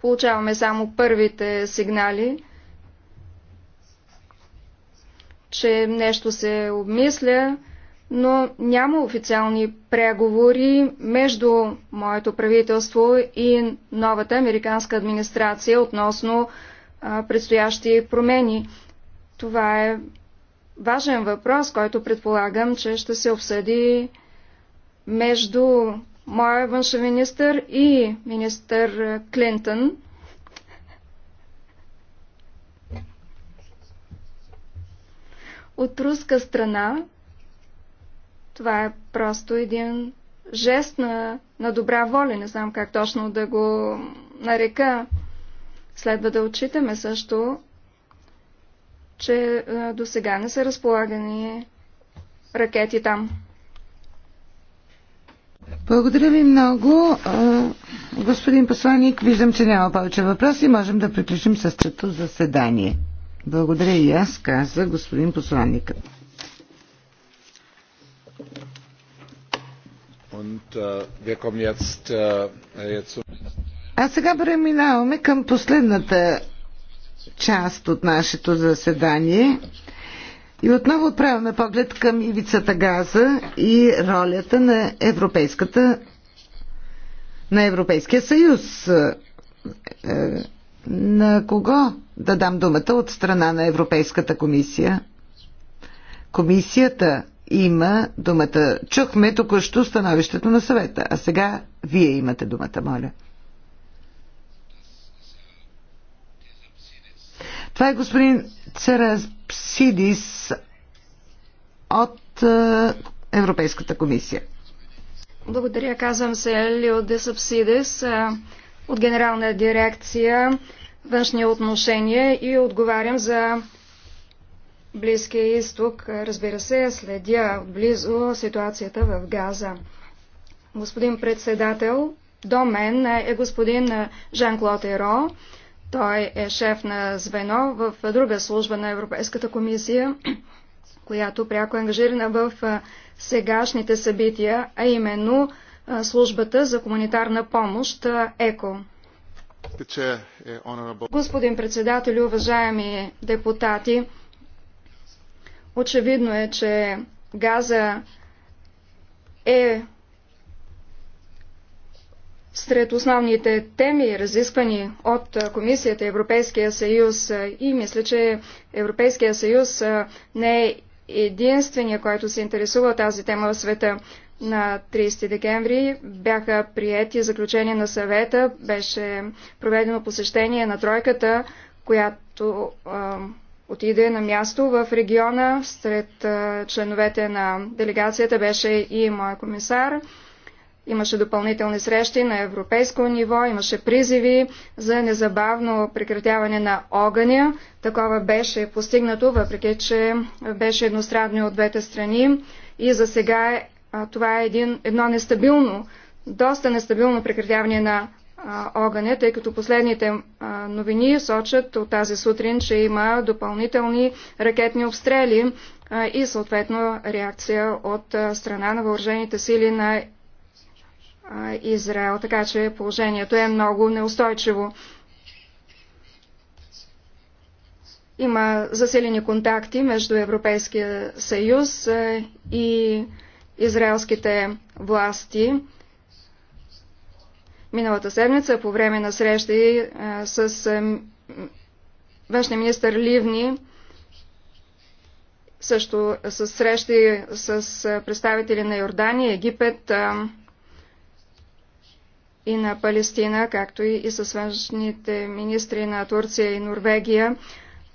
Получаваме само първите сигнали, че нещо се обмисля, но няма официални преговори между моето правителство и новата американска администрация относно предстоящи промени. Това е важен въпрос, който предполагам, че ще се обсъди между моя външен министр и министър Клинтън от руска страна. Това е просто един жест на, на добра воля, не знам как точно да го нарека. Следва да отчитаме също, че до сега не са разполагани ракети там. Благодаря ви много. Господин посланник, виждам, че няма повече въпроси. Можем да приключим с чето заседание. Благодаря и аз, каза господин посланник. Äh, а сега преминаваме към последната част от нашето заседание. И отново отправяме поглед към ивицата Газа и ролята на Европейската на Европейския съюз. Е, на кого да дам думата от страна на Европейската комисия? Комисията има думата. Чухме току-що становището на съвета, а сега вие имате думата, моля. Това е господин Церасидис от е, Европейската комисия. Благодаря, казвам се Лио де Субсидис е, от Генерална дирекция външни отношения и отговарям за Близкия изток. Разбира се, следя близо ситуацията в Газа. Господин председател, до мен е господин Жан-Клод Еро, той е шеф на звено в друга служба на Европейската комисия, която пряко е ангажирана в сегашните събития, а именно службата за хуманитарна помощ ЕКО. Господин председател, уважаеми депутати, очевидно е, че газа е сред основните теми, разисквани от Комисията Европейския съюз и мисля, че Европейския съюз не е единствения, който се интересува от тази тема в света. На 30 декември бяха приети заключения на съвета, беше проведено посещение на тройката, която а, отиде на място в региона. Сред а, членовете на делегацията беше и моя комисар. Имаше допълнителни срещи на европейско ниво, имаше призиви за незабавно прекратяване на огъня. Такова беше постигнато, въпреки че беше едностранно от двете страни. И за сега е, това е един, едно нестабилно, доста нестабилно прекратяване на огъня, тъй като последните новини сочат от тази сутрин, че има допълнителни ракетни обстрели и съответно реакция от страна на въоръжените сили на Израел, така че положението е много неустойчиво. Има заселени контакти между Европейския съюз и израелските власти. Миналата седмица, по време на срещи с външния министр Ливни, също с срещи с представители на Йордания, Египет, и на Палестина, както и с външните министри на Турция и Норвегия.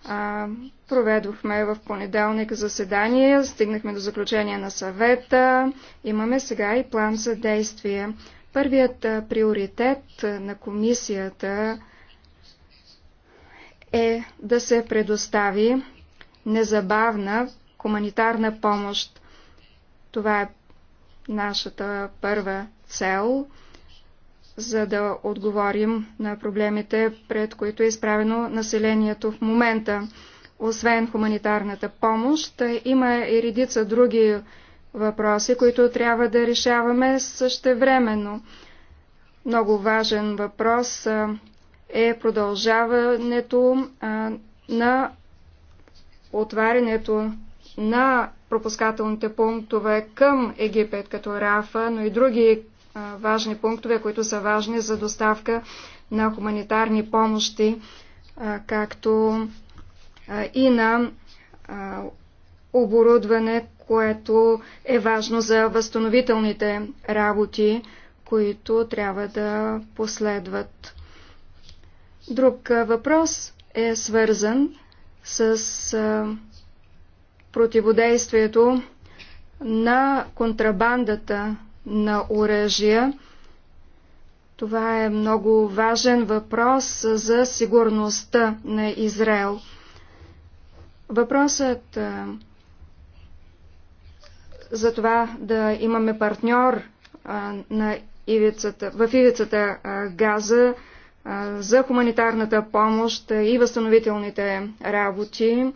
А, проведохме в понеделник заседание, стигнахме до заключение на съвета. Имаме сега и план за действие. Първият приоритет на комисията е да се предостави незабавна хуманитарна помощ. Това е нашата първа цел – за да отговорим на проблемите, пред които е изправено населението в момента. Освен хуманитарната помощ, има и редица други въпроси, които трябва да решаваме същевременно. Много важен въпрос е продължаването на отварянето на пропускателните пунктове към Египет като Рафа, но и други важни пунктове, които са важни за доставка на хуманитарни помощи, както и на оборудване, което е важно за възстановителните работи, които трябва да последват. Друг въпрос е свързан с противодействието на контрабандата на оръжия. Това е много важен въпрос за сигурността на Израел. Въпросът за това да имаме партньор на ивицата, в ивицата Газа за хуманитарната помощ и възстановителните работи.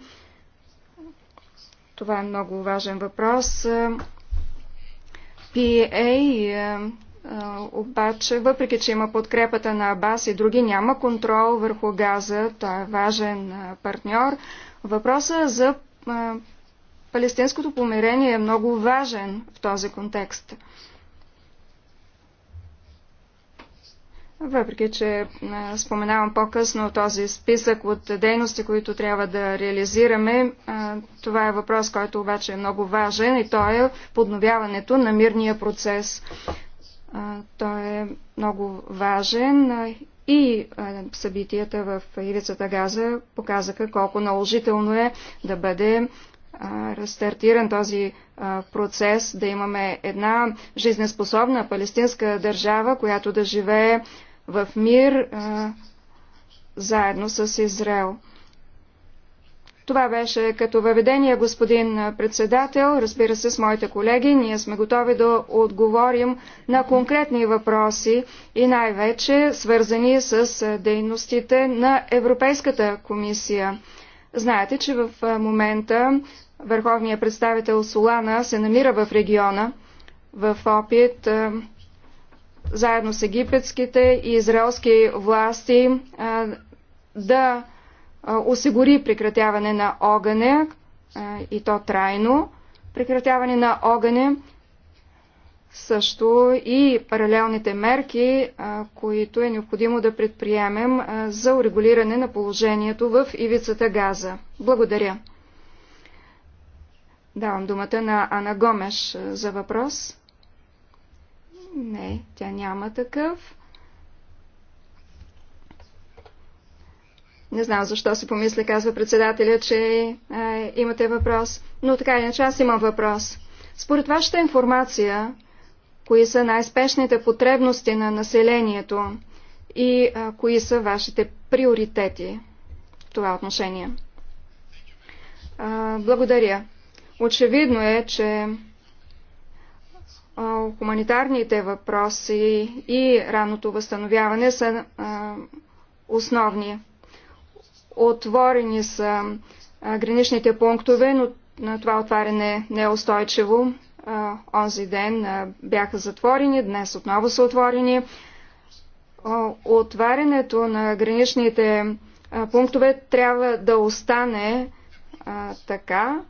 Това е много важен въпрос. PA е, обаче, въпреки че има подкрепата на Абас и други, няма контрол върху газа. Той е важен партньор. Въпросът е за палестинското помирение е много важен в този контекст. Въпреки, че е, споменавам по-късно този списък от дейности, които трябва да реализираме, е, това е въпрос, който обаче е много важен и то е подновяването на мирния процес. Е, той е много важен и събитията в Ивицата Газа показаха колко наложително е да бъде разстартиран този процес, да имаме една жизнеспособна палестинска държава, която да живее в мир заедно с Израел. Това беше като въведение, господин председател. Разбира се, с моите колеги, ние сме готови да отговорим на конкретни въпроси и най-вече свързани с дейностите на Европейската комисия. Знаете, че в момента върховният представител Солана се намира в региона в опит заедно с египетските и израелски власти да осигури прекратяване на огъня и то трайно прекратяване на огъня, също и паралелните мерки, които е необходимо да предприемем за урегулиране на положението в ивицата Газа. Благодаря. Давам думата на Ана Гомеш е, за въпрос. Не, тя няма такъв. Не знам защо се помисли, казва председателя, че е, имате въпрос. Но така иначе аз имам въпрос. Според вашата информация, кои са най-спешните потребности на населението и а, е, кои са вашите приоритети в това отношение? А, е, благодаря. Очевидно е, че хуманитарните въпроси и ранното възстановяване са основни. Отворени са граничните пунктове, но на това отваряне не е устойчиво. Онзи ден бяха затворени, днес отново са отворени. Отварянето на граничните пунктове трябва да остане така,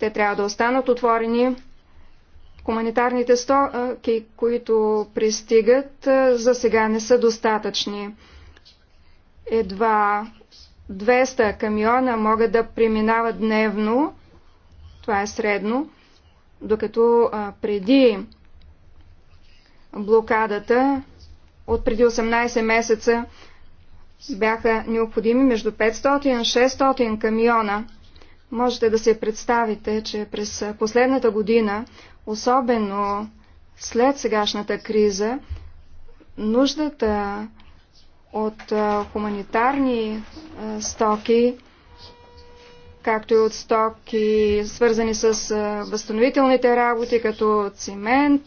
те трябва да останат отворени. Хуманитарните стоки, които пристигат, за сега не са достатъчни. Едва 200 камиона могат да преминават дневно, това е средно, докато преди блокадата от преди 18 месеца бяха необходими между 500-600 и камиона – Можете да се представите, че през последната година, особено след сегашната криза, нуждата от хуманитарни стоки, както и от стоки, свързани с възстановителните работи, като цимент,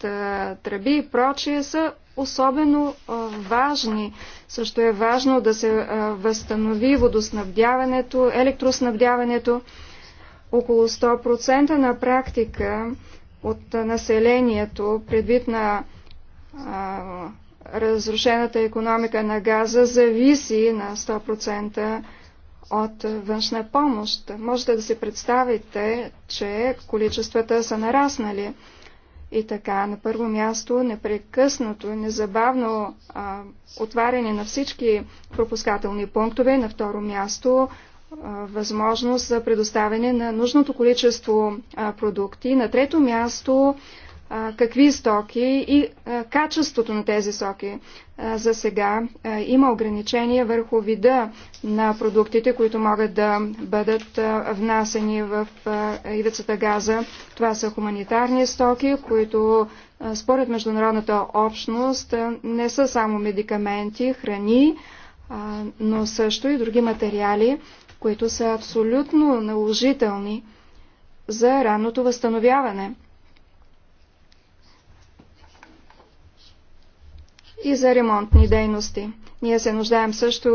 тръби и прочие, са особено важни. Също е важно да се възстанови водоснабдяването, електроснабдяването около 100% на практика от населението, предвид на а, разрушената економика на газа, зависи на 100% от външна помощ. Можете да си представите, че количествата са нараснали. И така, на първо място, непрекъснато, незабавно а, отваряне на всички пропускателни пунктове. На второ място, възможност за предоставяне на нужното количество продукти. На трето място какви стоки и качеството на тези стоки. За сега има ограничения върху вида на продуктите, които могат да бъдат внасени в ивицата газа. Това са хуманитарни стоки, които според международната общност не са само медикаменти, храни, но също и други материали, които са абсолютно наложителни за ранното възстановяване и за ремонтни дейности. Ние се нуждаем също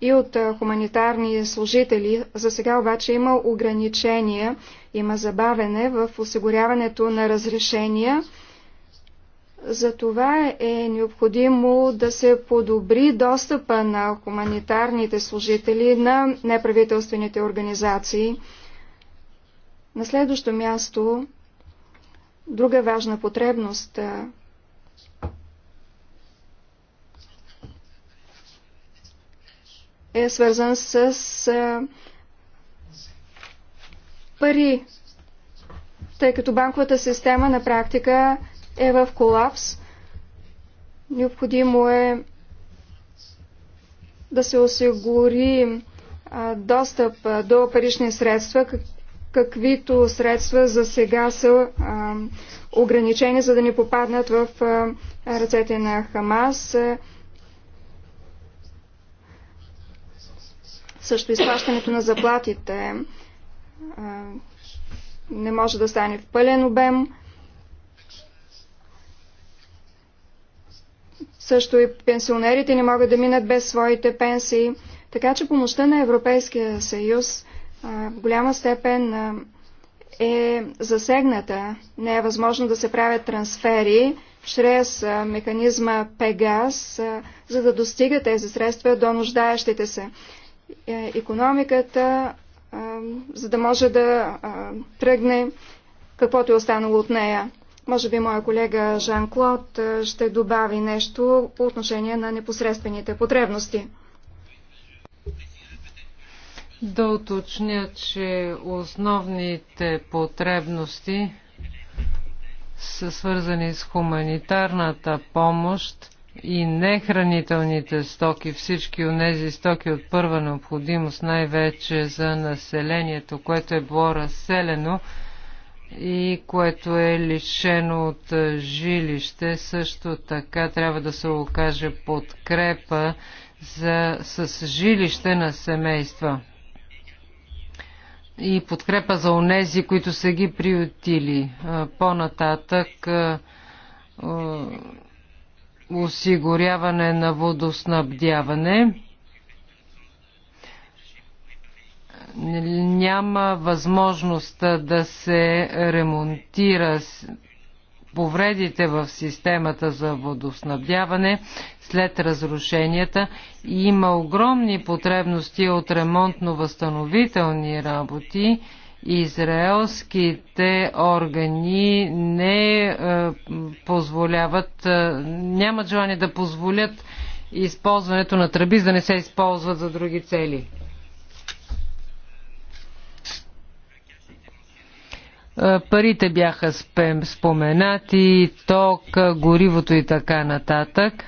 и от хуманитарни служители. За сега обаче има ограничения, има забавене в осигуряването на разрешения затова е необходимо да се подобри достъпа на хуманитарните служители на неправителствените организации. На следващо място, друга важна потребност е свързан с пари, тъй като банковата система на практика е е в колапс. Необходимо е да се осигури достъп до парични средства, каквито средства за сега са а, ограничени, за да не попаднат в а, ръцете на Хамас. Също изплащането на заплатите а, не може да стане в пълен обем. Също и пенсионерите не могат да минат без своите пенсии. Така че помощта на Европейския съюз а, в голяма степен а, е засегната. Не е възможно да се правят трансфери чрез а, механизма Пегас, за да достига тези средства до нуждаещите се. Е, економиката, за да може да тръгне каквото е останало от нея. Може би моя колега Жан-Клод е, ще добави нещо по отношение на непосредствените потребности. Да уточня, че основните потребности са свързани с хуманитарната помощ и нехранителните стоки, всички от тези стоки от първа необходимост, най-вече за населението, което е било разселено и което е лишено от жилище, също така трябва да се окаже подкрепа за, с жилище на семейства и подкрепа за онези, които са ги приютили. По-нататък осигуряване на водоснабдяване няма възможност да се ремонтира повредите в системата за водоснабдяване след разрушенията и има огромни потребности от ремонтно-възстановителни работи. Израелските органи не е, позволяват, е, нямат желание да позволят използването на тръби, за да не се използват за други цели. Е, парите бяха споменати, ток, горивото и така нататък.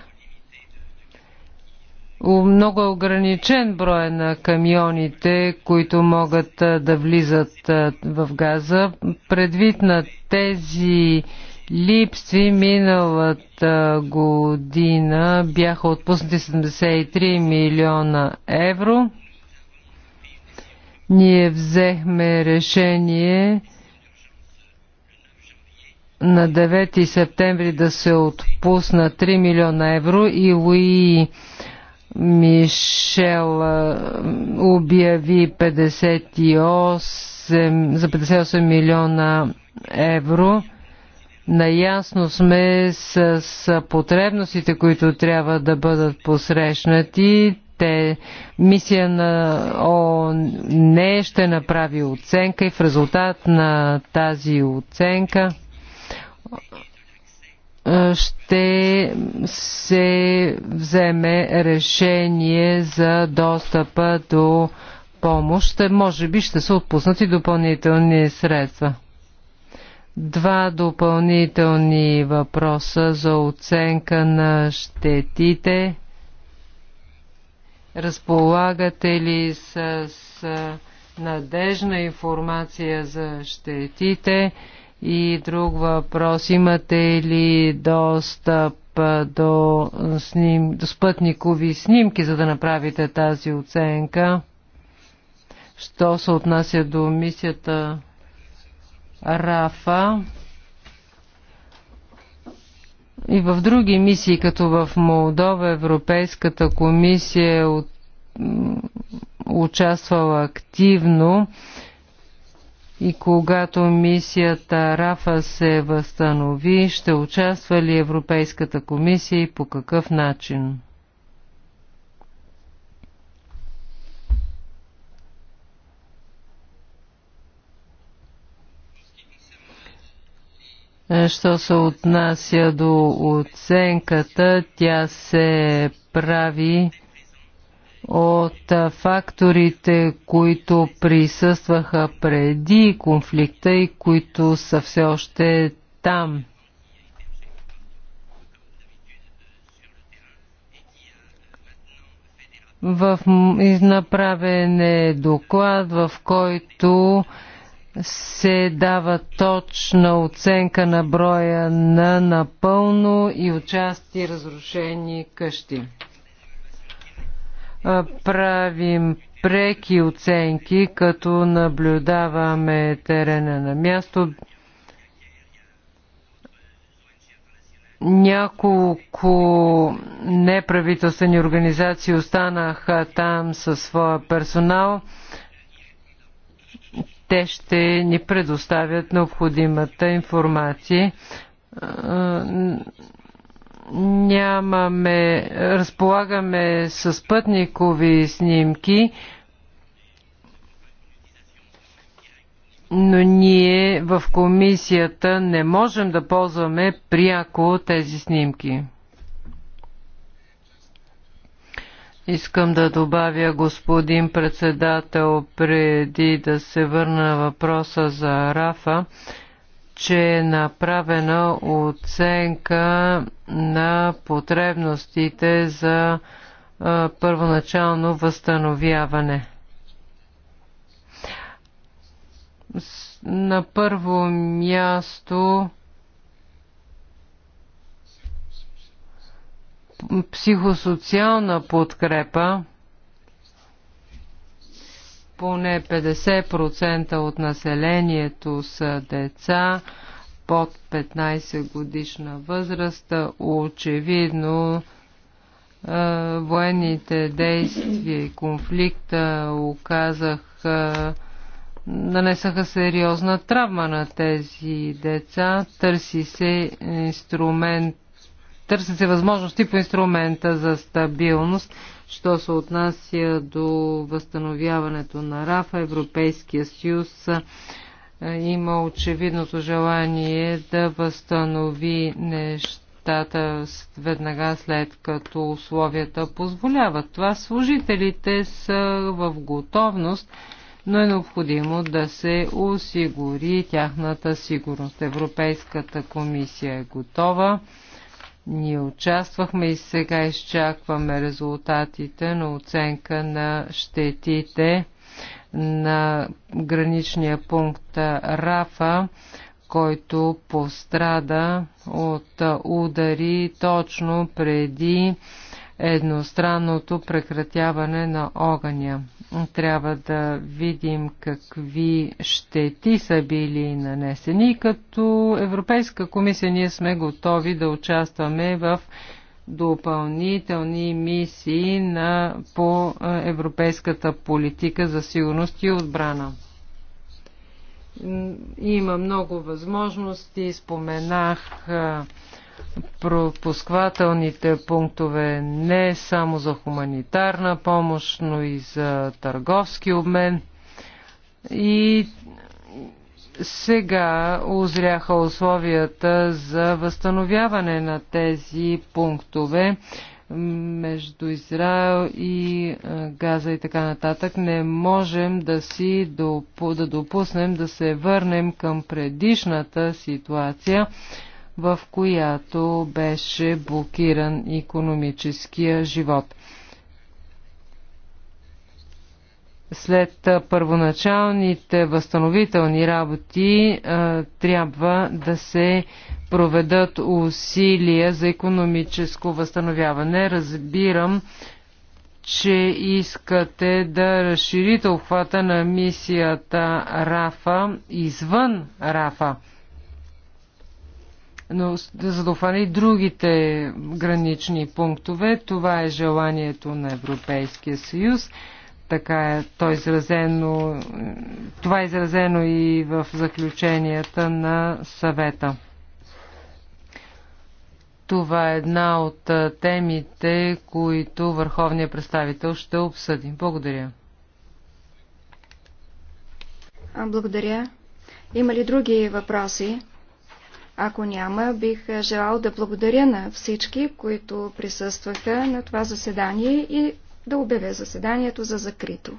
Много е ограничен брой на камионите, които могат е, да влизат е, в газа. Предвид на тези липси миналата година бяха отпуснати 73 милиона евро. Ние взехме решение на 9 септември да се отпусна 3 милиона евро и Луи Мишел обяви 58, за 58 милиона евро. Наясно сме с, с потребностите, които трябва да бъдат посрещнати. Те, мисия на ООН ще направи оценка и в резултат на тази оценка ще се вземе решение за достъпа до помощ. Може би ще се отпуснат и допълнителни средства. Два допълнителни въпроса за оценка на щетите. Разполагате ли с надежна информация за щетите? И друг въпрос. Имате ли достъп до, сним, до спътникови снимки, за да направите тази оценка? Що се отнася до мисията Рафа? И в други мисии, като в Молдова, Европейската комисия е от, участвала активно и когато мисията Рафа се възстанови, ще участва ли Европейската комисия и по какъв начин? Е, що се отнася до оценката, тя се прави от факторите, които присъстваха преди конфликта и които са все още там. В изнаправен е доклад, в който се дава точна оценка на броя на напълно и отчасти разрушени къщи правим преки оценки, като наблюдаваме терена на място. Няколко неправителствени организации останаха там със своя персонал. Те ще ни предоставят необходимата информация нямаме, разполагаме с пътникови снимки, но ние в комисията не можем да ползваме пряко тези снимки. Искам да добавя, господин председател, преди да се върна въпроса за Рафа че е направена оценка на потребностите за първоначално възстановяване. На първо място психосоциална подкрепа поне 50% от населението са деца под 15 годишна възраст. Очевидно, военните действия и конфликта оказаха нанесаха сериозна травма на тези деца. Търси се инструмент, търси се възможности по инструмента за стабилност. Що се отнася до възстановяването на РАФа, Европейския съюз е, има очевидното желание да възстанови нещата веднага след като условията позволяват. Това служителите са в готовност, но е необходимо да се осигури тяхната сигурност. Европейската комисия е готова ние участвахме и сега изчакваме резултатите на оценка на щетите на граничния пункт Рафа, който пострада от удари точно преди едностранното прекратяване на огъня. Трябва да видим какви щети са били нанесени. Като Европейска комисия ние сме готови да участваме в допълнителни мисии на, по европейската политика за сигурност и отбрана. Има много възможности. Споменах пропусквателните пунктове не само за хуманитарна помощ, но и за търговски обмен. И сега озряха условията за възстановяване на тези пунктове между Израел и Газа и така нататък. Не можем да си допу, да допуснем да се върнем към предишната ситуация в която беше блокиран економическия живот. След първоначалните възстановителни работи трябва да се проведат усилия за економическо възстановяване. Разбирам, че искате да разширите обхвата на мисията Рафа извън Рафа но за да обхване и другите гранични пунктове. Това е желанието на Европейския съюз. Така е, то е изразено, е, това е изразено и в заключенията на съвета. Това е една от е, темите, които върховният представител ще обсъди. Благодаря. Благодаря. Има ли други въпроси? Ако няма, бих желал да благодаря на всички, които присъстваха на това заседание и да обявя заседанието за закрито.